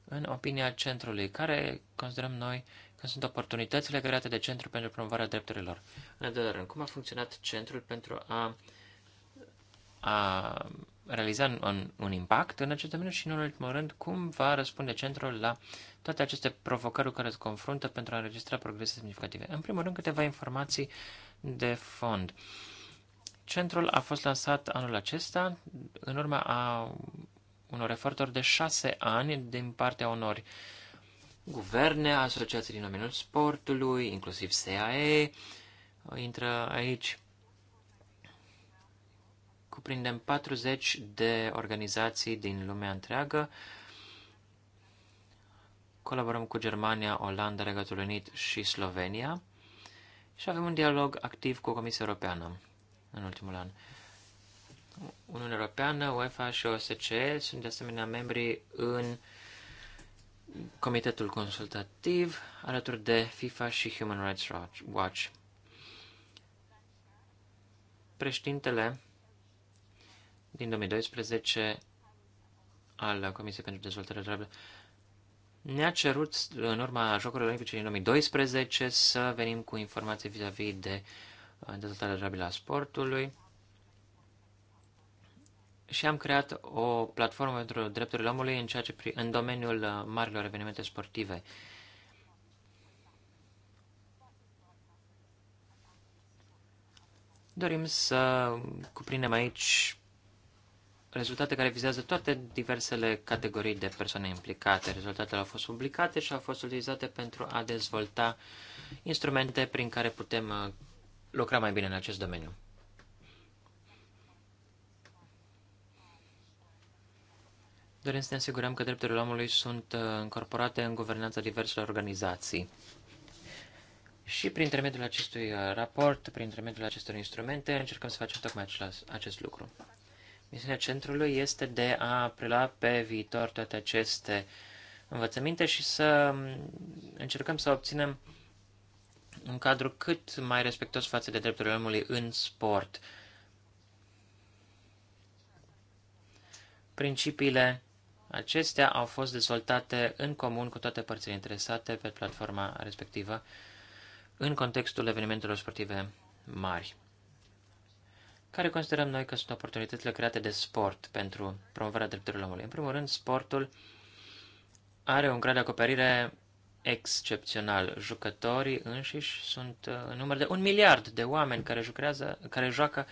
în opinia centrului, care considerăm noi că sunt oportunitățile create de centru pentru promovarea drepturilor? În al doilea rând, cum a funcționat centrul pentru a, a realiza un, un impact în acest domeniu și, în ultimul rând, cum va răspunde centrul la toate aceste provocări cu care se confruntă pentru a înregistra progrese semnificative. În primul rând, câteva informații de fond. Centrul a fost lansat anul acesta în urma a unor eforturi de șase ani din partea unor guverne, asociații din domeniul sportului, inclusiv SAE, intră aici. Cuprindem 40 de organizații din lumea întreagă. Colaborăm cu Germania, Olanda, Regatul Unit și Slovenia și avem un dialog activ cu Comisia Europeană în ultimul an. Uniunea Europeană, UEFA și OSCE sunt de asemenea membri în Comitetul Consultativ alături de FIFA și Human Rights Watch. Președintele din 2012 al Comisiei pentru Dezvoltare Durabilă ne-a cerut, în urma Jocurilor Olimpice din 2012, să venim cu informații vis-a-vis de uh, dezvoltarea durabilă a sportului și am creat o platformă pentru drepturile omului în, ceea ce, în domeniul uh, marilor evenimente sportive. Dorim să cuprindem aici rezultate care vizează toate diversele categorii de persoane implicate. Rezultatele au fost publicate și au fost utilizate pentru a dezvolta instrumente prin care putem uh, lucra mai bine în acest domeniu. Dorim să ne asigurăm că drepturile omului sunt incorporate uh, în guvernanța diverselor organizații. Și prin intermediul acestui uh, raport, prin intermediul acestor instrumente, încercăm să facem tocmai acest lucru. Misiunea centrului este de a prela pe viitor toate aceste învățăminte și să încercăm să obținem un cadru cât mai respectos față de drepturile omului în sport. Principiile acestea au fost dezvoltate în comun cu toate părțile interesate pe platforma respectivă în contextul evenimentelor sportive mari care considerăm noi că sunt oportunitățile create de sport pentru promovarea drepturilor omului. În primul rând, sportul are un grad de acoperire excepțional. Jucătorii înșiși sunt uh, în număr de un miliard de oameni care, jucrează, care joacă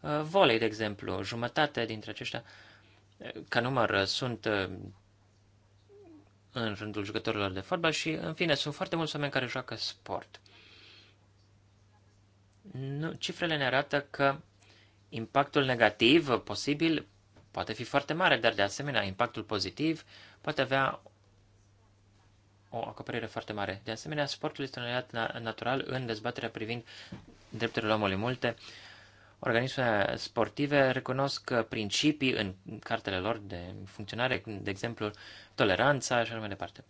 uh, volei, de exemplu. Jumătate dintre aceștia, uh, ca număr, sunt în rândul jucătorilor de fotbal și, în fine, sunt foarte mulți oameni care joacă sport. Nu, cifrele ne arată că impactul negativ posibil poate fi foarte mare, dar de asemenea impactul pozitiv poate avea o acoperire foarte mare. De asemenea, sportul este un aliat natural în dezbaterea privind drepturile omului. Multe organisme sportive recunosc principii în cartele lor de funcționare, de exemplu toleranța și așa mai departe.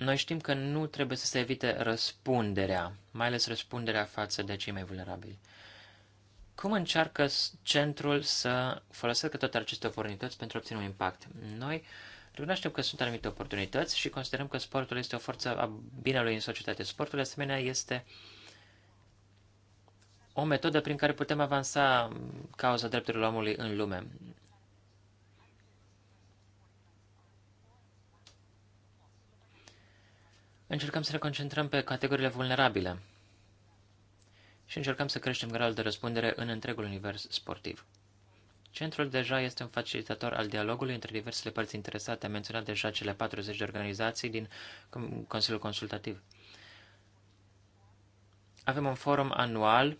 Noi știm că nu trebuie să se evite răspunderea, mai ales răspunderea față de cei mai vulnerabili. Cum încearcă centrul să folosească toate aceste oportunități pentru a obține un impact? Noi recunoaștem că sunt anumite oportunități și considerăm că sportul este o forță a binelui în societate. Sportul, de asemenea, este o metodă prin care putem avansa cauza drepturilor omului în lume. Încercăm să ne concentrăm pe categoriile vulnerabile și încercăm să creștem gradul de răspundere în întregul univers sportiv. Centrul deja este un facilitator al dialogului între diversele părți interesate, am menționat deja cele 40 de organizații din Consiliul Consultativ. Avem un forum anual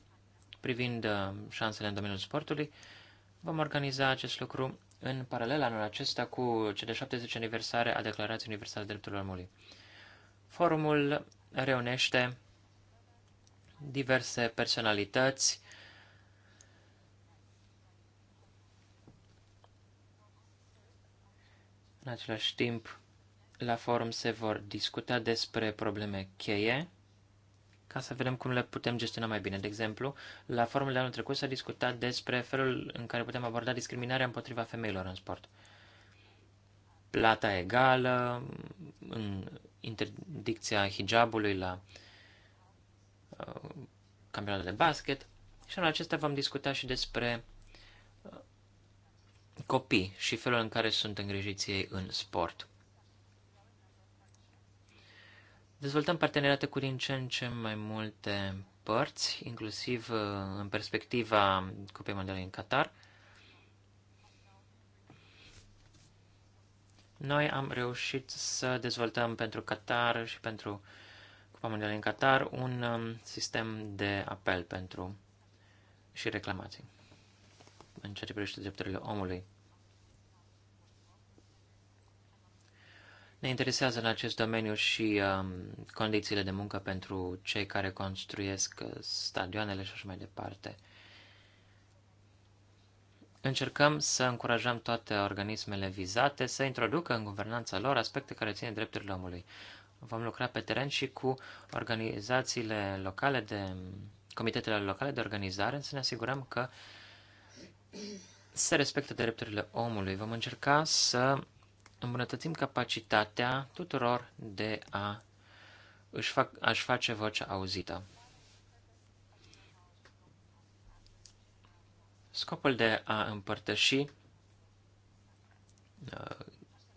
privind uh, șansele în domeniul sportului. Vom organiza acest lucru în paralel anul acesta cu cele 70 aniversare a Declarației Universale a Drepturilor Omului. Forumul reunește diverse personalități În același timp, la forum se vor discuta despre probleme cheie, ca să vedem cum le putem gestiona mai bine. De exemplu, la forumul de anul trecut s-a discutat despre felul în care putem aborda discriminarea împotriva femeilor în sport plata egală, în interdicția hijabului la uh, campionatul de basket. Și în acesta vom discuta și despre uh, copii și felul în care sunt îngrijiți ei în sport. Dezvoltăm parteneriate cu din ce în ce mai multe părți, inclusiv uh, în perspectiva Cupei Mondiale în Qatar – Noi am reușit să dezvoltăm pentru Qatar și pentru Cupa Mondială în Qatar un um, sistem de apel pentru și reclamații în ceea ce privește drepturile omului. Ne interesează în acest domeniu și um, condițiile de muncă pentru cei care construiesc stadioanele și așa mai departe. Încercăm să încurajăm toate organismele vizate să introducă în guvernanța lor aspecte care țin drepturile omului. Vom lucra pe teren și cu organizațiile locale de comitetele locale de organizare să ne asigurăm că se respectă drepturile omului. Vom încerca să îmbunătățim capacitatea tuturor de a își, fac, a-și face vocea auzită. scopul de a împărtăși uh,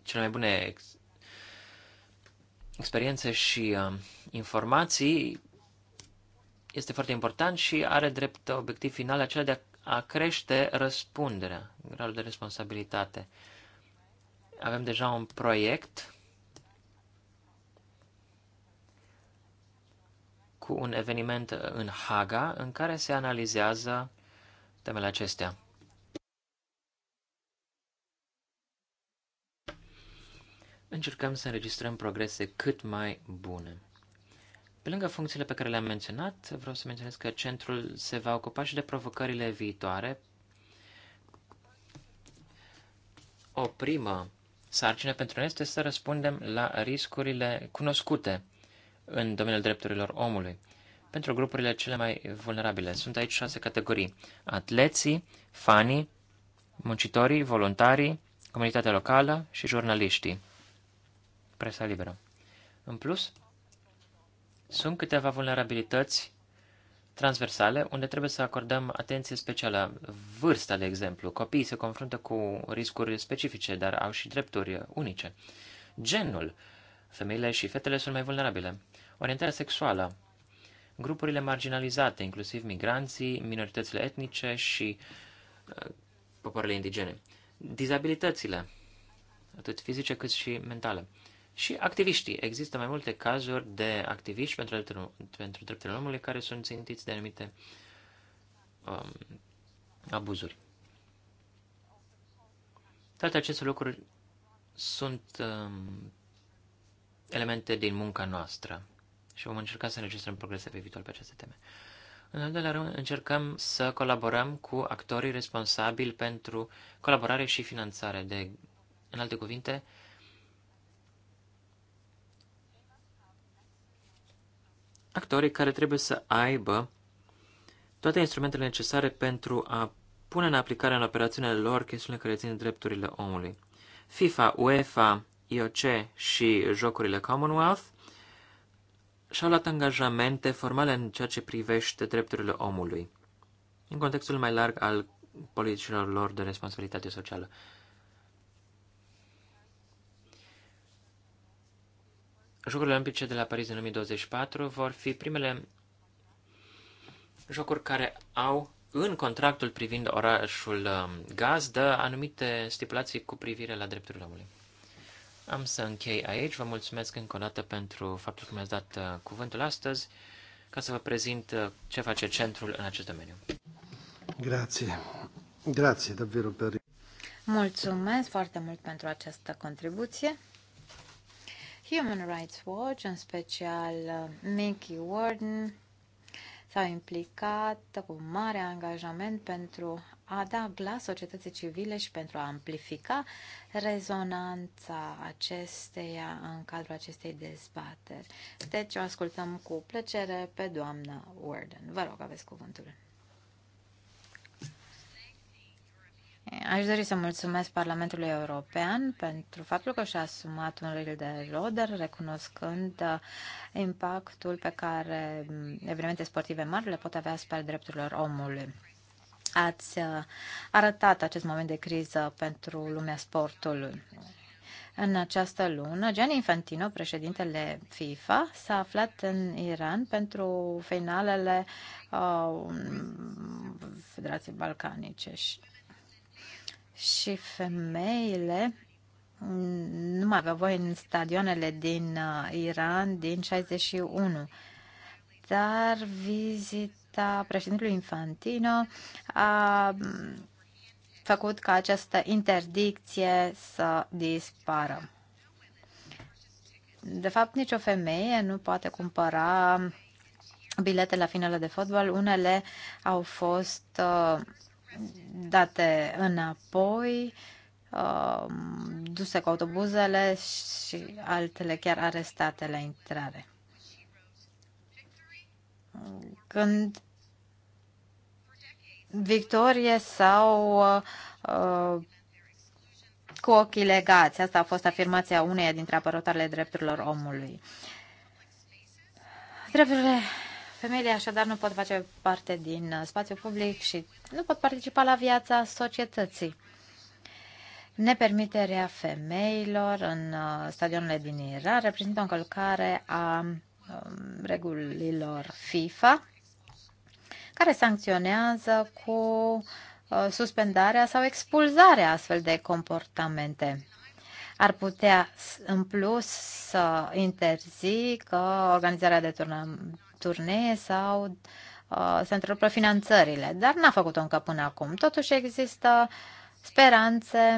cele mai bune ex- experiențe și uh, informații este foarte important și are drept obiectiv final acela de a, a crește răspunderea, gradul de responsabilitate. Avem deja un proiect cu un eveniment în Haga în care se analizează temele acestea. Încercăm să înregistrăm progrese cât mai bune. Pe lângă funcțiile pe care le-am menționat, vreau să menționez că centrul se va ocupa și de provocările viitoare. O primă sarcină pentru noi este să răspundem la riscurile cunoscute în domeniul drepturilor omului pentru grupurile cele mai vulnerabile. Sunt aici șase categorii. Atleții, fanii, muncitorii, voluntarii, comunitatea locală și jurnaliștii. Presa liberă. În plus, sunt câteva vulnerabilități transversale unde trebuie să acordăm atenție specială. Vârsta, de exemplu. Copiii se confruntă cu riscuri specifice, dar au și drepturi unice. Genul. Femeile și fetele sunt mai vulnerabile. Orientarea sexuală grupurile marginalizate, inclusiv migranții, minoritățile etnice și uh, popoarele indigene, dizabilitățile, atât fizice cât și mentale, și activiștii. Există mai multe cazuri de activiști pentru, pentru drepturile omului care sunt țintiți de anumite um, abuzuri. Toate aceste lucruri sunt um, elemente din munca noastră și vom încerca să înregistrăm progrese pe viitor pe aceste teme. În al doilea rând, încercăm să colaborăm cu actorii responsabili pentru colaborare și finanțare. De, în alte cuvinte, actorii care trebuie să aibă toate instrumentele necesare pentru a pune în aplicare în operațiunile lor chestiunile care țin drepturile omului. FIFA, UEFA, IOC și jocurile Commonwealth și-au luat angajamente formale în ceea ce privește drepturile omului, în contextul mai larg al politicilor lor de responsabilitate socială. Jocurile Olimpice de la Paris în 2024 vor fi primele jocuri care au în contractul privind orașul um, gazdă anumite stipulații cu privire la drepturile omului. Am să închei aici. Vă mulțumesc încă o dată pentru faptul că mi-ați dat uh, cuvântul astăzi ca să vă prezint uh, ce face centrul în acest domeniu. Grazie. Grazie davvero per... Mulțumesc foarte mult pentru această contribuție. Human Rights Watch, în special uh, Mickey Warden, s-au implicat cu mare angajament pentru a da glas societății civile și pentru a amplifica rezonanța acesteia în cadrul acestei dezbateri. Deci o ascultăm cu plăcere pe doamna Warden. Vă rog, aveți cuvântul. Aș dori să mulțumesc Parlamentului European pentru faptul că și-a asumat un rol de loader, recunoscând uh, impactul pe care mm, evenimente sportive mari le pot avea asupra drepturilor omului ați uh, arătat acest moment de criză pentru lumea sportului. În această lună, Gianni Infantino, președintele FIFA, s-a aflat în Iran pentru finalele uh, Federației Balcanice și, și femeile nu mai aveau voie în stadioanele din uh, Iran din 61. Dar vizit partea președintelui Infantino a făcut ca această interdicție să dispară. De fapt, nicio femeie nu poate cumpăra bilete la finală de fotbal. Unele au fost uh, date înapoi, uh, duse cu autobuzele și altele chiar arestate la intrare. Când victorie sau uh, cu ochii legați. Asta a fost afirmația uneia dintre apărătoarele drepturilor omului. Drepturile femeile așadar nu pot face parte din uh, spațiu public și nu pot participa la viața societății. Nepermiterea femeilor în uh, stadionele din Iran reprezintă o încălcare a um, regulilor FIFA care sancționează cu uh, suspendarea sau expulzarea astfel de comportamente ar putea în plus să interzică organizarea de turnee sau uh, să întrerupă finanțările, dar n-a făcut-o încă până acum. Totuși există speranțe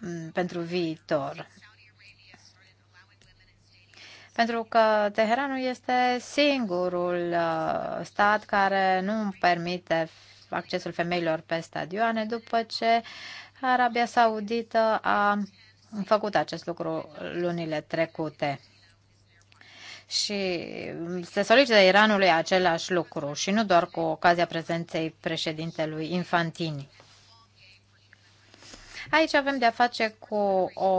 mm, pentru viitor pentru că Teheranul este singurul uh, stat care nu permite accesul femeilor pe stadioane după ce Arabia Saudită a făcut acest lucru lunile trecute. Și se solicită Iranului același lucru și nu doar cu ocazia prezenței președintelui Infantini. Aici avem de-a face cu o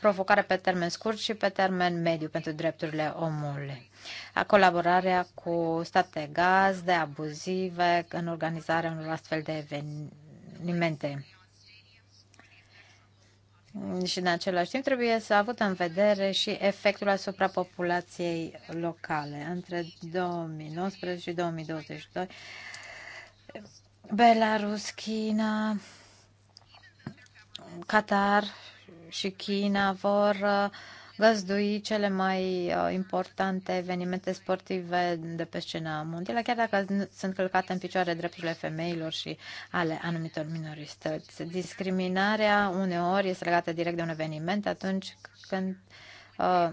provocare pe termen scurt și pe termen mediu pentru drepturile omului. A colaborarea cu state gazde abuzive în organizarea unor astfel de evenimente. Și în același timp trebuie să avut în vedere și efectul asupra populației locale. Între 2019 și 2022, Belarus, China, Qatar și China vor uh, găzdui cele mai uh, importante evenimente sportive de pe scena mondială, chiar dacă sunt călcate în picioare drepturile femeilor și ale anumitor minorități. Discriminarea uneori este legată direct de un eveniment atunci când uh,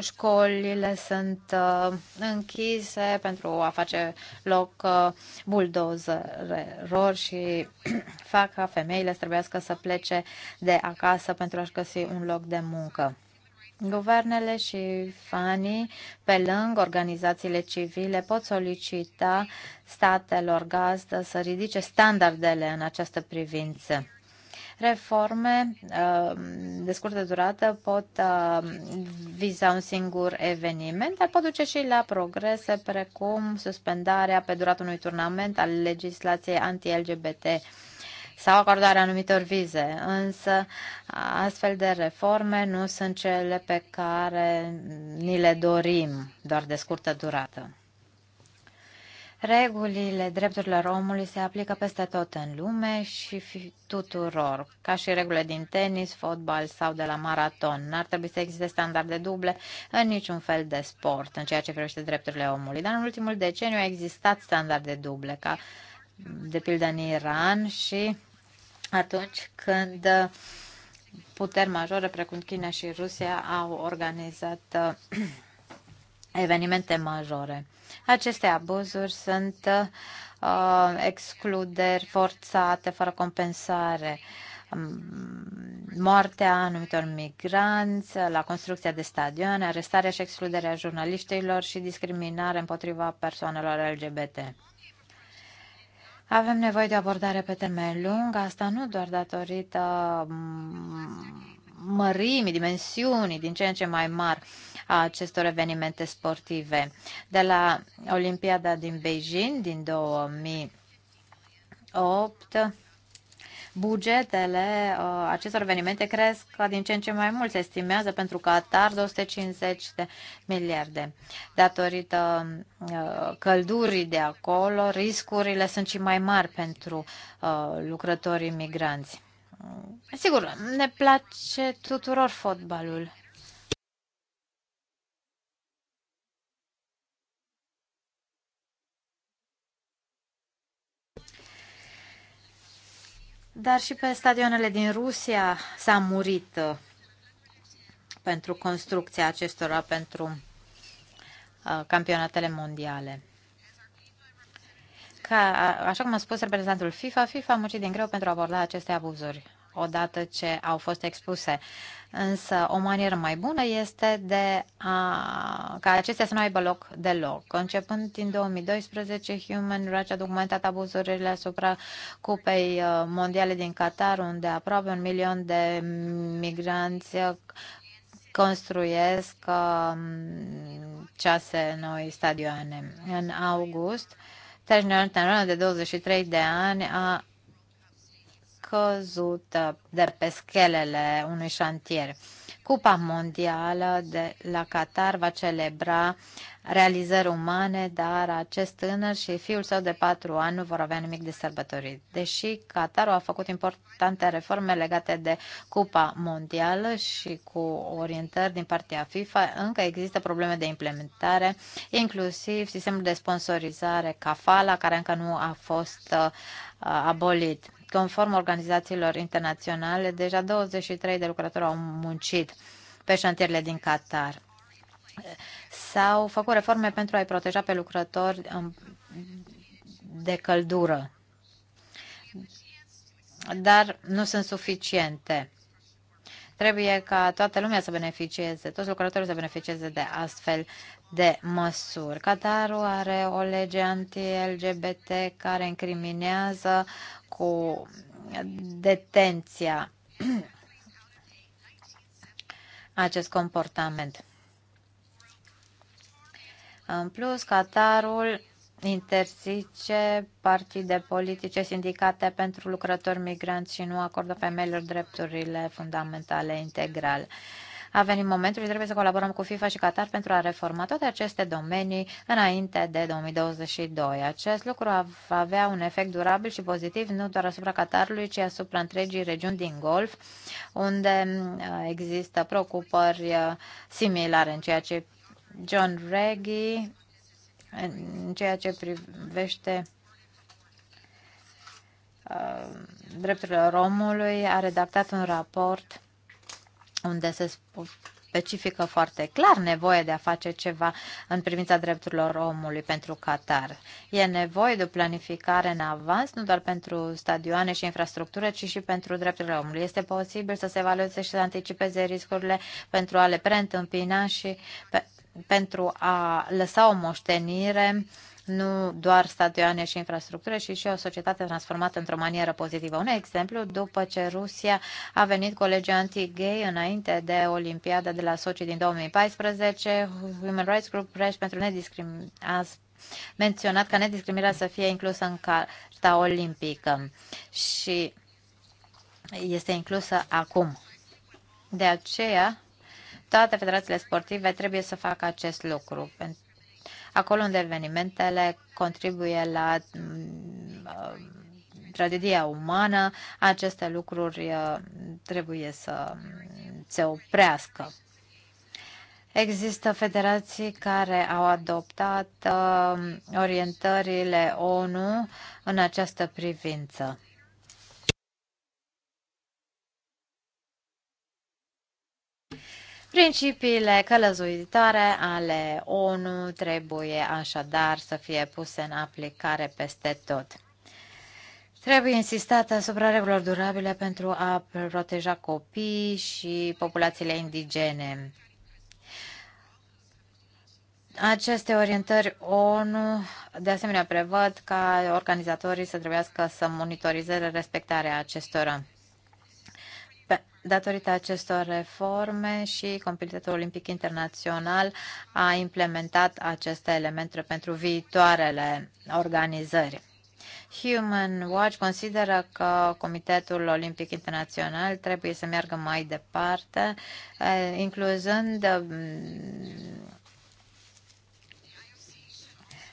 școlile sunt uh, închise pentru a face loc uh, buldozerilor și fac ca femeile să trebuiască să plece de acasă pentru a-și găsi un loc de muncă. Guvernele și fanii, pe lângă organizațiile civile, pot solicita statelor gazdă să ridice standardele în această privință. Reforme uh, de scurtă durată pot uh, viza un singur eveniment, dar pot duce și la progrese precum suspendarea pe durata unui turnament al legislației anti-LGBT sau acordarea anumitor vize, însă astfel de reforme nu sunt cele pe care ni le dorim doar de scurtă durată. Regulile drepturilor omului se aplică peste tot în lume și tuturor, ca și regulile din tenis, fotbal sau de la maraton. N-ar trebui să existe standarde duble în niciun fel de sport în ceea ce privește drepturile omului. Dar în ultimul deceniu au existat standarde duble, ca de pildă în Iran și atunci când puteri majore precum China și Rusia au organizat uh, evenimente majore. Aceste abuzuri sunt uh, excluderi forțate, fără compensare, mm, moartea anumitor migranți, la construcția de stadioane, arestarea și excluderea jurnaliștilor și discriminare împotriva persoanelor LGBT. Avem nevoie de o abordare pe termen lung, asta nu doar datorită mm, mărimii, dimensiunii din ce în ce mai mari a acestor evenimente sportive. De la Olimpiada din Beijing din 2008, bugetele uh, acestor evenimente cresc din ce în ce mai mult. Se estimează pentru Qatar 250 de miliarde. Datorită uh, căldurii de acolo, riscurile sunt și mai mari pentru uh, lucrătorii migranți. Sigur, ne place tuturor fotbalul. Dar și pe stadionele din Rusia s-a murit uh, pentru construcția acestora, pentru uh, campionatele mondiale. Ca, așa cum a spus reprezentantul FIFA, FIFA a muncit din greu pentru a aborda aceste abuzuri odată ce au fost expuse. Însă o manieră mai bună este de a, ca acestea să nu aibă loc deloc. Începând din 2012, Human Rights a documentat abuzurile asupra Cupei uh, Mondiale din Qatar, unde aproape un milion de migranți construiesc um, cease noi stadioane. În august, Tajnul de 23 de ani a căzut de pe schelele unui șantier. Cupa Mondială de la Qatar va celebra realizări umane, dar acest tânăr și fiul său de patru ani nu vor avea nimic de sărbătorit. Deși Qatar a făcut importante reforme legate de Cupa Mondială și cu orientări din partea FIFA, încă există probleme de implementare, inclusiv sistemul de sponsorizare Cafala, care încă nu a fost uh, abolit. Conform organizațiilor internaționale, deja 23 de lucrători au muncit pe șantierele din Qatar. S-au făcut reforme pentru a-i proteja pe lucrători um, de căldură, dar nu sunt suficiente. Trebuie ca toată lumea să beneficieze, toți lucrătorii să beneficieze de astfel de măsuri. Qatarul are o lege anti-LGBT care incriminează cu detenția acest comportament. În plus, Qatarul interzice partide politice, sindicate pentru lucrători migranți și nu acordă femeilor drepturile fundamentale integrale. A venit momentul și trebuie să colaborăm cu FIFA și Qatar pentru a reforma toate aceste domenii înainte de 2022. Acest lucru va avea un efect durabil și pozitiv nu doar asupra Qatarului, ci asupra întregii regiuni din Golf, unde există preocupări uh, similare în ceea ce John Reggie în ceea ce privește uh, drepturile omului, a redactat un raport unde se specifică foarte clar nevoie de a face ceva în privința drepturilor omului pentru Qatar. E nevoie de o planificare în avans, nu doar pentru stadioane și infrastructură, ci și pentru drepturile omului. Este posibil să se evalueze și să anticipeze riscurile pentru a le preîntâmpina și pe pentru a lăsa o moștenire nu doar stadioane și infrastructură, ci și o societate transformată într-o manieră pozitivă. Un exemplu, după ce Rusia a venit cu legea anti-gay înainte de Olimpiada de la Sochi din 2014, Human Rights Group Press pentru nediscriminare a menționat ca nediscriminarea să fie inclusă în Carta Olimpică și este inclusă acum. De aceea, toate federațiile sportive trebuie să facă acest lucru. Acolo unde evenimentele contribuie la mm, tragedia umană, aceste lucruri uh, trebuie să mm, se oprească. Există federații care au adoptat uh, orientările ONU în această privință. Principiile călăzuitoare ale ONU trebuie așadar să fie puse în aplicare peste tot. Trebuie insistat asupra regulilor durabile pentru a proteja copiii și populațiile indigene. Aceste orientări ONU de asemenea prevăd ca organizatorii să trebuiască să monitorizeze respectarea acestora. Datorită acestor reforme și Comitetul Olimpic Internațional a implementat aceste elemente pentru viitoarele organizări. Human Watch consideră că Comitetul Olimpic Internațional trebuie să meargă mai departe, eh, incluzând mm,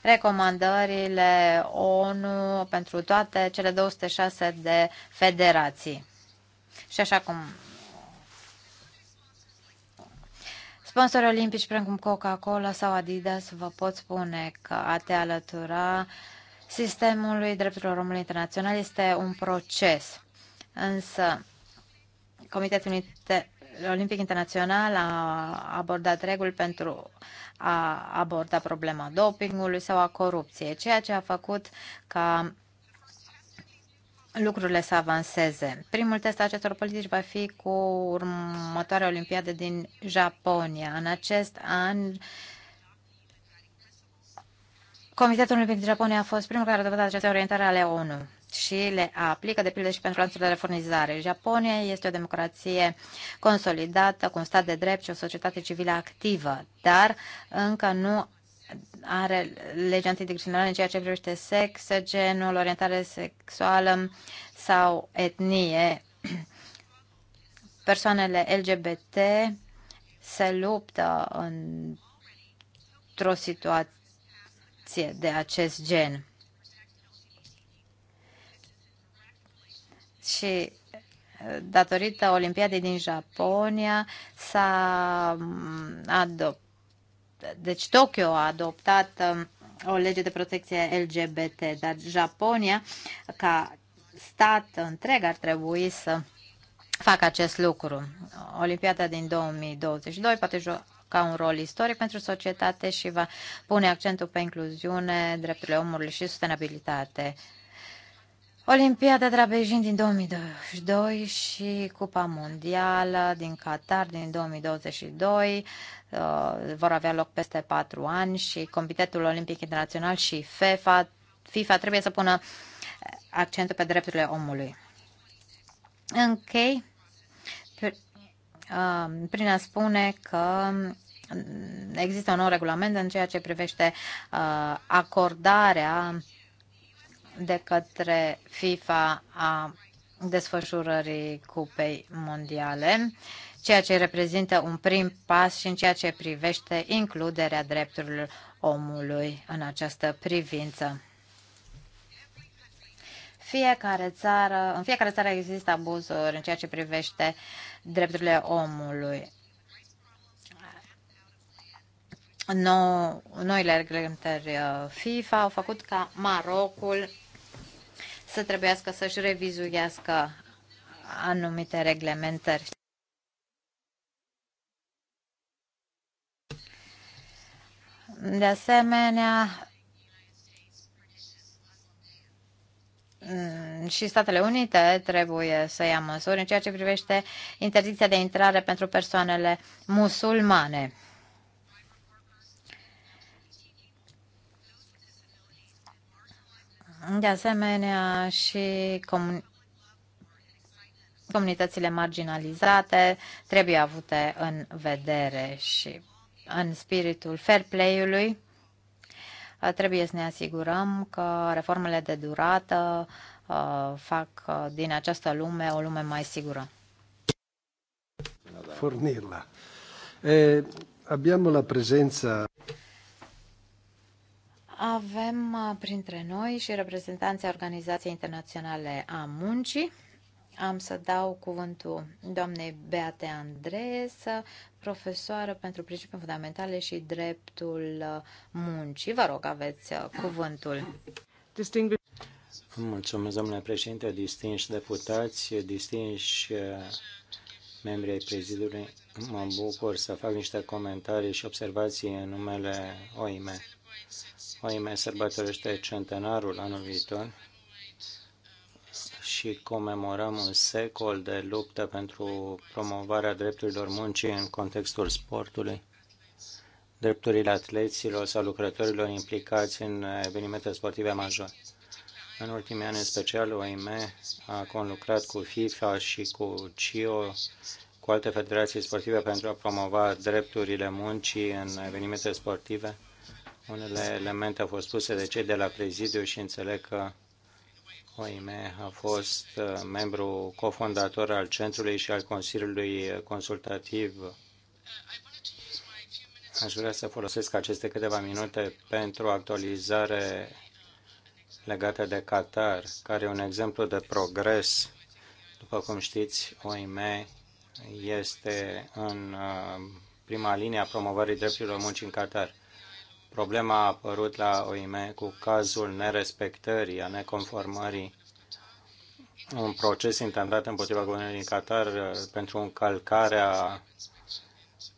recomandările ONU pentru toate cele 206 de federații. Și așa cum sponsori olimpici precum Coca-Cola sau Adidas vă pot spune că a te alătura sistemului drepturilor omului internațional este un proces. Însă Comitetul Unite Olimpic Internațional a abordat reguli pentru a aborda problema dopingului sau a corupției, ceea ce a făcut ca lucrurile să avanseze. Primul test al acestor politici va fi cu următoarea Olimpiadă din Japonia. În acest an, Comitetul Olimpic din Japonia a fost primul care a dovedat aceste orientare ale ONU și le aplică, de pildă, și pentru lanțurile de furnizare. Japonia este o democrație consolidată, cu un stat de drept și o societate civilă activă, dar încă nu are legea antidiscriminare în ceea ce privește sex, genul, orientare sexuală sau etnie. Persoanele LGBT se luptă într-o situație de acest gen. Și uh, datorită Olimpiadei din Japonia s-a mm, adoptat deci Tokyo a adoptat um, o lege de protecție LGBT, dar Japonia, ca stat întreg, ar trebui să facă acest lucru. Olimpiada din 2022 poate ca un rol istoric pentru societate și va pune accentul pe incluziune, drepturile omului și sustenabilitate. Olimpiada de la Beijing din 2022 și Cupa Mondială din Qatar din 2022 uh, vor avea loc peste patru ani și Comitetul Olimpic Internațional și FIFA, FIFA trebuie să pună accentul pe drepturile omului. Închei okay. Uh, prin a spune că există un nou regulament în ceea ce privește uh, acordarea de către FIFA a desfășurării Cupei Mondiale, ceea ce reprezintă un prim pas și în ceea ce privește includerea drepturilor omului în această privință. Fiecare țară, în fiecare țară există abuzuri în ceea ce privește drepturile omului. nou, noile reglementări uh, FIFA au făcut ca Marocul să trebuiască să-și revizuiască anumite reglementări. De asemenea, și Statele Unite trebuie să ia măsuri în ceea ce privește interdicția de intrare pentru persoanele musulmane. De asemenea și comun- comunitățile marginalizate trebuie avute în vedere și în spiritul fair play-ului trebuie să ne asigurăm că reformele de durată fac din această lume o lume mai sigură. Fornirla. E, abbiamo la presenza avem uh, printre noi și reprezentanții Organizației Internaționale a Muncii. Am să dau cuvântul doamnei Beate Andres, profesoară pentru principii fundamentale și dreptul uh, muncii. Vă rog, aveți uh, cuvântul. Mulțumesc, domnule președinte, distinși deputați, distinși membrii ai prezidiului. Mă bucur să fac niște comentarii și observații în numele OIME. OIM sărbătorește centenarul anul viitor și comemorăm un secol de luptă pentru promovarea drepturilor muncii în contextul sportului, drepturile atleților sau lucrătorilor implicați în evenimente sportive majore. În ultimii ani, în special, OIM a conlucrat cu FIFA și cu CIO, cu alte federații sportive pentru a promova drepturile muncii în evenimente sportive unele elemente au fost puse de cei de la prezidiu și înțeleg că OIM a fost uh, membru cofondator al centrului și al Consiliului Consultativ. Aș vrea să folosesc aceste câteva minute pentru actualizare legată de Qatar, care e un exemplu de progres. După cum știți, OIM este în uh, prima linie a promovării drepturilor muncii în Qatar. Problema a apărut la OIME cu cazul nerespectării, a neconformării un proces intentat împotriva guvernului din Qatar uh, pentru încălcarea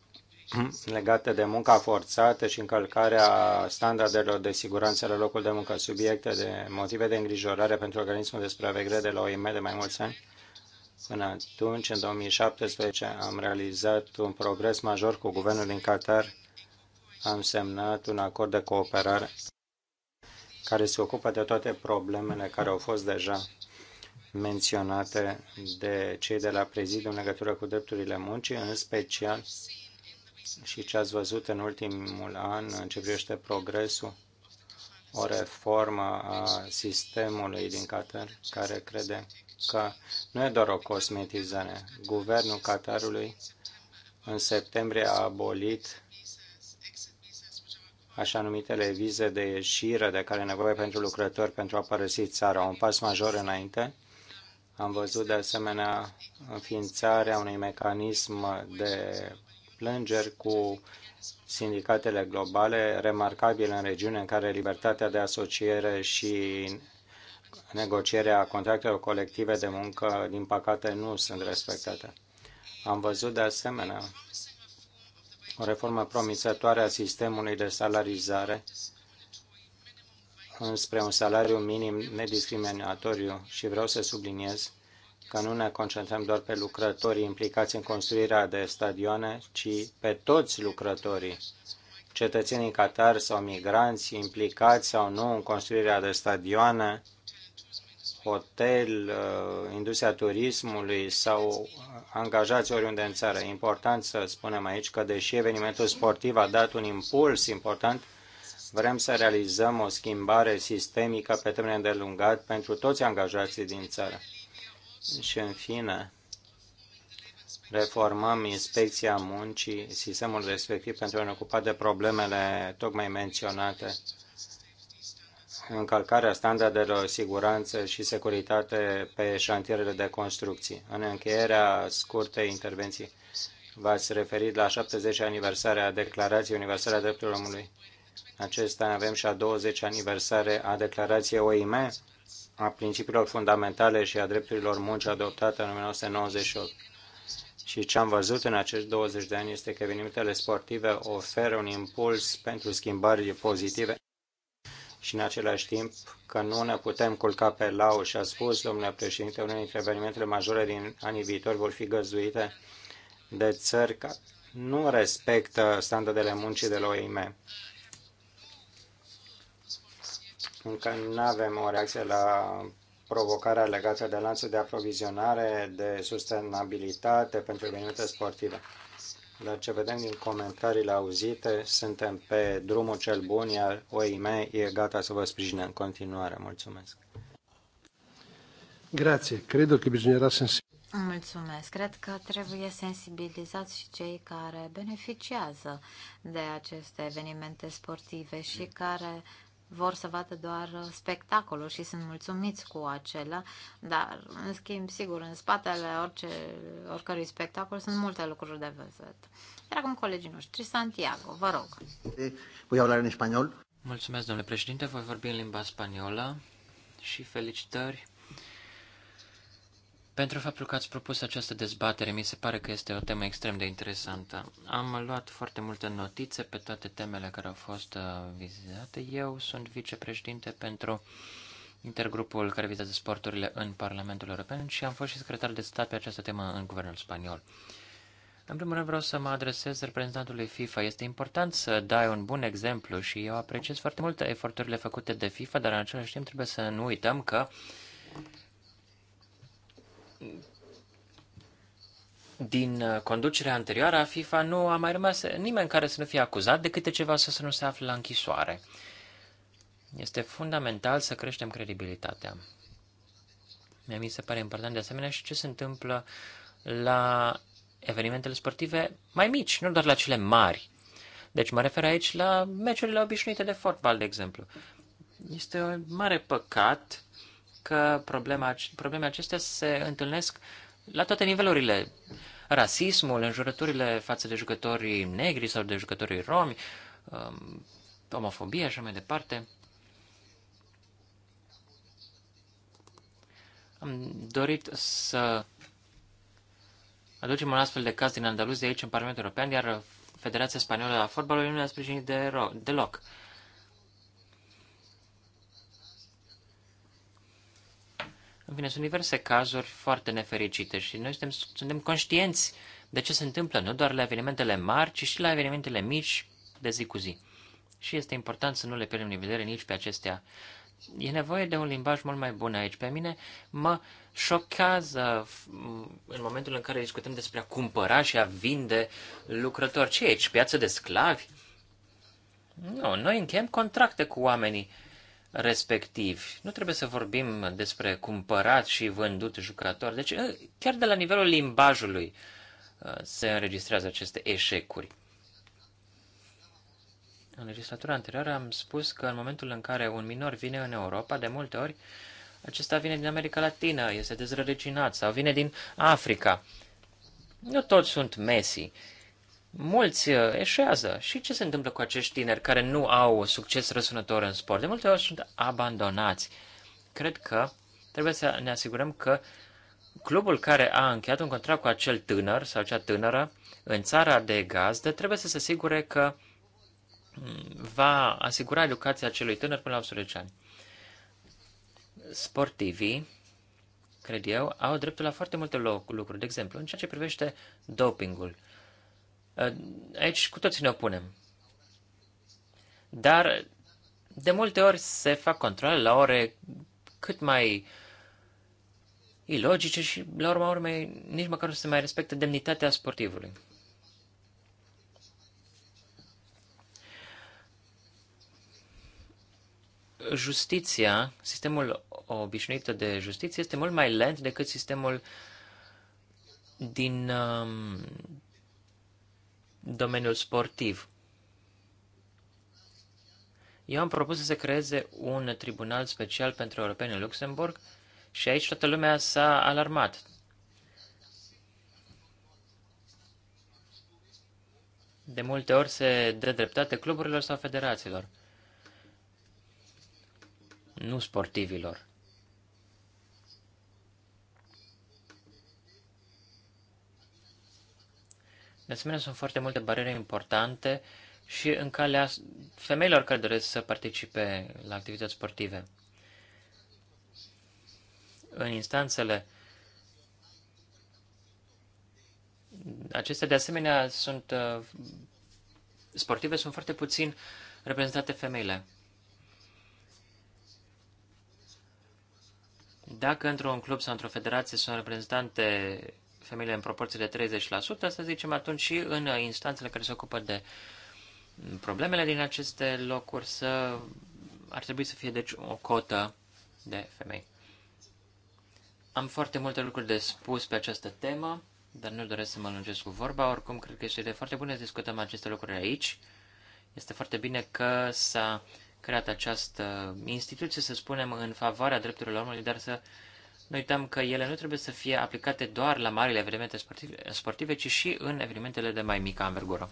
legate de munca forțată și încălcarea standardelor de siguranță la locul de muncă, subiecte de motive de îngrijorare pentru organismul de supraveghere de la OIM de mai mulți ani. Până atunci, în 2017, am realizat un progres major cu guvernul din Qatar am semnat un acord de cooperare care se ocupă de toate problemele care au fost deja menționate de cei de la prezidiu în legătură cu drepturile muncii, în special și ce ați văzut în ultimul an în ce privește progresul, o reformă a sistemului din Qatar, care crede că nu e doar o cosmetizare. Guvernul Qatarului în septembrie a abolit așa numitele vize de ieșire de care e nevoie pentru lucrători pentru a părăsi țara. Un pas major înainte. Am văzut de asemenea înființarea unui mecanism de plângeri cu sindicatele globale, remarcabil în regiune în care libertatea de asociere și negocierea contractelor colective de muncă, din păcate, nu sunt respectate. Am văzut de asemenea o reformă promițătoare a sistemului de salarizare înspre un salariu minim nediscriminatoriu și vreau să subliniez că nu ne concentrăm doar pe lucrătorii implicați în construirea de stadioane, ci pe toți lucrătorii, cetățenii Qatar sau migranți implicați sau nu în construirea de stadioane, hotel, uh, industria turismului sau angajați oriunde în țară. E important să spunem aici că, deși evenimentul sportiv a dat un impuls important, vrem să realizăm o schimbare sistemică pe termen îndelungat pentru toți angajații din țară. Și, în fine, reformăm inspecția muncii, sistemul respectiv pentru a ne ocupa de problemele tocmai menționate încălcarea standardelor siguranță și securitate pe șantierele de construcții. În încheierea scurtei intervenții, v-ați referit la 70 aniversare a Declarației Universale a Drepturilor Omului. Acest an avem și a 20 aniversare a Declarației OIM a principiilor fundamentale și a drepturilor muncii adoptate în 1998. Și ce am văzut în acești 20 de ani este că evenimentele sportive oferă un impuls pentru schimbări pozitive și în același timp că nu ne putem culca pe lau și a spus, domnule președinte, unele dintre evenimentele majore din anii viitori vor fi găzduite de țări care nu respectă standardele muncii de la OIM. Încă nu avem o reacție la provocarea legată de lanțul de aprovizionare, de sustenabilitate pentru evenimente sportive la ce vedem din comentariile auzite, suntem pe drumul cel bun, iar OIM e gata să vă sprijine în continuare. Mulțumesc. Cred că che bisognerà Mulțumesc. Cred că trebuie sensibilizați și cei care beneficiază de aceste evenimente sportive și care vor să vadă doar spectacolul și sunt mulțumiți cu acela, dar, în schimb, sigur, în spatele orice, oricărui spectacol sunt multe lucruri de văzut. Iar acum colegii noștri, Santiago, vă rog. Voi vorbi în spaniol. Mulțumesc, domnule președinte, voi vorbi în limba spaniolă și felicitări pentru faptul că ați propus această dezbatere. Mi se pare că este o temă extrem de interesantă. Am luat foarte multe notițe pe toate temele care au fost uh, vizate. Eu sunt vicepreședinte pentru intergrupul care vizează sporturile în Parlamentul European și am fost și secretar de stat pe această temă în guvernul spaniol. În primul rând vreau să mă adresez reprezentantului FIFA. Este important să dai un bun exemplu și eu apreciez foarte mult eforturile făcute de FIFA, dar în același timp trebuie să nu uităm că din uh, conducerea anterioară a FIFA nu a mai rămas nimeni care să nu fie acuzat de câte ceva să nu se afle la închisoare. Este fundamental să creștem credibilitatea. Mi se pare important de asemenea și ce se întâmplă la evenimentele sportive mai mici, nu doar la cele mari. Deci mă refer aici la meciurile obișnuite de fotbal, de exemplu. Este un mare păcat că problema, problemele acestea se întâlnesc la toate nivelurile. Rasismul, înjurăturile față de jucătorii negri sau de jucătorii romi, um, omofobia și mai departe. Am dorit să aducem un astfel de caz din Andaluzia aici în Parlamentul European, iar Federația Spaniolă a Fotbalului nu ne-a sprijinit de deloc. Uh, În fine, sunt diverse cazuri foarte nefericite și noi suntem, suntem conștienți de ce se întâmplă, nu doar la evenimentele mari, ci și la evenimentele mici de zi cu zi. Și este important să nu le pierdem în vedere nici pe acestea. E nevoie de un limbaj mult mai bun aici. Pe mine mă șochează în momentul în care discutăm despre a cumpăra și a vinde lucrători. Ce e aici? Piață de sclavi? Nu, noi încheiem contracte cu oamenii respectivi. Nu trebuie să vorbim despre cumpărat și vândut jucător, Deci, ă, chiar de la nivelul limbajului ă, se înregistrează aceste eșecuri. În legislatura anterioară am spus că în momentul în care un minor vine în Europa, de multe ori, acesta vine din America Latină, este dezrădăcinat sau vine din Africa. Nu toți sunt Messi mulți uh, eșează. Și ce se întâmplă cu acești tineri care nu au succes răsunător în sport? De multe ori sunt abandonați. Cred că trebuie să ne asigurăm că clubul care a încheiat un contract cu acel tânăr sau acea tânără în țara de gazdă trebuie să se asigure că mm, va asigura educația acelui tânăr până la 18 ani. Sportivii, cred eu, au dreptul la foarte multe lucruri. De exemplu, în ceea ce privește dopingul. Ă, aici cu toții ne opunem. Dar de multe ori se fac controle la ore cât mai ilogice și, la urma urmei, nici măcar nu se mai respectă demnitatea sportivului. Justiția, sistemul obișnuit de justiție este mult mai lent decât sistemul din um, domeniul sportiv. Eu am propus să se creeze un tribunal special pentru europeni în Luxemburg și aici toată lumea s-a alarmat. De multe ori se dă dreptate cluburilor sau federațiilor, nu sportivilor. De asemenea, sunt foarte multe bariere importante și în calea femeilor care doresc să participe la activități sportive. În instanțele acestea, de asemenea, sunt uh, sportive, sunt foarte puțin reprezentate femeile. Dacă într-un club sau într-o federație sunt reprezentante femeile în proporție de 30%, să zicem atunci și în instanțele care se ocupă de problemele din aceste locuri să ar trebui să fie deci o cotă de femei. Am foarte multe lucruri de spus pe această temă, dar nu doresc să mă lungesc cu vorba. Oricum, cred că este de foarte bine să discutăm aceste lucruri aici. Este foarte bine că s-a creat această instituție, să spunem, în favoarea drepturilor omului, dar să uh, noi uităm că ele nu trebuie să fie aplicate doar la marile evenimente sportive, sportive ci și în evenimentele de mai mică anvergură.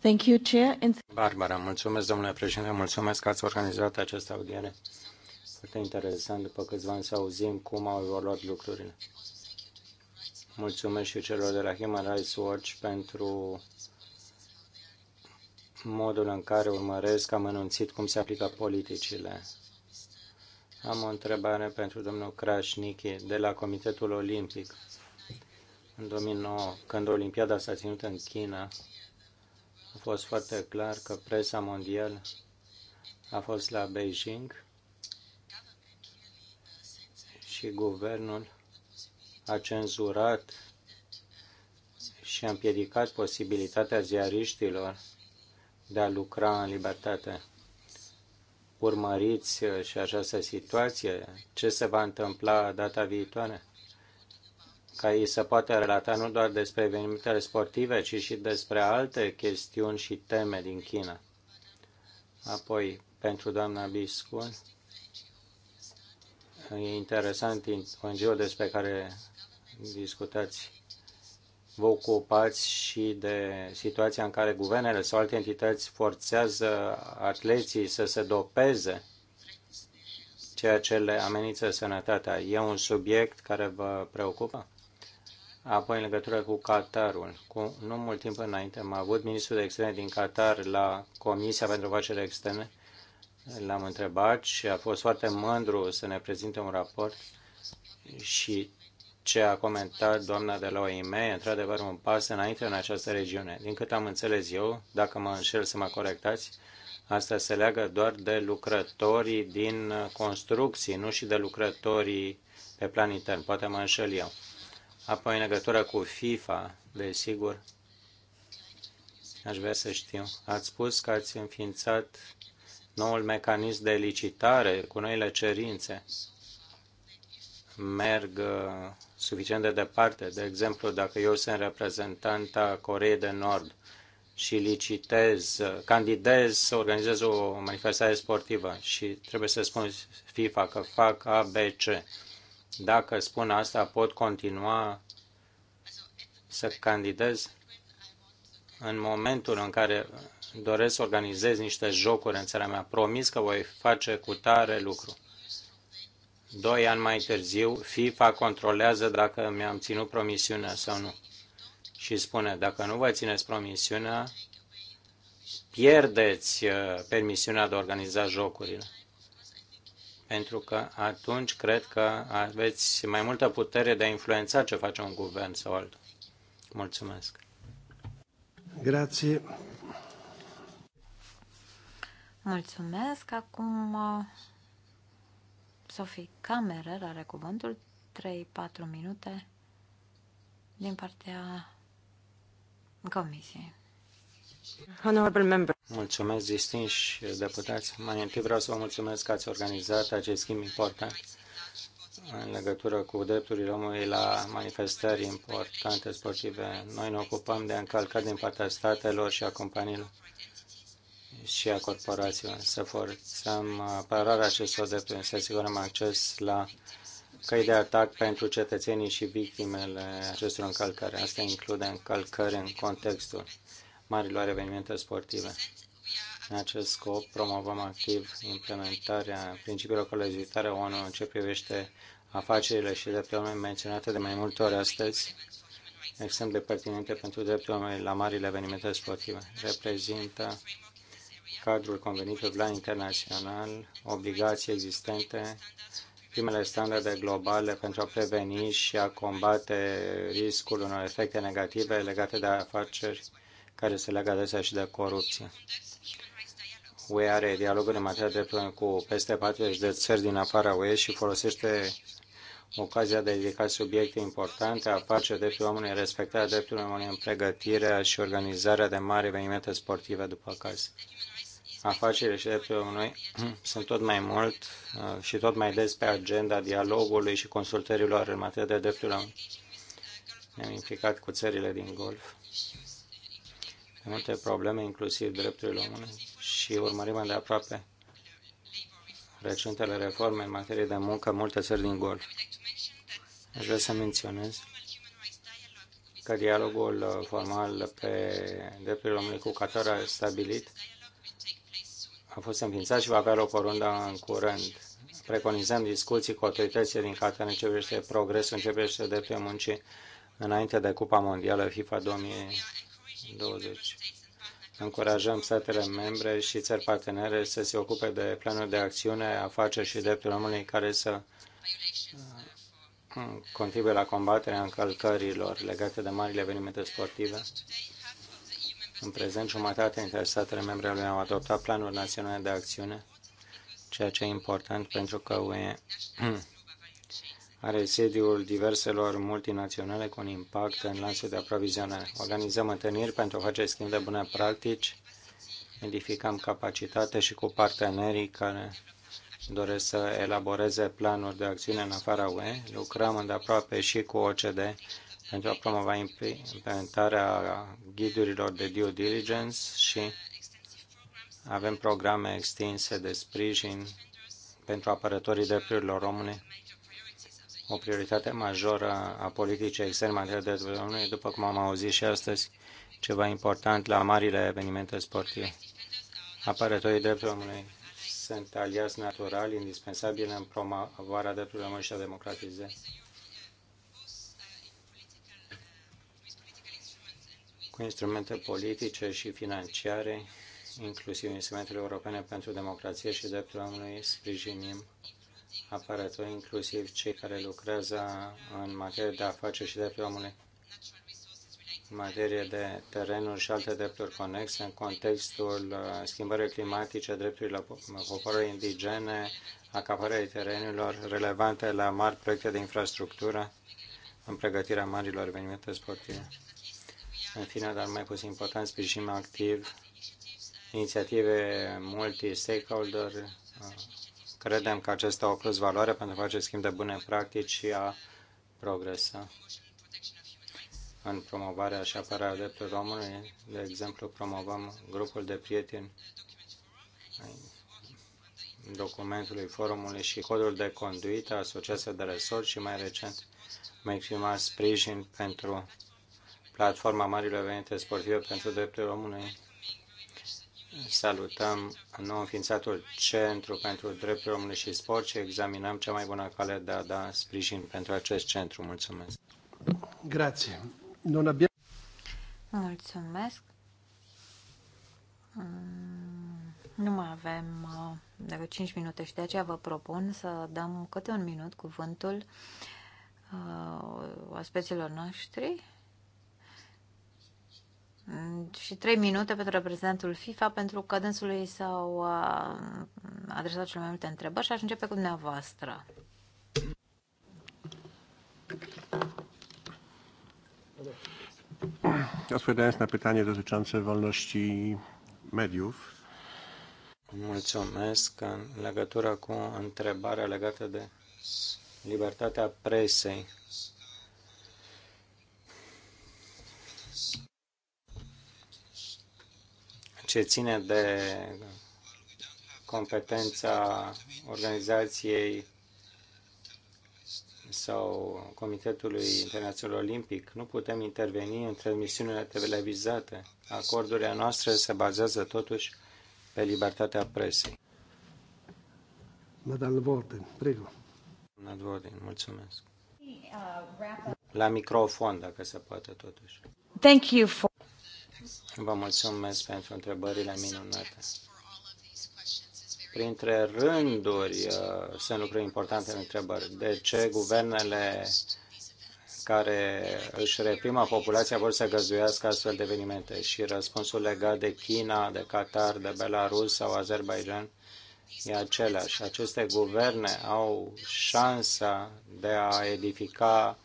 Thank you, Chair. Barbara, mulțumesc, domnule președinte, mulțumesc că ați organizat această audiere. Foarte interesant, după câțiva ani să auzim cum au evoluat lucrurile. Mulțumesc și celor de la Human Rights Watch pentru modul în care urmăresc, am anunțit cum se aplică politicile am o întrebare pentru domnul Krașnichi de la Comitetul Olimpic. În 2009, când Olimpiada s-a ținut în China, a fost foarte clar că presa mondială a fost la Beijing și guvernul a cenzurat și a împiedicat posibilitatea ziariștilor de a lucra în libertate urmăriți uh, și această situație? Ce se va întâmpla data viitoare? Ca ei să poată relata nu doar despre evenimentele sportive, ci și despre alte chestiuni și teme din China. Apoi, pentru doamna Biscun, e interesant ONG-ul despre care discutați vă ocupați și de situația în care guvernele sau alte entități forțează atleții să se dopeze, ceea ce le amenință sănătatea. E un subiect care vă preocupă? Apoi, în legătură cu Qatarul, cu nu mult timp înainte, am avut ministrul de externe din Qatar la Comisia pentru Afaceri Externe. L-am întrebat și a fost foarte mândru să ne prezinte un raport și ce a comentat doamna de la OIM, într-adevăr un pas înainte în această regiune. Din cât am înțeles eu, dacă mă înșel să mă corectați, asta se leagă doar de lucrătorii din construcții, nu și de lucrătorii pe plan intern. Poate mă înșel eu. Apoi, în legătură cu FIFA, desigur, aș vrea să știu. Ați spus că ați înființat noul mecanism de licitare cu noile cerințe merg uh, suficient de departe. De exemplu, dacă eu sunt reprezentanta Coreei de Nord și licitez, uh, candidez să organizez o manifestare sportivă și trebuie să spun FIFA că fac ABC. Dacă spun asta, pot continua să candidez în momentul în care doresc să organizez niște jocuri în țara mea. Promis că voi face cu tare lucru. Doi ani mai târziu, FIFA controlează dacă mi-am ținut promisiunea sau nu. Și spune, dacă nu vă țineți promisiunea, pierdeți uh, permisiunea de a organiza jocurile. Pentru că atunci cred că aveți mai multă putere de a influența ce face un guvern sau altul. Mulțumesc. Grație. Mulțumesc. Acum uh, Sophie Camerer are cuvântul 3-4 minute din partea Comisiei. Honorable member. Mulțumesc, distinși deputați. Mai întâi vreau să vă mulțumesc că ați organizat acest schimb important în legătură cu drepturile omului la manifestări importante sportive. Noi ne ocupăm de încălcări din partea statelor și a companiilor și a corporațiilor, să forțăm uh, apărarea acestor drepturi, să asigurăm acces la căi de atac pentru cetățenii și victimele acestor încălcări. Asta include încălcări în contextul marilor evenimente sportive. În acest scop, promovăm activ implementarea principiilor colegiuitare ONU în ce privește afacerile și drepturile omului menționate de mai multe ori astăzi, exemple pertinente pentru drepturile omului la marile evenimente sportive. Reprezintă cadrul convenit pe plan internațional, obligații existente, primele standarde globale pentru a preveni și a combate riscul unor efecte negative legate de afaceri care se legă adesea și de corupție. UE are dialoguri în materie de plan cu peste 40 de țări din afara UE și folosește ocazia de a dedica subiecte importante, afaceri, dreptul omului, respectarea dreptului omului în pregătirea și organizarea de mari evenimente sportive după caz. Afacerile și drepturile omului sunt tot mai mult uh, și tot mai des pe agenda dialogului și consultărilor în materie de drepturile omului. Ne-am implicat cu țările din Golf multe probleme, inclusiv drepturile omului, și urmărim de aproape recentele reforme în materie de muncă în multe țări din Golf. Aș vrea să menționez că dialogul uh, formal pe drepturile omului cu Qatar a stabilit a fost înființat și va avea loc o rundă în curând. Preconizăm discuții cu autoritățile din Qatar în ce privește progresul, în ce privește dreptul muncii înainte de Cupa Mondială FIFA 2020. Încurajăm statele membre și țări partenere să se ocupe de planuri de acțiune, afaceri și dreptul omului care să uh, contribuie la combaterea încălcărilor legate de marile evenimente sportive în prezent, jumătate dintre statele membre ale au adoptat planuri naționale de acțiune, ceea ce e important pentru că UE are sediul diverselor multinaționale cu un impact în lanțul de aprovizionare. Organizăm întâlniri pentru a face schimb de bune practici, edificăm capacitate și cu partenerii care doresc să elaboreze planuri de acțiune în afara UE. Lucrăm îndeaproape și cu OCDE pentru a promova implementarea ghidurilor de due diligence și avem programe extinse de sprijin pentru apărătorii drepturilor române. o prioritate majoră a politicii externe în de drepturile după cum am auzit și astăzi, ceva important la marile evenimente sportive. Apărătorii drepturilor omului sunt aliați naturali, indispensabili în promovarea drepturilor omului și a democratizării. cu instrumente politice și financiare, inclusiv instrumentele europene pentru democrație și dreptul omului, sprijinim aparatul, inclusiv cei care lucrează în materie de afaceri și dreptul omului, în materie de terenuri și alte drepturi conexe, în contextul uh, schimbării climatice, drepturile popoarelor indigene, acapărării terenurilor relevante la mari proiecte de infrastructură, în pregătirea marilor evenimente sportive. În final, dar mai puțin important, sprijin activ inițiative multi-stakeholder. Credem că acesta au plus valoare pentru a face schimb de bune practici și a progresa în promovarea și apărarea drepturilor omului. De exemplu, promovăm grupul de prieteni documentului forumului și codul de conduită, asociația de resort și mai recent mai exprimat sprijin pentru platforma marilor evenimente sportive pentru drepturile omului. Salutăm nou înființatul Centru pentru Drepturile Omului și Sport și examinăm cea mai bună cale de a da sprijin pentru acest centru. Mulțumesc! Grație! Mulțumesc! Mm, nu mai avem uh, decât 5 minute și de aceea vă propun să dăm câte un minut cuvântul uh, aspeților noștri și trei minute pentru reprezentantul FIFA, pentru că dânsului s-au uh, adresat cele mai multe întrebări și aș începe cu dumneavoastră. Odpowiadając na pytanie dotyczące wolności mediów. Mulțumesc. În legătură cu întrebarea legată de libertatea presei, ce ține de competența organizației sau Comitetului Internațional Olimpic. Nu putem interveni în transmisiunile televizate. Acordurile noastre se bazează totuși pe libertatea presei. Vorden, prego. Vorden, mulțumesc. Uh, La microfon, dacă se poate, totuși. Thank you for Vă mulțumesc pentru întrebările minunate. Printre rânduri uh, sunt lucruri importante în întrebări. De ce guvernele care își reprimă populația vor să găzduiască astfel de evenimente? Și răspunsul legat de China, de Qatar, de Belarus sau Azerbaijan e același. Aceste guverne au șansa de a edifica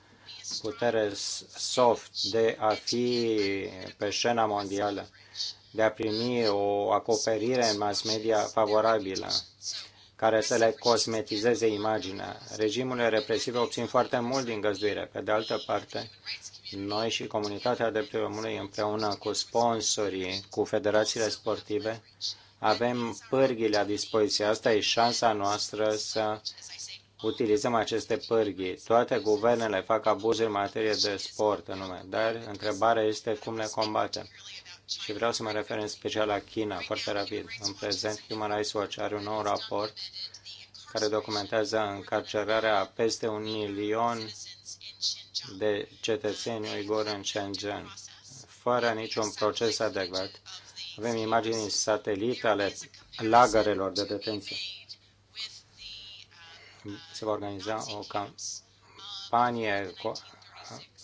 putere soft de a fi pe scena mondială, de a primi o acoperire în mass media favorabilă, care să le cosmetizeze imaginea. Regimurile represive obțin foarte mult din găzduire. Pe de altă parte, noi și comunitatea drepturilor omului împreună cu sponsorii, cu federațiile sportive, avem pârghii la dispoziție. Asta e șansa noastră să utilizăm aceste pârghii. Toate guvernele fac abuzuri în materie de sport în lume, dar întrebarea este cum le combatem. Și vreau să mă refer în special la China, foarte rapid. În prezent, Human Rights Watch are un nou raport care documentează încarcerarea peste un milion de cetățeni uiguri în Shenzhen, fără niciun proces adecvat. Avem imagini satelite ale lagărelor de detenție se va organiza o campanie cu,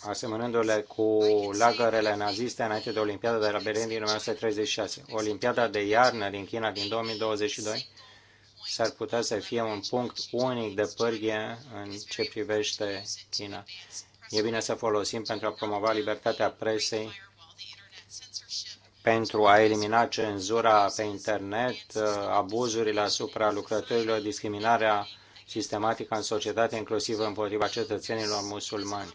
asemănându-le cu lagărele naziste înainte de Olimpiada de la Berlin din 1936. Olimpiada de iarnă din China din 2022 s-ar putea să fie un punct unic de pârghie în ce privește China. E bine să folosim pentru a promova libertatea presei, pentru a elimina cenzura pe internet, abuzurile asupra lucrătorilor, discriminarea sistematică în societate, inclusiv împotriva cetățenilor musulmani.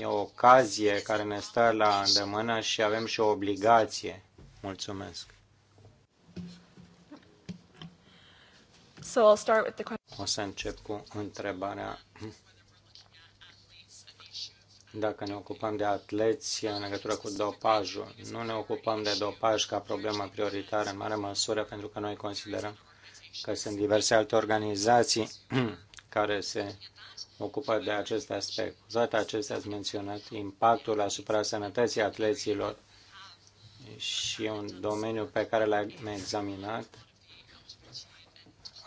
E o ocazie care ne stă la îndemână și avem și o obligație. Mulțumesc. So I'll start with the... O să încep cu întrebarea dacă ne ocupăm de atleți în legătură cu dopajul. Nu ne ocupăm de dopaj ca problemă prioritară în mare măsură pentru că noi considerăm că sunt diverse alte organizații care se ocupă de acest aspect. Toate acestea ați menționat impactul asupra sănătății atleților și un domeniu pe care l-am examinat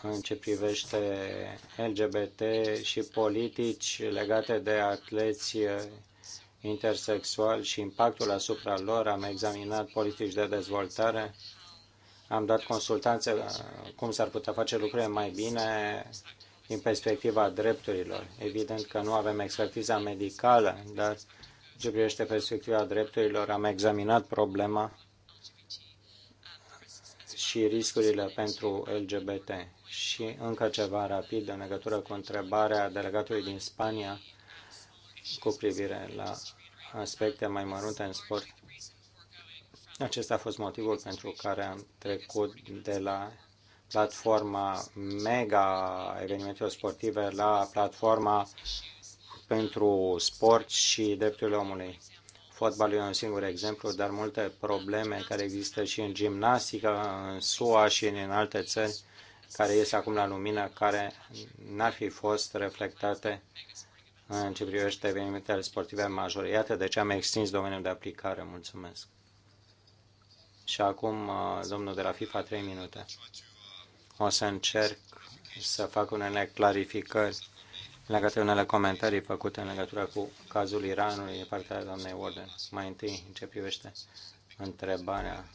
în ce privește LGBT și politici legate de atleți intersexuali și impactul asupra lor. Am examinat politici de dezvoltare am dat consultanțe uh, cum s-ar putea face lucrurile mai bine din perspectiva drepturilor. Evident că nu avem expertiza medicală, dar ce privește perspectiva drepturilor, am examinat problema și riscurile pentru LGBT. Și încă ceva rapid în legătură cu întrebarea delegatului din Spania cu privire la aspecte mai mărunte în sport. Acesta a fost motivul pentru care am trecut de la platforma mega evenimentelor sportive la platforma pentru sport și drepturile omului. Fotbalul e un singur exemplu, dar multe probleme care există și în gimnastică, în SUA și în alte țări, care ies acum la lumină, care n-ar fi fost reflectate în ce privește evenimentele sportive majore. Iată de deci ce am extins domeniul de aplicare. Mulțumesc! Și acum, uh, domnul de la FIFA, trei minute. O să încerc să fac unele clarificări în legătură unele comentarii făcute în legătură cu cazul Iranului de partea doamnei Warden. Mai întâi, în ce privește întrebarea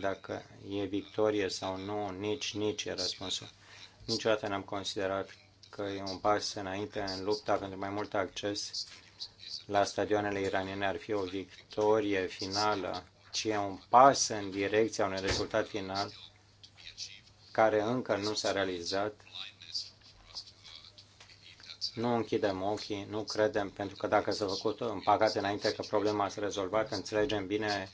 dacă e victorie sau nu, nici, nici e răspunsul. Niciodată n-am considerat că e un pas înainte în lupta pentru mai mult acces la stadioanele iraniene. Ar fi o victorie finală ci e un pas în direcția unui rezultat final care încă nu s-a realizat. Nu închidem ochii, nu credem, pentru că dacă s-a făcut în păcate înainte că problema s-a rezolvat, înțelegem bine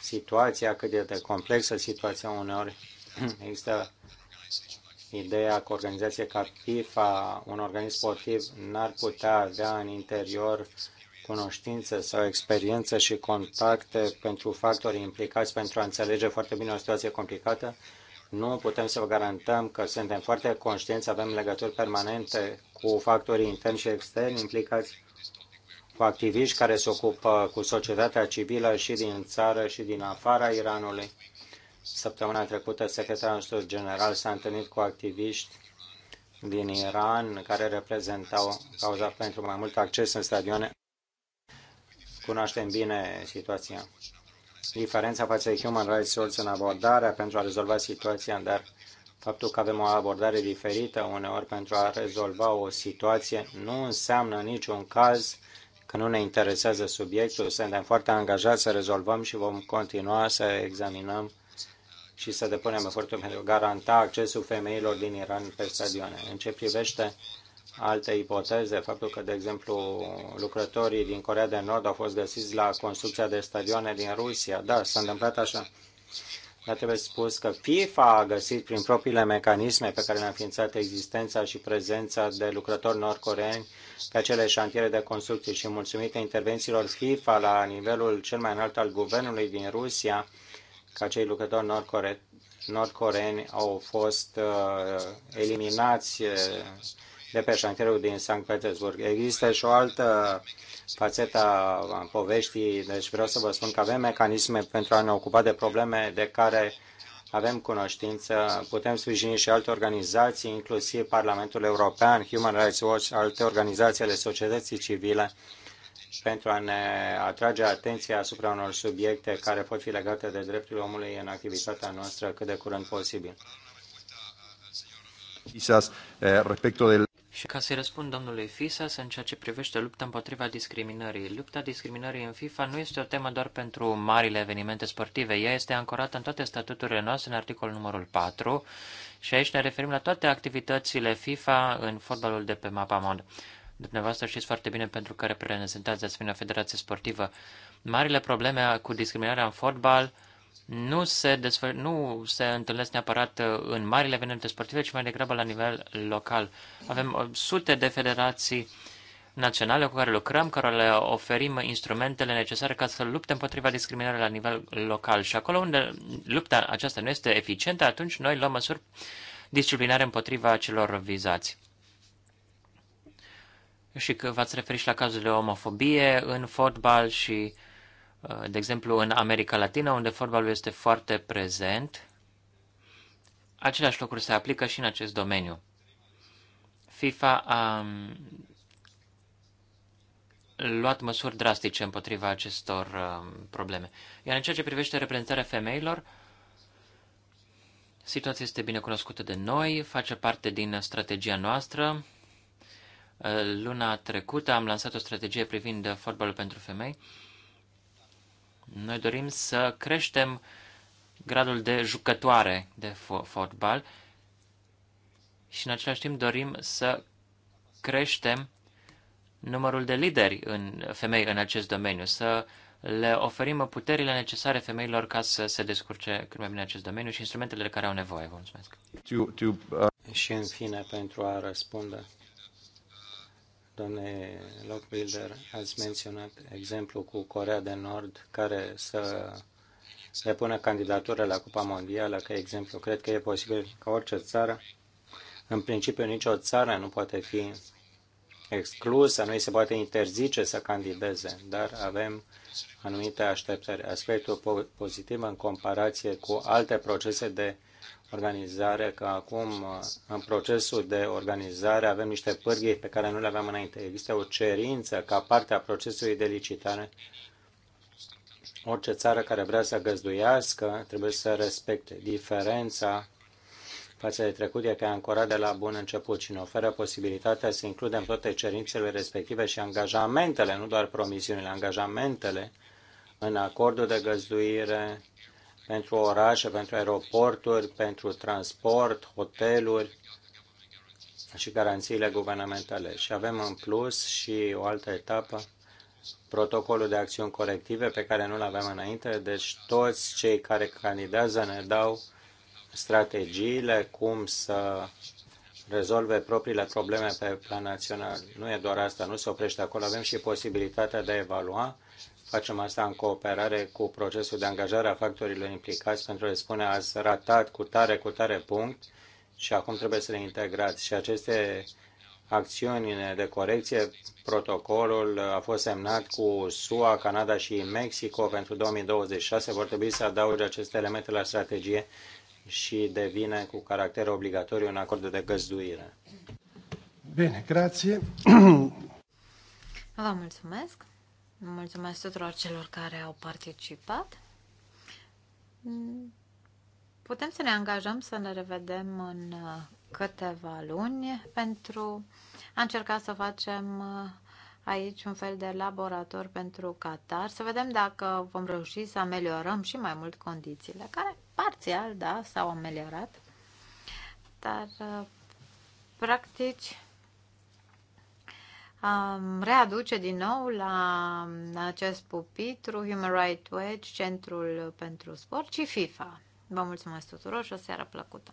situația, cât e de complexă situația uneori. Există ideea că organizație ca FIFA, un organism sportiv, n-ar putea avea în interior cunoștințe sau experiență și contacte pentru factorii implicați pentru a înțelege foarte bine o situație complicată, nu putem să vă garantăm că suntem foarte conștienți, avem legături permanente cu factorii interni și externi implicați, cu activiști care se ocupă cu societatea civilă și din țară și din afara Iranului. Săptămâna trecută, secretarul nostru general s-a întâlnit cu activiști din Iran care reprezentau cauza pentru mai mult acces în stadioane Cunoaștem bine situația. Diferența față de Human Rights Watch în abordarea pentru a rezolva situația, dar faptul că avem o abordare diferită uneori pentru a rezolva o situație nu înseamnă în niciun caz că nu ne interesează subiectul. Suntem foarte angajați să rezolvăm și vom continua să examinăm și să depunem eforturi pentru a garanta accesul femeilor din Iran pe stadioane. În ce privește alte ipoteze, faptul că, de exemplu, lucrătorii din Corea de Nord au fost găsiți la construcția de stadioane din Rusia. Da, s-a întâmplat așa. Dar trebuie spus că FIFA a găsit prin propriile mecanisme pe care le-a înființat existența și prezența de lucrători nordcoreeni pe acele șantiere de construcții și mulțumită intervențiilor FIFA la nivelul cel mai înalt al guvernului din Rusia, că acei lucrători nordcoreeni nord au fost uh, eliminați uh, de pe șantierul din Sankt Petersburg. Există și o altă fațetă a poveștii, deci vreau să vă spun că avem mecanisme pentru a ne ocupa de probleme de care avem cunoștință, putem sprijini și alte organizații, inclusiv Parlamentul European, Human Rights Watch, alte organizații ale societății civile, pentru a ne atrage atenția asupra unor subiecte care pot fi legate de drepturile omului în activitatea noastră cât de curând posibil. Quizás, eh, respecto del... Și ca să-i răspund domnului Fisas în ceea ce privește lupta împotriva discriminării. Lupta discriminării în FIFA nu este o temă doar pentru marile evenimente sportive. Ea este ancorată în toate statuturile noastre, în articolul numărul 4, și aici ne referim la toate activitățile FIFA în fotbalul de pe mapa mond. Dumneavoastră știți foarte bine pentru că reprezentați asemenea federație sportivă. Marile probleme cu discriminarea în fotbal uh, nu se, desfăr- nu se întâlnesc neapărat uh, în marile evenimente sportive, ci mai degrabă la nivel local. Avem uh, sute de federații naționale cu care lucrăm, care le oferim instrumentele necesare ca să lupte împotriva discriminării la nivel local. Și acolo unde lupta aceasta nu este eficientă, atunci noi luăm măsuri disciplinare împotriva celor vizați. Și că v-ați referit și la cazul de omofobie în fotbal și uh, Uh, de exemplu, în America Latina, unde fotbalul este foarte prezent, aceleași lucruri se aplică și în acest domeniu. FIFA a um, luat măsuri drastice împotriva acestor um, probleme. Iar în ceea ce privește reprezentarea femeilor, situația este bine cunoscută de noi, face parte din strategia noastră. Uh, luna trecută am lansat o strategie privind fotbalul pentru femei noi dorim să creștem gradul de jucătoare de fotbal și în același timp dorim să creștem numărul de lideri în femei în acest domeniu, să le oferim puterile necesare femeilor ca să se descurce cât mai bine acest domeniu și instrumentele de care au nevoie. Vă mulțumesc. Uh, și în fine, pentru a răspunde Domnule Lockbuilder, ați menționat exemplu cu Corea de Nord care să pună candidatură la Cupa Mondială ca exemplu. Cred că e posibil ca orice țară, în principiu nicio țară nu poate fi exclusă, nu îi se poate interzice să candideze, dar avem anumite așteptări. Aspectul pozitiv în comparație cu alte procese de organizare, că acum, uh, în procesul de organizare, avem niște pârghii pe care nu le aveam înainte. Există o cerință ca parte a procesului de licitare. Orice țară care vrea să găzduiască trebuie să respecte diferența față de trecut e că e ancorat de la bun început și ne oferă posibilitatea să includem toate cerințele respective și angajamentele, nu doar promisiunile, angajamentele în acordul de găzduire pentru orașe, pentru aeroporturi, pentru transport, hoteluri și garanțiile guvernamentale. Și avem în plus și o altă etapă, protocolul de acțiuni colective pe care nu-l aveam înainte, deci toți cei care candidează ne dau strategiile cum să rezolve propriile probleme pe plan național. Nu e doar asta, nu se oprește acolo, avem și posibilitatea de a evalua Facem asta în cooperare cu procesul de angajare a factorilor implicați pentru a le spune ați ratat cu tare, cu tare punct și acum trebuie să le integrați. Și aceste acțiuni de corecție, protocolul a fost semnat cu SUA, Canada și Mexico pentru 2026. Vor trebui să adauge aceste elemente la strategie și devine cu caracter obligatoriu un acord de găzduire. Bine, grație. Vă mulțumesc. Mulțumesc tuturor celor care au participat. Putem să ne angajăm să ne revedem în uh, câteva luni pentru a încerca să facem uh, aici un fel de laborator pentru Qatar, să vedem dacă vom reuși să ameliorăm și mai mult condițiile, care parțial, da, s-au ameliorat, dar uh, practici readuce din nou la acest pupitru Human Rights Watch, Centrul pentru Sport și FIFA. Vă mulțumesc tuturor și o seară plăcută!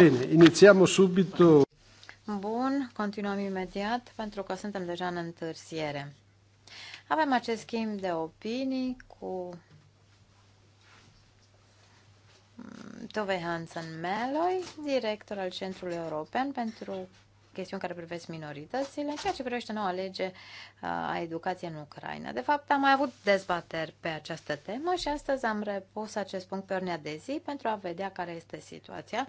Bine, inițiamo subito. Bun, continuăm imediat pentru că suntem deja în întârziere. Avem acest schimb de opinii cu Tove Hansen Meloi, director al Centrului European pentru chestiuni care privesc minoritățile, ceea ce privește noua lege uh, a educației în Ucraina. De fapt, am mai avut dezbateri pe această temă și astăzi am repus acest punct pe ordinea de zi pentru a vedea care este situația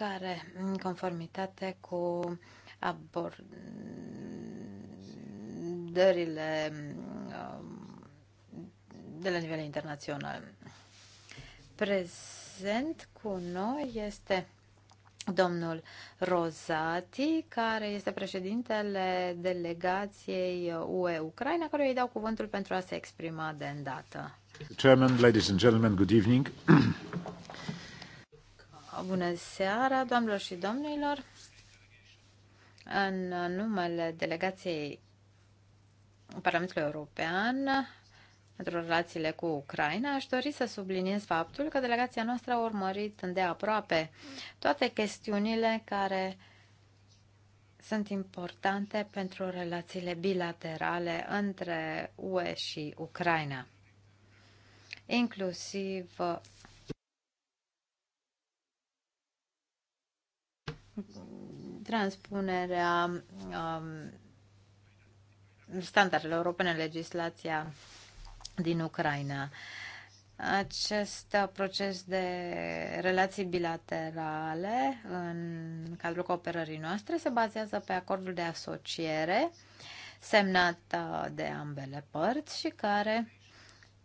care, în conformitate cu abordările um, de la nivel internațional. Prezent cu noi este domnul Rozati, care este președintele delegației UE-Ucraina, care îi dau cuvântul pentru a se exprima de îndată. Chairman, ladies and gentlemen, good evening. Bună seara, doamnelor și domnilor! În numele delegației Parlamentului European pentru relațiile cu Ucraina, aș dori să subliniez faptul că delegația noastră a urmărit îndeaproape toate chestiunile care sunt importante pentru relațiile bilaterale între UE și Ucraina inclusiv transpunerea um, standardelor europene în legislația din Ucraina. Acest proces de relații bilaterale în cadrul cooperării noastre se bazează pe acordul de asociere semnat uh, de ambele părți și care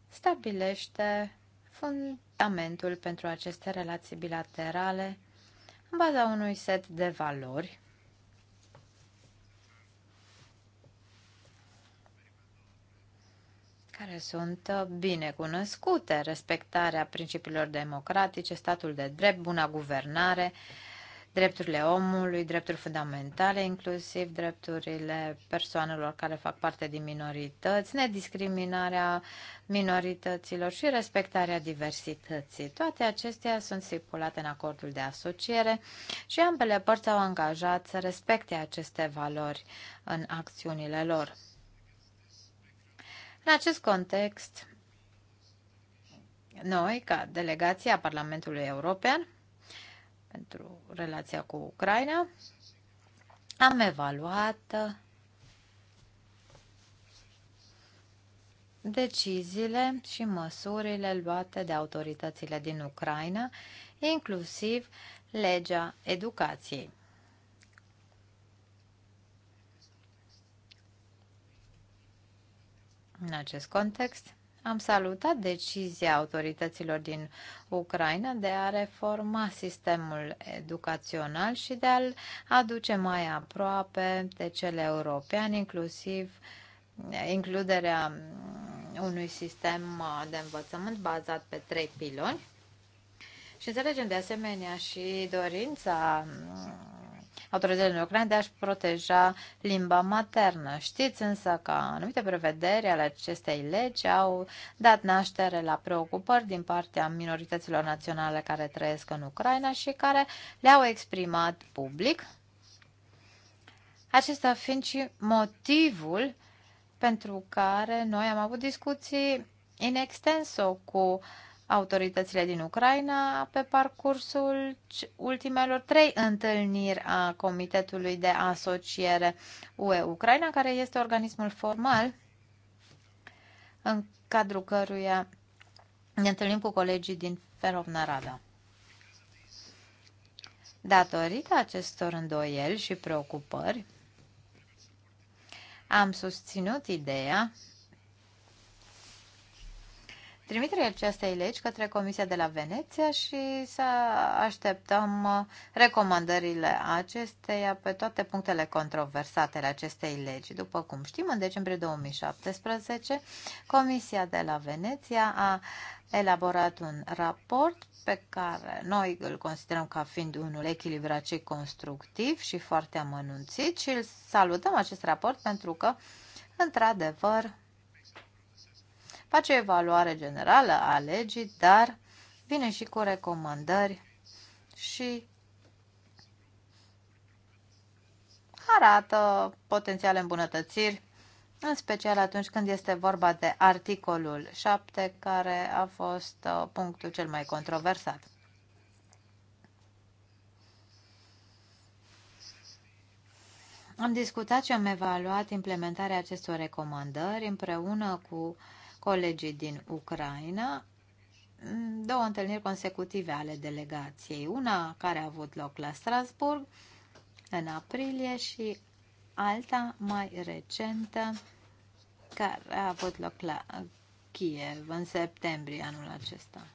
stabilește fundamentul pentru aceste relații bilaterale în baza unui set de valori care sunt uh, bine cunoscute, respectarea principiilor democratice, statul de drept, buna guvernare, drepturile omului, drepturi fundamentale, inclusiv drepturile persoanelor care fac parte din minorități, nediscriminarea minorităților și respectarea diversității. Toate acestea sunt stipulate în acordul de asociere și ambele părți au angajat să respecte aceste valori în acțiunile lor. În acest context, noi, ca delegația Parlamentului European, pentru relația cu Ucraina. Am evaluat uh, deciziile și măsurile luate de autoritățile din Ucraina, inclusiv legea educației. În acest context, am salutat decizia autorităților din Ucraina de a reforma sistemul educațional și de a-l aduce mai aproape de cel european, inclusiv includerea unui sistem de învățământ bazat pe trei piloni. Și înțelegem de asemenea și dorința autoritățile ucraine de a-și proteja limba maternă. Știți însă că anumite prevederi ale acestei legi au dat naștere la preocupări din partea minorităților naționale care trăiesc în Ucraina și care le-au exprimat public. Acesta fiind și motivul pentru care noi am avut discuții in extenso cu uh, autoritățile din Ucraina pe parcursul ultimelor trei întâlniri a Comitetului de Asociere UE-Ucraina, care este organismul formal în cadrul căruia ne întâlnim cu colegii din Ferovna Rada. Datorită acestor îndoieli și preocupări, am susținut ideea trimiterea acestei legi către Comisia de la Veneția și să așteptăm uh, recomandările acesteia pe toate punctele controversate ale acestei legi. După cum știm, în decembrie 2017, Comisia de la Veneția a elaborat un raport pe care noi îl considerăm ca fiind unul echilibrat și constructiv și foarte amănunțit și îl salutăm acest raport pentru că, într-adevăr, face o evaluare generală a legii, dar vine și cu recomandări și arată potențiale îmbunătățiri, în special atunci când este vorba de articolul 7, care a fost uh, punctul cel mai controversat. Am discutat și am evaluat implementarea acestor recomandări împreună cu uh, colegii din Ucraina două întâlniri consecutive ale delegației. Una care a avut loc la Strasburg în aprilie și alta mai recentă care a avut loc la Kiev în septembrie anul acesta.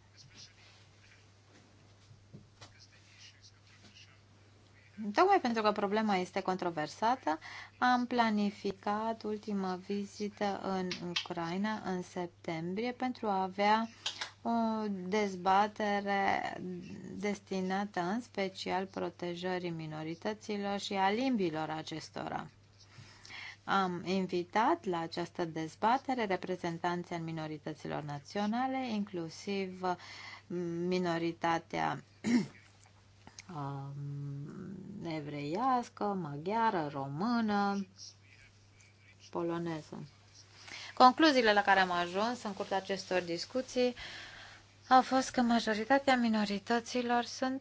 Tocmai pentru că problema este controversată, am planificat ultima vizită în Ucraina în septembrie pentru a avea o dezbatere destinată în special protejării minorităților și a limbilor acestora. Am invitat la această dezbatere reprezentanții al minorităților naționale, inclusiv minoritatea evreiască, maghiară, română, poloneză. Concluziile la care am ajuns în curtea acestor discuții au fost că majoritatea minorităților sunt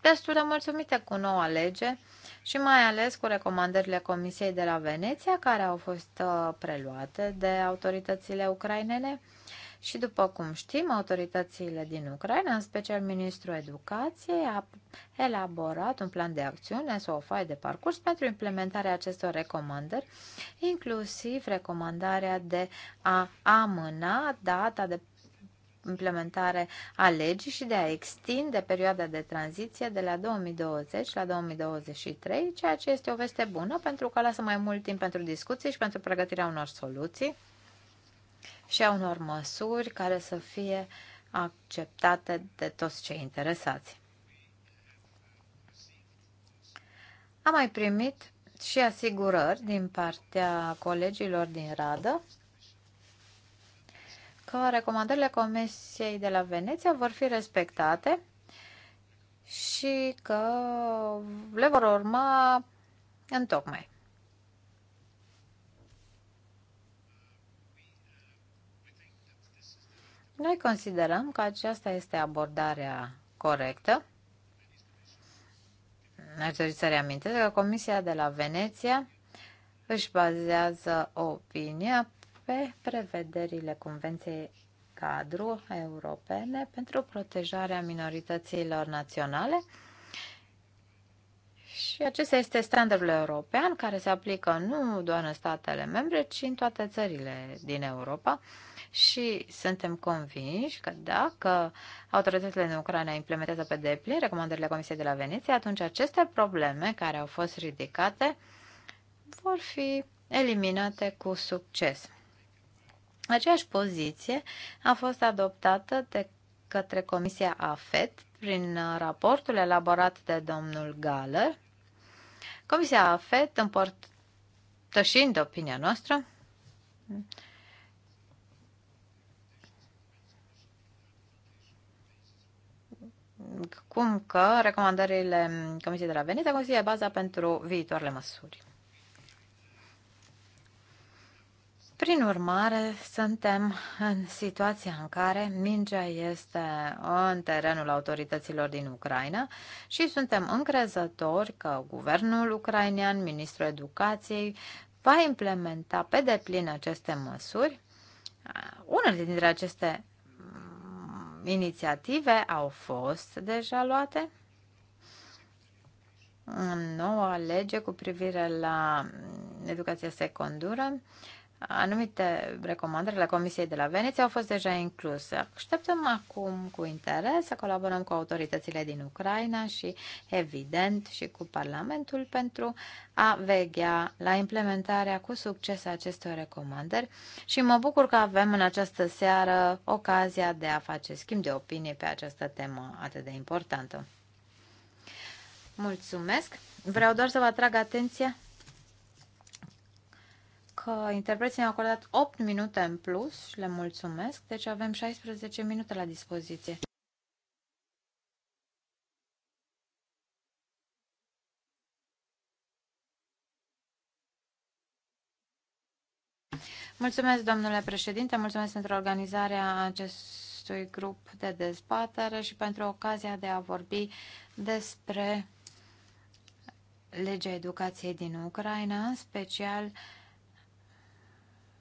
destul de mulțumite cu noua lege și mai ales cu recomandările Comisiei de la Veneția care au fost uh, preluate de autoritățile ucrainene și după cum știm, autoritățile din Ucraina, în special Ministrul Educației, a elaborat un plan de acțiune sau o foaie de parcurs pentru implementarea acestor recomandări, inclusiv recomandarea de a amâna data de implementare a legii și de a extinde perioada de tranziție de la 2020 la 2023, ceea ce este o veste bună pentru că lasă mai mult timp pentru discuții și pentru pregătirea unor soluții și a unor măsuri care să fie acceptate de toți cei interesați. Am mai primit și asigurări din partea colegilor din Radă că recomandările Comisiei de la Veneția vor fi respectate și că le vor urma în tocmai. Noi considerăm că aceasta este abordarea corectă. Aș dori să reamintesc că Comisia de la Veneția își bazează opinia pe prevederile Convenției cadru europene pentru protejarea minorităților naționale și acesta este standardul european care se aplică nu doar în statele membre, ci în toate țările din Europa și suntem convinși că dacă autoritățile din Ucraina implementează pe deplin recomandările Comisiei de la Veneția, atunci aceste probleme care au fost ridicate vor fi eliminate cu succes. Aceeași poziție a fost adoptată de către Comisia AFET prin raportul elaborat de domnul Galler. Comisia AFET, împărtășind opinia noastră, cum că recomandările Comisiei de la Veneta constituie baza pentru viitoarele măsuri. Prin urmare, suntem în situația în care mingea este în terenul autorităților din Ucraina și suntem încrezători că guvernul ucrainean, ministrul educației, va implementa pe deplin aceste măsuri. Unul dintre aceste inițiative au fost deja luate. În noua lege cu privire la educația secundară Anumite recomandări ale Comisiei de la Veneția au fost deja incluse. Așteptăm acum cu interes să colaborăm cu autoritățile din Ucraina și, evident, și cu Parlamentul pentru a veghea la implementarea cu succes a acestor recomandări și mă bucur că avem în această seară ocazia de a face schimb de opinie pe această temă atât de importantă. Mulțumesc! Vreau doar să vă atrag atenția că interpreții ne-au acordat 8 minute în plus și le mulțumesc, deci avem 16 minute la dispoziție. Mulțumesc, domnule președinte, mulțumesc pentru organizarea acestui grup de dezbatere și pentru ocazia de a vorbi despre legea educației din Ucraina, în special uh,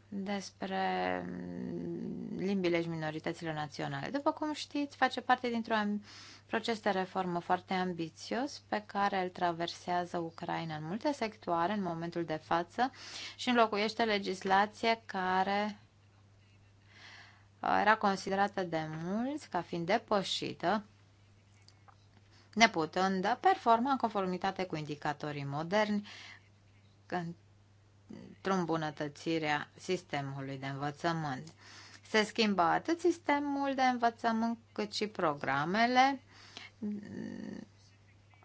despre mm, limbile și minoritățile naționale. După cum știți, face parte dintr-un proces de reformă foarte ambițios pe care îl traversează Ucraina în multe sectoare în momentul de față și înlocuiește legislație care uh, era considerată de mulți ca fiind depășită, neputând performa în conformitate cu indicatorii moderni, când pentru îmbunătățirea sistemului de învățământ. Se schimbă atât sistemul de învățământ cât și programele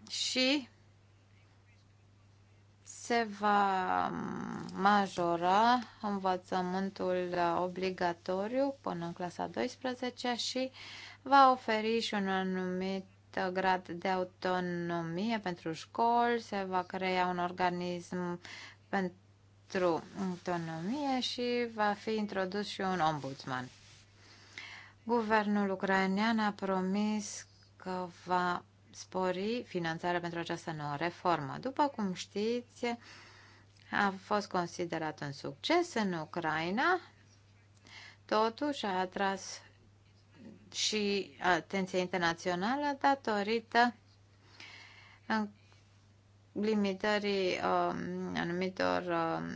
și se va majora învățământul obligatoriu până în clasa 12 și va oferi și un anumit grad de autonomie pentru școli, se va crea un organism pentru pentru autonomie și va fi introdus și un ombudsman. Guvernul ucrainean a promis că va spori finanțarea pentru această nouă reformă. După cum știți, a fost considerat un succes în Ucraina, totuși a atras și atenția internațională datorită în limitării um, anumitor um,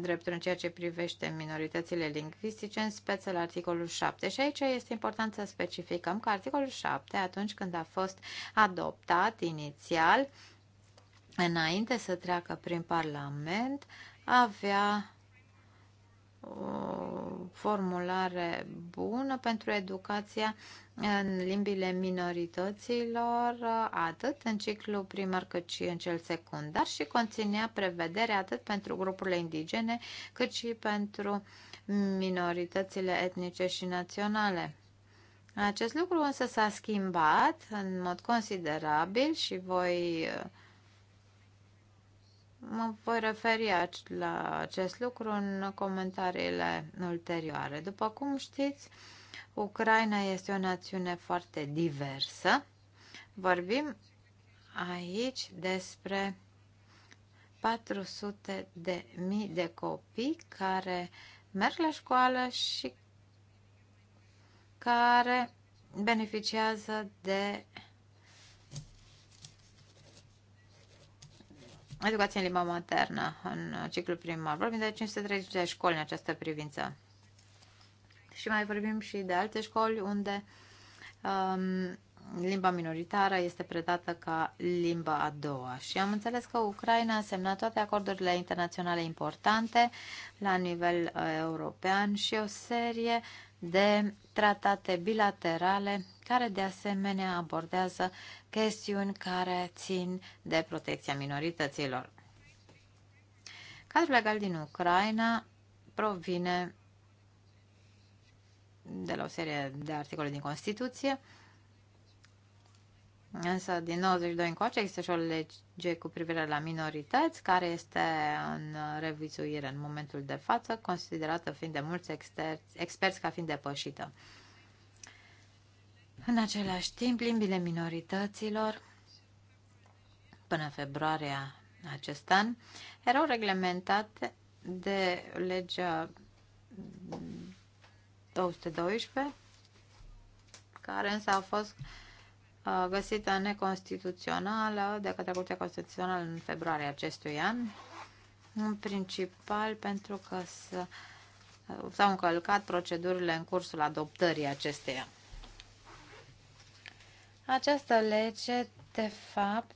drepturi în ceea ce privește minoritățile lingvistice, în special articolul 7. Și aici este important să specificăm că articolul 7, atunci când a fost adoptat inițial, înainte să treacă prin Parlament, avea formulare bună pentru educația în limbile minorităților, atât în ciclu primar cât și în cel secundar și conținea prevedere atât pentru grupurile indigene cât și pentru minoritățile etnice și naționale. Acest lucru însă s-a schimbat în mod considerabil și voi uh, Mă voi referi la acest lucru în comentariile ulterioare. După cum știți, Ucraina este o națiune foarte diversă. Vorbim aici despre 400 de mii de copii care merg la școală și care beneficiază de educație în limba maternă în uh, ciclul primar. Vorbim de 530 de școli în această privință. Și mai vorbim și de alte școli unde um, limba minoritară este predată ca limba a doua. Și am înțeles că Ucraina a semnat toate acordurile internaționale importante la nivel uh, european și o serie de tratate bilaterale care de asemenea abordează chestiuni care țin de protecția minorităților. Cadrul legal din Ucraina provine de la o serie de articole din Constituție, Însă, din 92 încoace, există și o lege cu privire la minorități, care este în revizuire în momentul de față, considerată fiind de mulți experți, experți ca fiind depășită. În același timp, limbile minorităților, până februarie acest an, erau reglementate de legea 212, care însă a fost uh, găsită neconstituțională de către Curtea Constituțională în februarie acestui an, în principal pentru că s-au încălcat procedurile în cursul adoptării acesteia. Această lege, de fapt,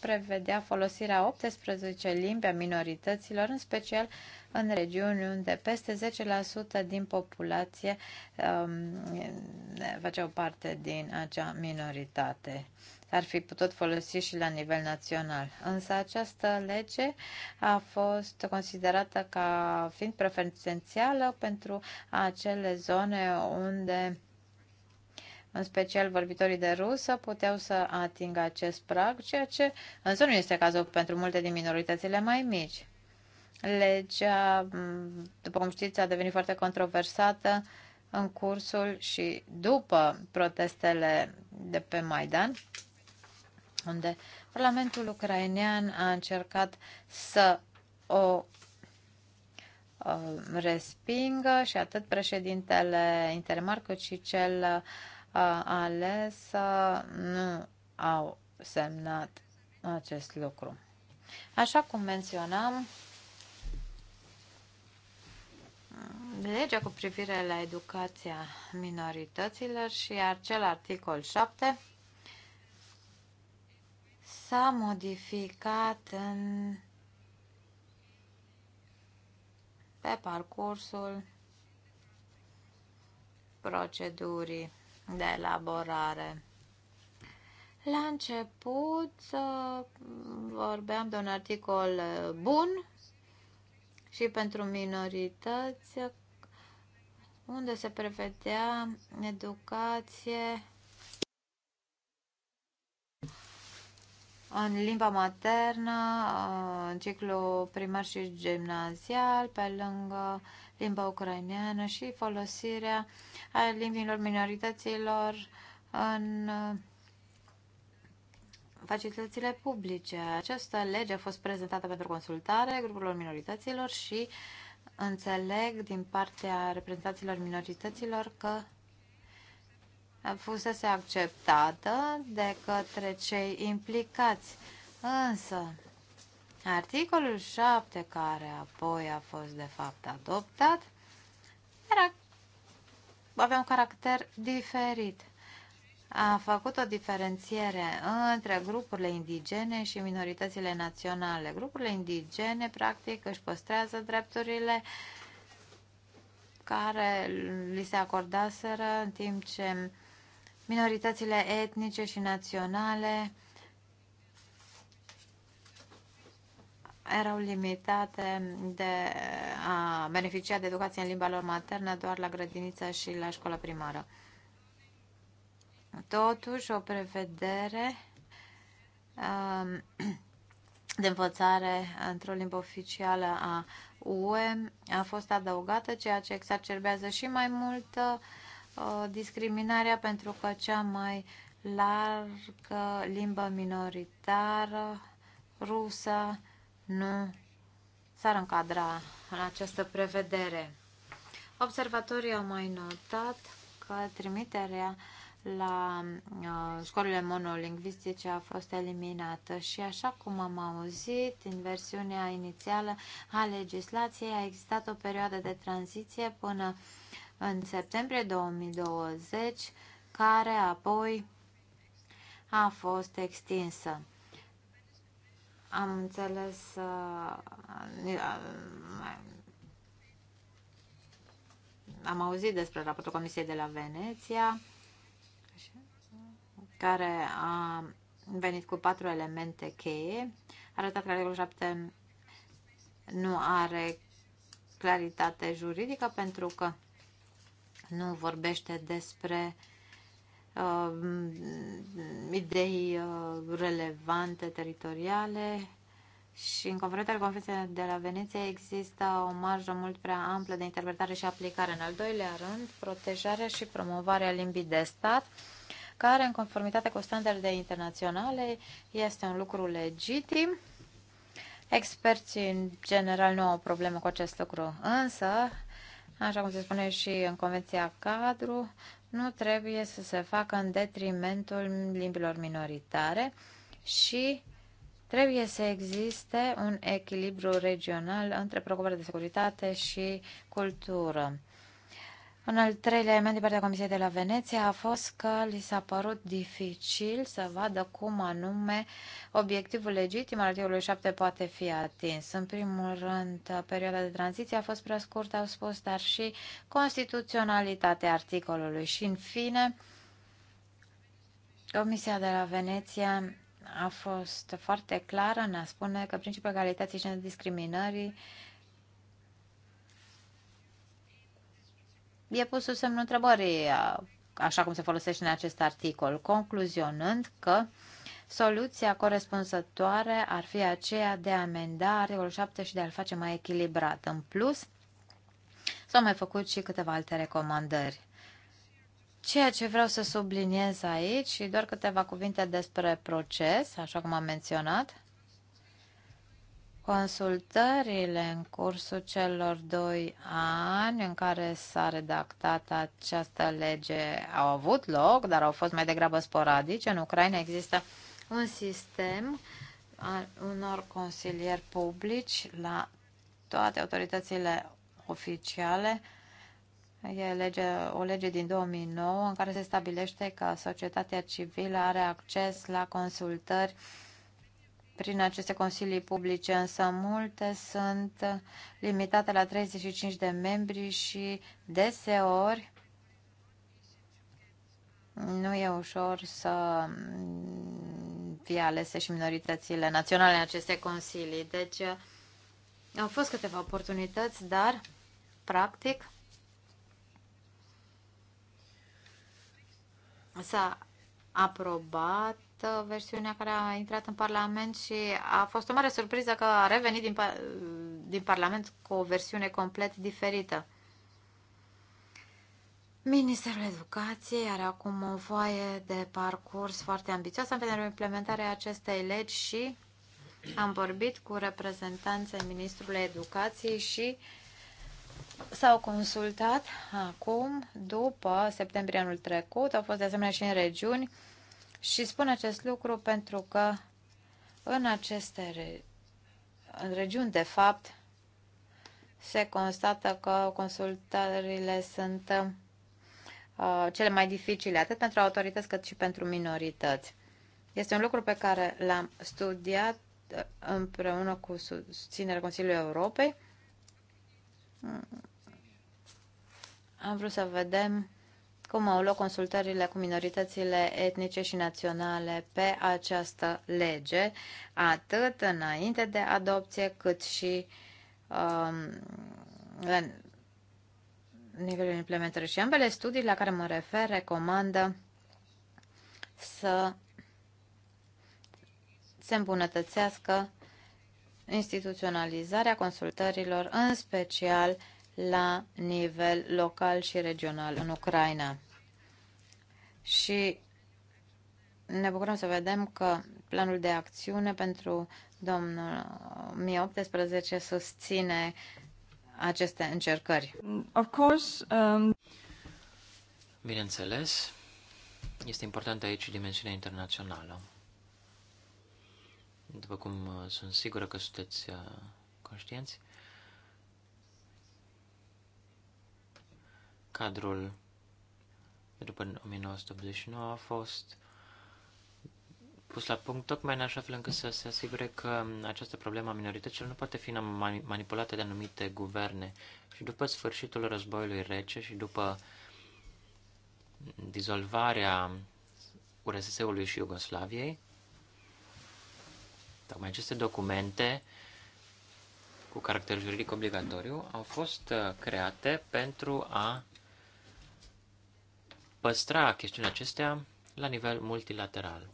prevedea folosirea 18 limbi a minorităților, în special în regiuni unde peste 10% din populație um, făceau parte din acea minoritate. Ar fi putut folosi și la nivel național. Însă această lege a fost considerată ca fiind preferențială pentru acele zone unde în special vorbitorii de rusă, puteau să atingă acest prag, ceea ce însă nu este cazul pentru multe din minoritățile mai mici. Legea, mm, după cum știți, a devenit foarte controversată în cursul și după protestele de pe Maidan, unde Parlamentul ucrainean a încercat să o uh, respingă și atât președintele interimar cât și cel uh, ales uh, nu au semnat acest lucru. Așa cum menționam, legea cu privire la educația minorităților și acel articol 7 s-a modificat în, pe parcursul procedurii de elaborare. La început uh, vorbeam de un articol bun și pentru minorități, unde se prevedea educație în limba maternă, în ciclu primar și gimnazial, pe lângă limba ucraineană și folosirea a limbilor minorităților în facilitățile publice. Această lege a fost prezentată pentru consultare grupurilor minorităților și înțeleg din partea reprezentanților minorităților că a fusese acceptată de către cei implicați. Însă, articolul 7, care apoi a fost de fapt adoptat, era, avea un caracter diferit a făcut o diferențiere între grupurile indigene și minoritățile naționale. Grupurile indigene, practic, își păstrează drepturile care li se acordaseră, în timp ce minoritățile etnice și naționale erau limitate de a beneficia de educație în limba lor maternă doar la grădiniță și la școala primară totuși o prevedere um, de învățare într-o limbă oficială a UE a fost adăugată, ceea ce exacerbează și mai mult uh, discriminarea pentru că cea mai largă limbă minoritară rusă nu s-ar încadra în această prevedere. Observatorii au mai notat că trimiterea la uh, școlile monolingvistice a fost eliminată și așa cum am auzit în versiunea inițială a legislației a existat o perioadă de tranziție până în septembrie 2020 care apoi a fost extinsă. Am înțeles uh, am auzit despre raportul Comisiei de la Veneția care a venit cu patru elemente cheie, arătat că articolul 7 nu are claritate juridică pentru că nu vorbește despre uh, idei uh, relevante teritoriale și în conferința de Conferința de la Veneția există o marjă mult prea amplă de interpretare și aplicare. În al doilea rând, protejarea și promovarea limbii de stat. Uh, care, în conformitate cu standardele internaționale, este un lucru legitim. Experții, în general, nu au probleme cu acest lucru, însă, așa cum se spune și în Convenția Cadru, nu trebuie să se facă în detrimentul limbilor minoritare și trebuie să existe un echilibru regional între preocupări de securitate și cultură. Un al treilea element din partea Comisiei de la Veneția a fost că li s-a părut dificil să vadă cum anume obiectivul legitim al articolului 7 poate fi atins. În primul rând, perioada de tranziție a fost prea scurtă, au spus, dar și constituționalitatea articolului. Și, în fine, Comisia de la Veneția a fost foarte clară în a spune că principiul egalității și nediscriminării e pus sub semnul întrebării, așa cum se folosește în acest articol, concluzionând că soluția corespunzătoare ar fi aceea de a amenda articolul 7 și de a-l face mai echilibrat. În plus, s-au mai făcut și câteva alte recomandări. Ceea ce vreau să subliniez aici și doar câteva cuvinte despre proces, așa cum am menționat, Consultările în cursul celor doi ani în care s-a redactat această lege au avut loc, dar au fost mai degrabă sporadice. În Ucraina există un sistem al unor consilieri publici la toate autoritățile oficiale. E lege, o lege din 2009 în care se stabilește că societatea civilă are acces la consultări uh, prin aceste consilii publice, însă multe sunt limitate la 35 de membri și deseori nu e ușor să fie alese și minoritățile naționale în aceste consilii. Deci au fost câteva oportunități, dar practic s-a aprobat fost versiunea care a intrat în Parlament și a fost o mare surpriză că a revenit din, din Parlament cu o versiune complet diferită. Ministerul Educației are acum o voie de parcurs foarte ambițioasă pentru implementarea acestei legi și am vorbit cu reprezentanții Ministrului Educației și s-au consultat acum, după septembrie anul trecut, au fost de asemenea și în regiuni și spun acest lucru pentru că în aceste re... în regiuni, de fapt, se constată că consultările sunt uh, cele mai dificile, atât pentru autorități cât și pentru minorități. Este un lucru pe care l-am studiat uh, împreună cu susținerea Consiliului Europei. Mm. Am vrut să vedem cum au loc consultările cu minoritățile etnice și naționale pe această lege, atât înainte de adopție, cât și um, la nivelul implementării. Și ambele studii la care mă refer recomandă să se îmbunătățească instituționalizarea consultărilor, în special uh, la nivel local și regional în Ucraina. Și ne bucurăm să vedem că planul de acțiune pentru domnul 2018 susține aceste încercări. Of course, um... Bineînțeles, este importantă aici dimensiunea internațională. După cum uh, sunt sigură că sunteți uh, conștienți, cadrul de după 1989 a fost pus la punct tocmai în așa fel încât să se asigure că această problemă a minorităților nu poate fi manipulată de anumite guverne. Și după sfârșitul războiului rece și după dizolvarea URSS-ului și Iugoslaviei, tocmai aceste documente cu caracter juridic obligatoriu au fost uh, create pentru a păstra chestiunea acestea la nivel multilateral.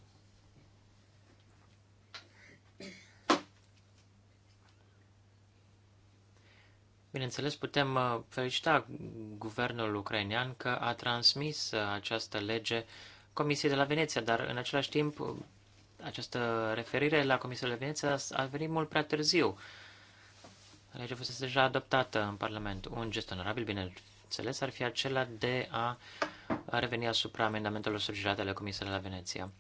Bineînțeles, putem uh, felicita guvernul ucrainean că a transmis uh, această lege Comisiei de la Veneția, dar în același timp uh, această referire la Comisia de la Veneția a venit mult prea târziu. Legea fusese deja adoptată în Parlament. Un gest onorabil, bine, înțeles ar fi acela de a reveni asupra amendamentelor sugerate ale Comisiei la Veneția.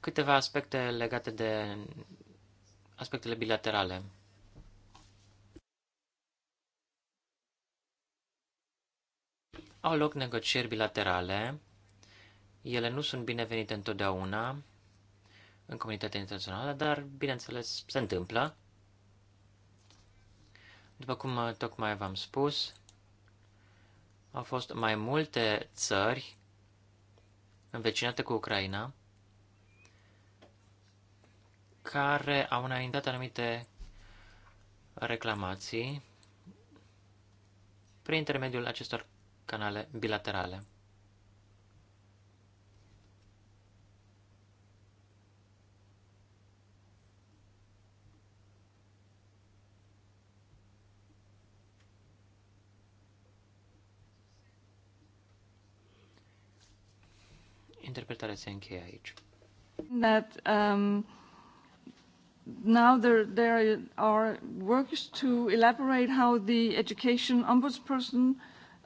Câteva aspecte legate de aspectele bilaterale. Au loc negocieri bilaterale, ele nu sunt binevenite întotdeauna în comunitatea internațională, dar, bineînțeles, se întâmplă. După cum tocmai v-am spus, au fost mai multe țări învecinate cu Ucraina care au înaintat anumite reclamații prin intermediul acestor canale bilaterale. Interpretarea se încheie aici. That, um, now there, there are works to elaborate how the education ombudsperson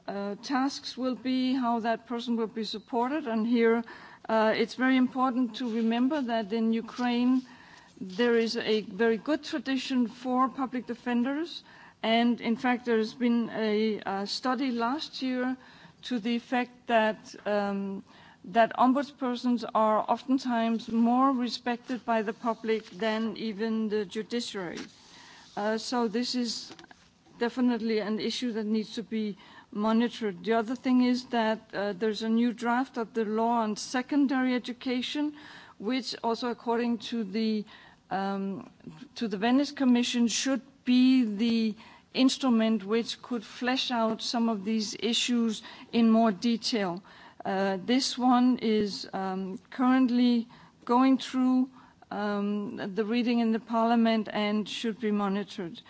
uh, tasks will be, how that person will be supported, and here uh, it's very important to remember that in Ukraine there is a very good tradition for public defenders, and in fact there has been a, a study last year to the effect that um, that ombudspersons are oftentimes more respected by the public than even the judiciary. Uh, so this is definitely an issue that needs to be monitored. The other thing is that uh, there's a new draft of the law on secondary education, which also according to the, um, to the Venice Commission should be the instrument which could flesh out some of these issues in more detail. Uh, Uh, this one is um, currently going through um, the reading in the Parliament and should be monitored.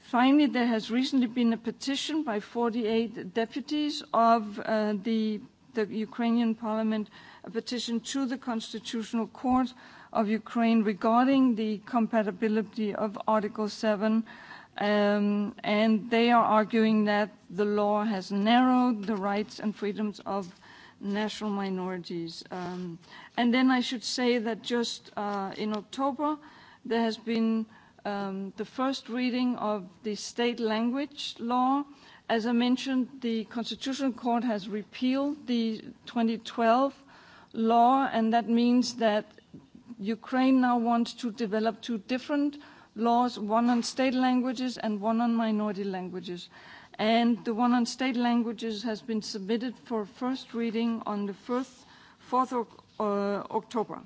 Finally, there has recently been a petition by 48 deputies of uh, the, the Ukrainian Parliament, a petition to the Constitutional Court of Ukraine regarding the compatibility of Article 7 um, and they are arguing that the law has narrowed the rights and freedoms of national minorities. Um, and then I should say that just uh, in October, there has been um, the first reading of the state language law. As I mentioned, the Constitutional Court has repealed the 2012 law, and that means that Ukraine now wants to develop two different laws, one on state languages and one on minority languages. And the one on state languages has been submitted for first reading on the 4th, 4th uh, October.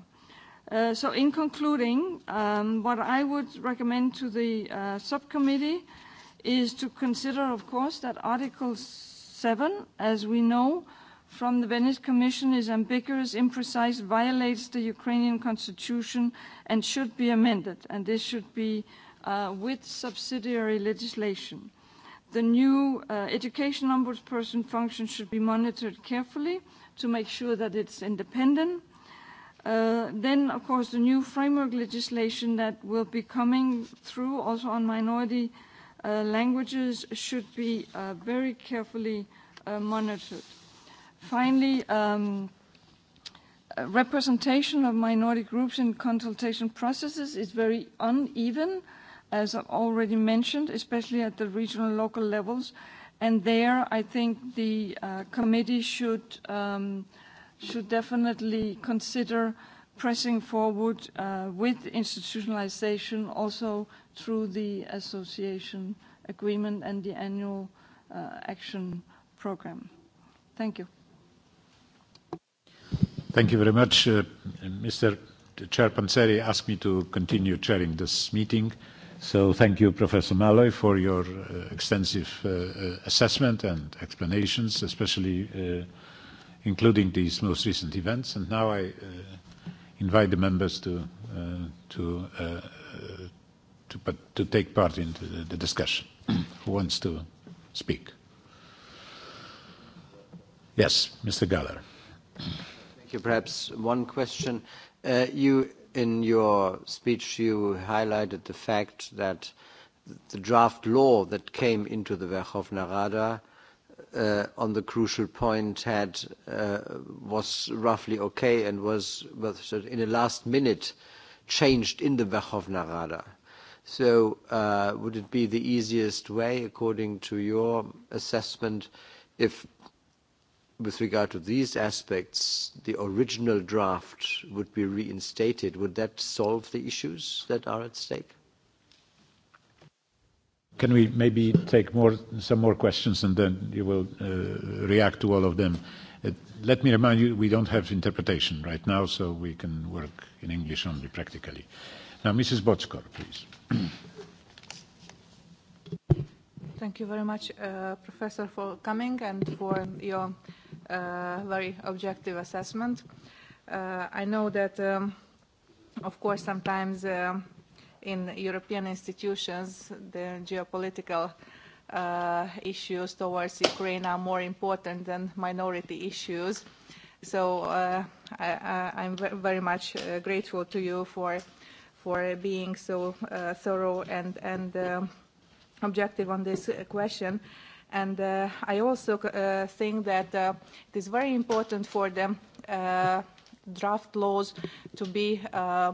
Uh, so in concluding, um, what I would recommend to the uh, subcommittee is to consider, of course, that Article 7, as we know from the Venice Commission, is ambiguous, imprecise, violates the Ukrainian constitution, and should be amended. And this should be uh, with subsidiary legislation. The new uh, education ombudsperson function should be monitored carefully to make sure that it's independent. Uh, then, of course, the new framework legislation that will be coming through also on minority uh, languages should be uh, very carefully uh, monitored. Finally, um, uh, representation of minority groups in consultation processes is very uneven. Uh, as already mentioned, especially at the regional and local levels. And there, I think the uh, committee should, um, should definitely consider pressing forward uh, with institutionalization also through the association agreement and the annual uh, action program. Thank you. Thank you very much. Uh, Mr. Chair Panseri asked me to continue chairing this meeting. So thank you, Professor Malloy, for your uh, extensive uh, uh, assessment and explanations, especially uh, including these most recent events. And now I uh, invite the members to uh, to uh, uh to, but to take part in the, the discussion. Who wants to speak? Yes, Mr. Galler. Thank you. Perhaps one question. Uh, you in your speech you highlighted the fact that the draft law that came into the Verkhovna Rada uh, on the crucial point had uh, was roughly okay and was, was in the last minute changed in the Verkhovna Rada. So uh, would it be the easiest way, according to your assessment, if with regard to these aspects, the original draft would be reinstated. Would that solve the issues that are at stake? Can we maybe take more, some more questions and then you will uh, react to all of them? Uh, let me remind you, we don't have interpretation right now, so we can work in English only practically. Now, Mrs. Botskor, please. Thank you very much, uh, Professor, for coming and for your uh, very objective assessment. Uh, I know that, um, of course, sometimes uh, in European institutions, the geopolitical uh, issues towards Ukraine are more important than minority issues. So uh, I, I, I'm very much uh, grateful to you for, for being so uh, thorough and, and uh, objective on this question. Uh, And uh, I also uh, think that uh, it is very important for the uh, draft laws to be uh,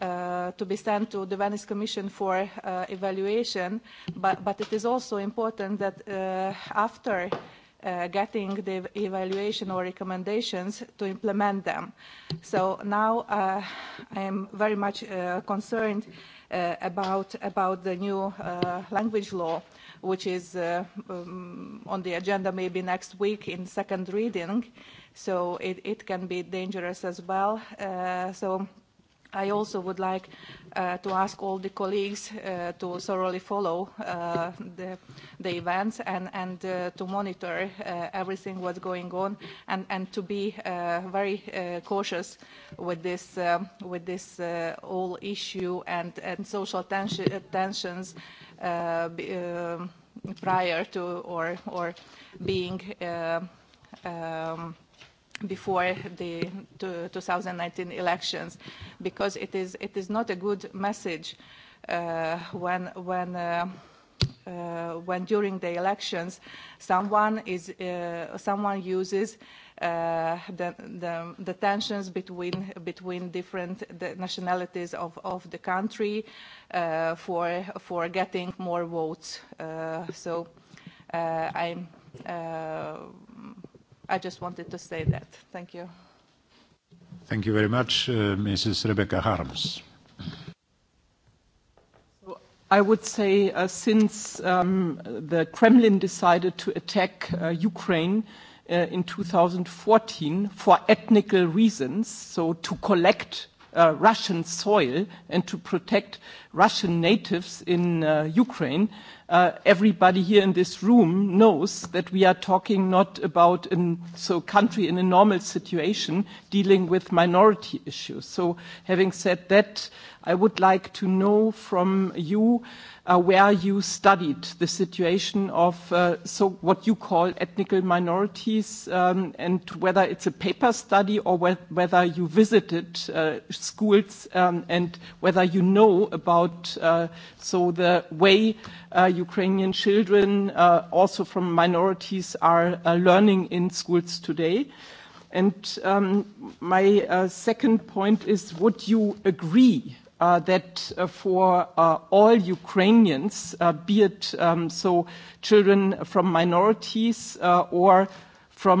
uh, to be sent to the Venice Commission for uh, evaluation, but, but it is also important that uh, after uh, getting the evaluation or recommendations to implement them. So now uh, I am very much uh, concerned uh, about, about the new uh, language law which is uh, um, on the agenda maybe next week in second reading. So it, it can be dangerous as well. Uh, so I also would like uh, to ask all the colleagues uh, to thoroughly follow uh, the, the events and, and uh, to monitor uh, everything what's going on and, and to be uh, very uh, cautious with this, um, with this uh, whole issue and, and social uh, tensions uh, uh, prior to or, or being uh, um, before the 2019 elections because it is it is not a good message uh, when when uh, uh, when during the elections someone is uh, someone uses uh, the, the, the tensions between between different the nationalities of, of the country uh, for for getting more votes uh, so uh, I'm uh, I just wanted to say that. Thank you. Thank you very much, uh, Mrs. Rebecca Harms. I would say uh, since um, the Kremlin decided to attack uh, Ukraine uh, in 2014 for ethnical reasons, so to collect uh, Russian soil and to protect Russian natives in uh, Ukraine, uh, everybody here in this room knows that we are talking not about a so country in a normal situation dealing with minority issues. So having said that, I would like to know from you uh, where you studied the situation of uh, so what you call ethnic minorities um, and whether it's a paper study or wh whether you visited uh, schools um, and whether you know about about uh, so the way uh, Ukrainian children, uh, also from minorities, are uh, learning in schools today. And um, my uh, second point is, would you agree Uh, that uh, for uh, all Ukrainians, uh, be it um, so children from minorities uh, or from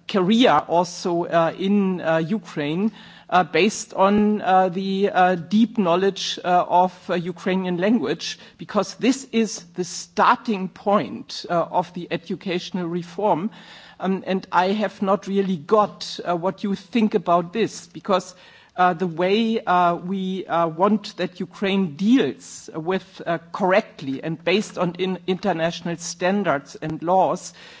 Korea also uh, in uh, Ukraine uh, based on uh, the uh, deep knowledge uh, of uh, Ukrainian language because this is the starting point uh, of the educational reform. Um, and I have not really got uh, what you think about this because uh, the way uh, we uh, want that Ukraine deals with uh, correctly and based on in international standards and laws uh,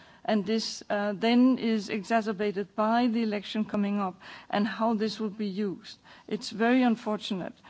and this uh, then is exacerbated by the election coming up and how this will be used. It's very unfortunate. Uh,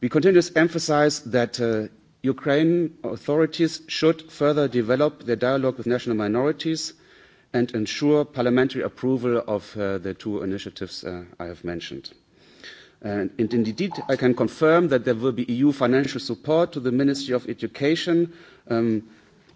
We continue to emphasize that uh, Ukraine authorities should further develop their dialogue with national minorities and ensure parliamentary approval of uh, the two initiatives uh, I have mentioned. And indeed, I can confirm that there will be EU financial support to the Ministry of Education um,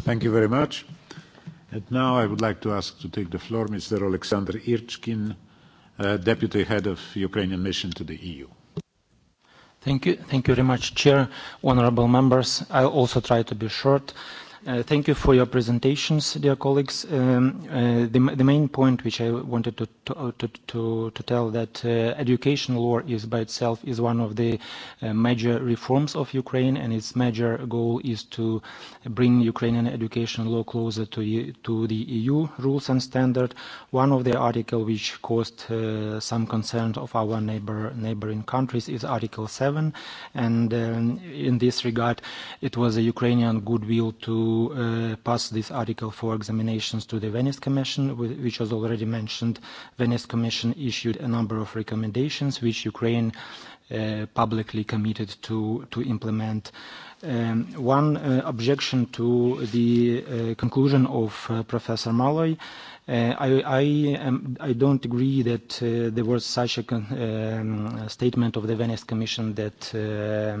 Thank you very much. And now I would like to ask to take the floor Mr. Alexander Irchkin, uh, Deputy Head of Ukrainian Mission to the EU. Thank you. Thank you very much, Chair, honorable members. I'll also try to be short. Uh, Uh, thank you for your presentations, dear colleagues. Um, uh, the, the main point which I wanted to, uh, to, to, to tell that uh, education law is by itself is one of the uh, major reforms of Ukraine, and its major goal is to bring Ukrainian education law closer to, to the EU rules and standard. One of the article which caused uh, some concern of our neighbor, neighboring countries is Article 7, and um, in this regard, it was a Ukrainian goodwill to to uh, pass this article for examinations to the Venice Commission, which was already mentioned. Venice Commission issued a number of recommendations which Ukraine Uh, publicly committed to, to implement. Um, one uh, objection to the uh, conclusion of uh, Professor Malloy, uh, I, I, um, I don't agree that there was such a um, statement of the Venice Commission that um,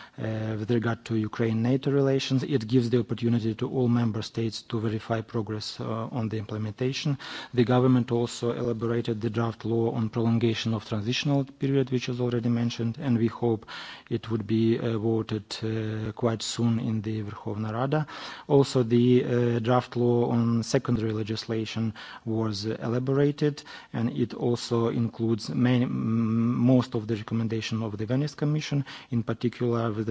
Uh, with regard to Ukraine-NATO relations. It gives the opportunity to all member states to verify progress uh, on the implementation. The government also elaborated the draft law on prolongation of transitional period, which was already mentioned, and we hope it would be uh, voted uh, quite soon in the Verkhovna Rada. Also, the uh, draft law on secondary legislation was elaborated, and it also includes many, most of the recommendation of the Venice Commission, in particular with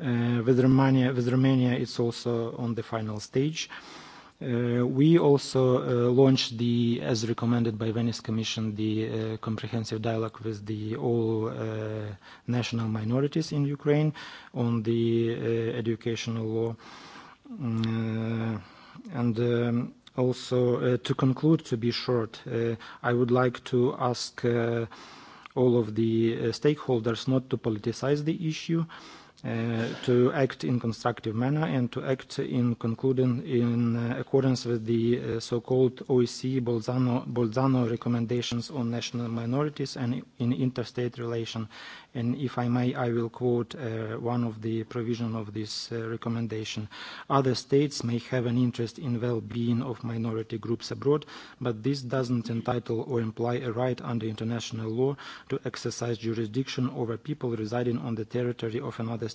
with uh, Romania, with Romania, it's also on the final stage. Uh, we also uh, launched the, as recommended by Venice Commission, the uh, comprehensive dialogue with the all uh, national minorities in Ukraine on the uh, educational law. Uh, and um, also, uh, to conclude, to be short, uh, I would like to ask uh, all of the uh, stakeholders not to politicize the issue. Uh, Uh, to act in constructive manner and to act in concluding in uh, accordance with the uh, so-called OEC Bolzano, Bolzano recommendations on national minorities and in interstate relation. And if I may, I will quote uh, one of the provision of this uh, recommendation. Other states may have an interest in well-being of minority groups abroad, but this doesn't entitle or imply a right under international law to exercise jurisdiction over people residing on the territory of another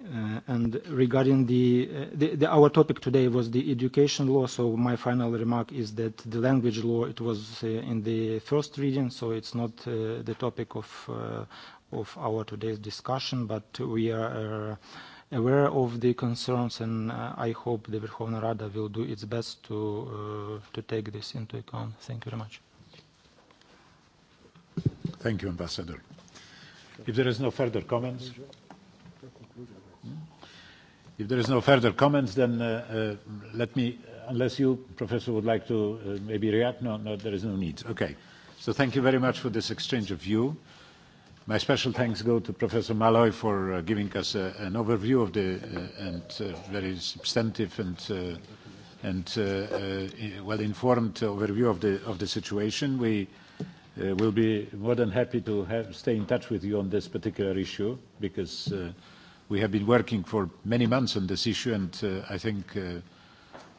Uh, and regarding the, uh, the, the, our topic today was the education law, so my final remark is that the language law, it was uh, in the first reading, so it's not uh, the topic of, uh, of our today's discussion, but we are uh, aware of the concerns and uh, I hope the Verkhovna Rada will do its best to, uh, to take this into account. Thank you very much. Thank you, Ambassador. If there is no further comments... If there is no further comments, then uh, uh, let me, unless you, Professor, would like to uh, maybe react? No, no, there is no need. Okay. So thank you very much for this exchange of view. My special thanks go to Professor Malloy for uh, giving us a, uh, an overview of the uh, and uh, very substantive and uh, and uh, uh, well-informed overview of the of the situation. We uh, will be more than happy to have, stay in touch with you on this particular issue because. Uh, We have been working for many months on this issue, and uh, I think uh,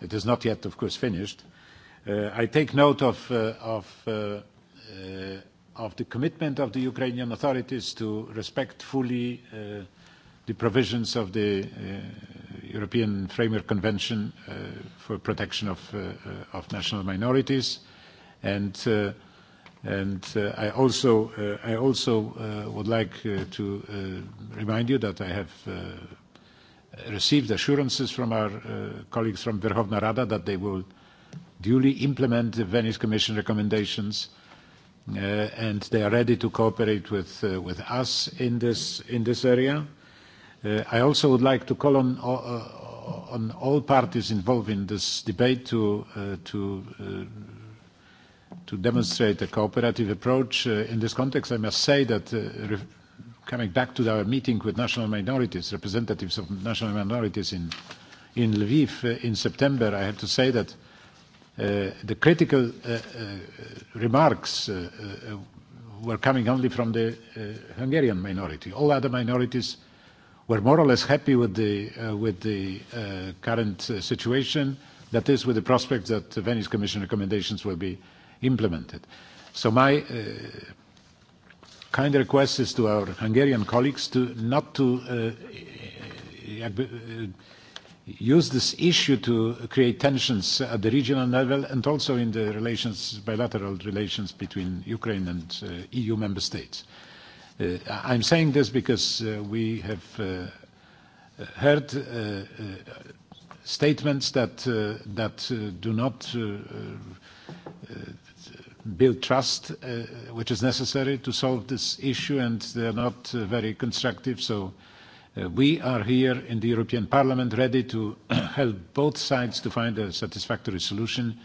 it is not yet, of course, finished. Uh, I take note of, the commitment of the Ukrainian authorities to respect fully the provisions of the European Framework Convention for Protection of, of National Minorities. and. And uh, I also, uh, I also uh, would like uh, to uh, remind you that I have uh, received assurances from our uh, colleagues from Verkhovna Rada that they will duly implement the Venice Commission recommendations uh, and they are ready to cooperate with, uh, with us in this, in this area. Uh, I also would like to call on, uh, on all parties involved in this debate to, uh, to uh, to demonstrate a cooperative approach. Uh, in this context, I must say that uh, coming back to our meeting with national minorities, representatives of national minorities in, in Lviv uh, in September, I have to say that uh, the critical uh, uh, remarks uh, uh, were coming only from the uh, Hungarian minority. All other minorities were more or less happy with the, uh, with the uh, current uh, situation, that is, with the prospect that the Venice Commission recommendations will be uh, implemented. So my uh, kind request is to our Hungarian colleagues to not to uh, uh, use this issue to create tensions at the regional level and also in the relations, bilateral relations between Ukraine and uh, EU member states. Uh, I'm saying this because uh, we have uh, heard uh, uh, statements that, uh, that uh, do not uh, uh, build trust, uh, which is necessary to solve this issue, and they are not uh, very constructive. So uh, we are here in the European Parliament ready to help both sides to find a satisfactory solution.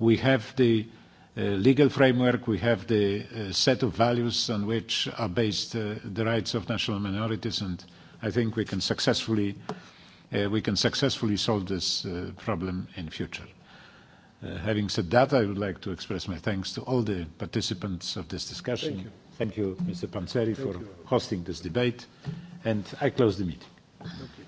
We have the uh, legal framework, we have the uh, set of values on which are based uh, the rights of national minorities, and I think we can successfully, uh, we can successfully solve this uh, problem in future. Uh, having said that, I would like to express my thanks to all the participants of this discussion. Thank you, Thank you Mr. Panzeri, Thank for you. hosting this debate. And I close the meeting. Thank you.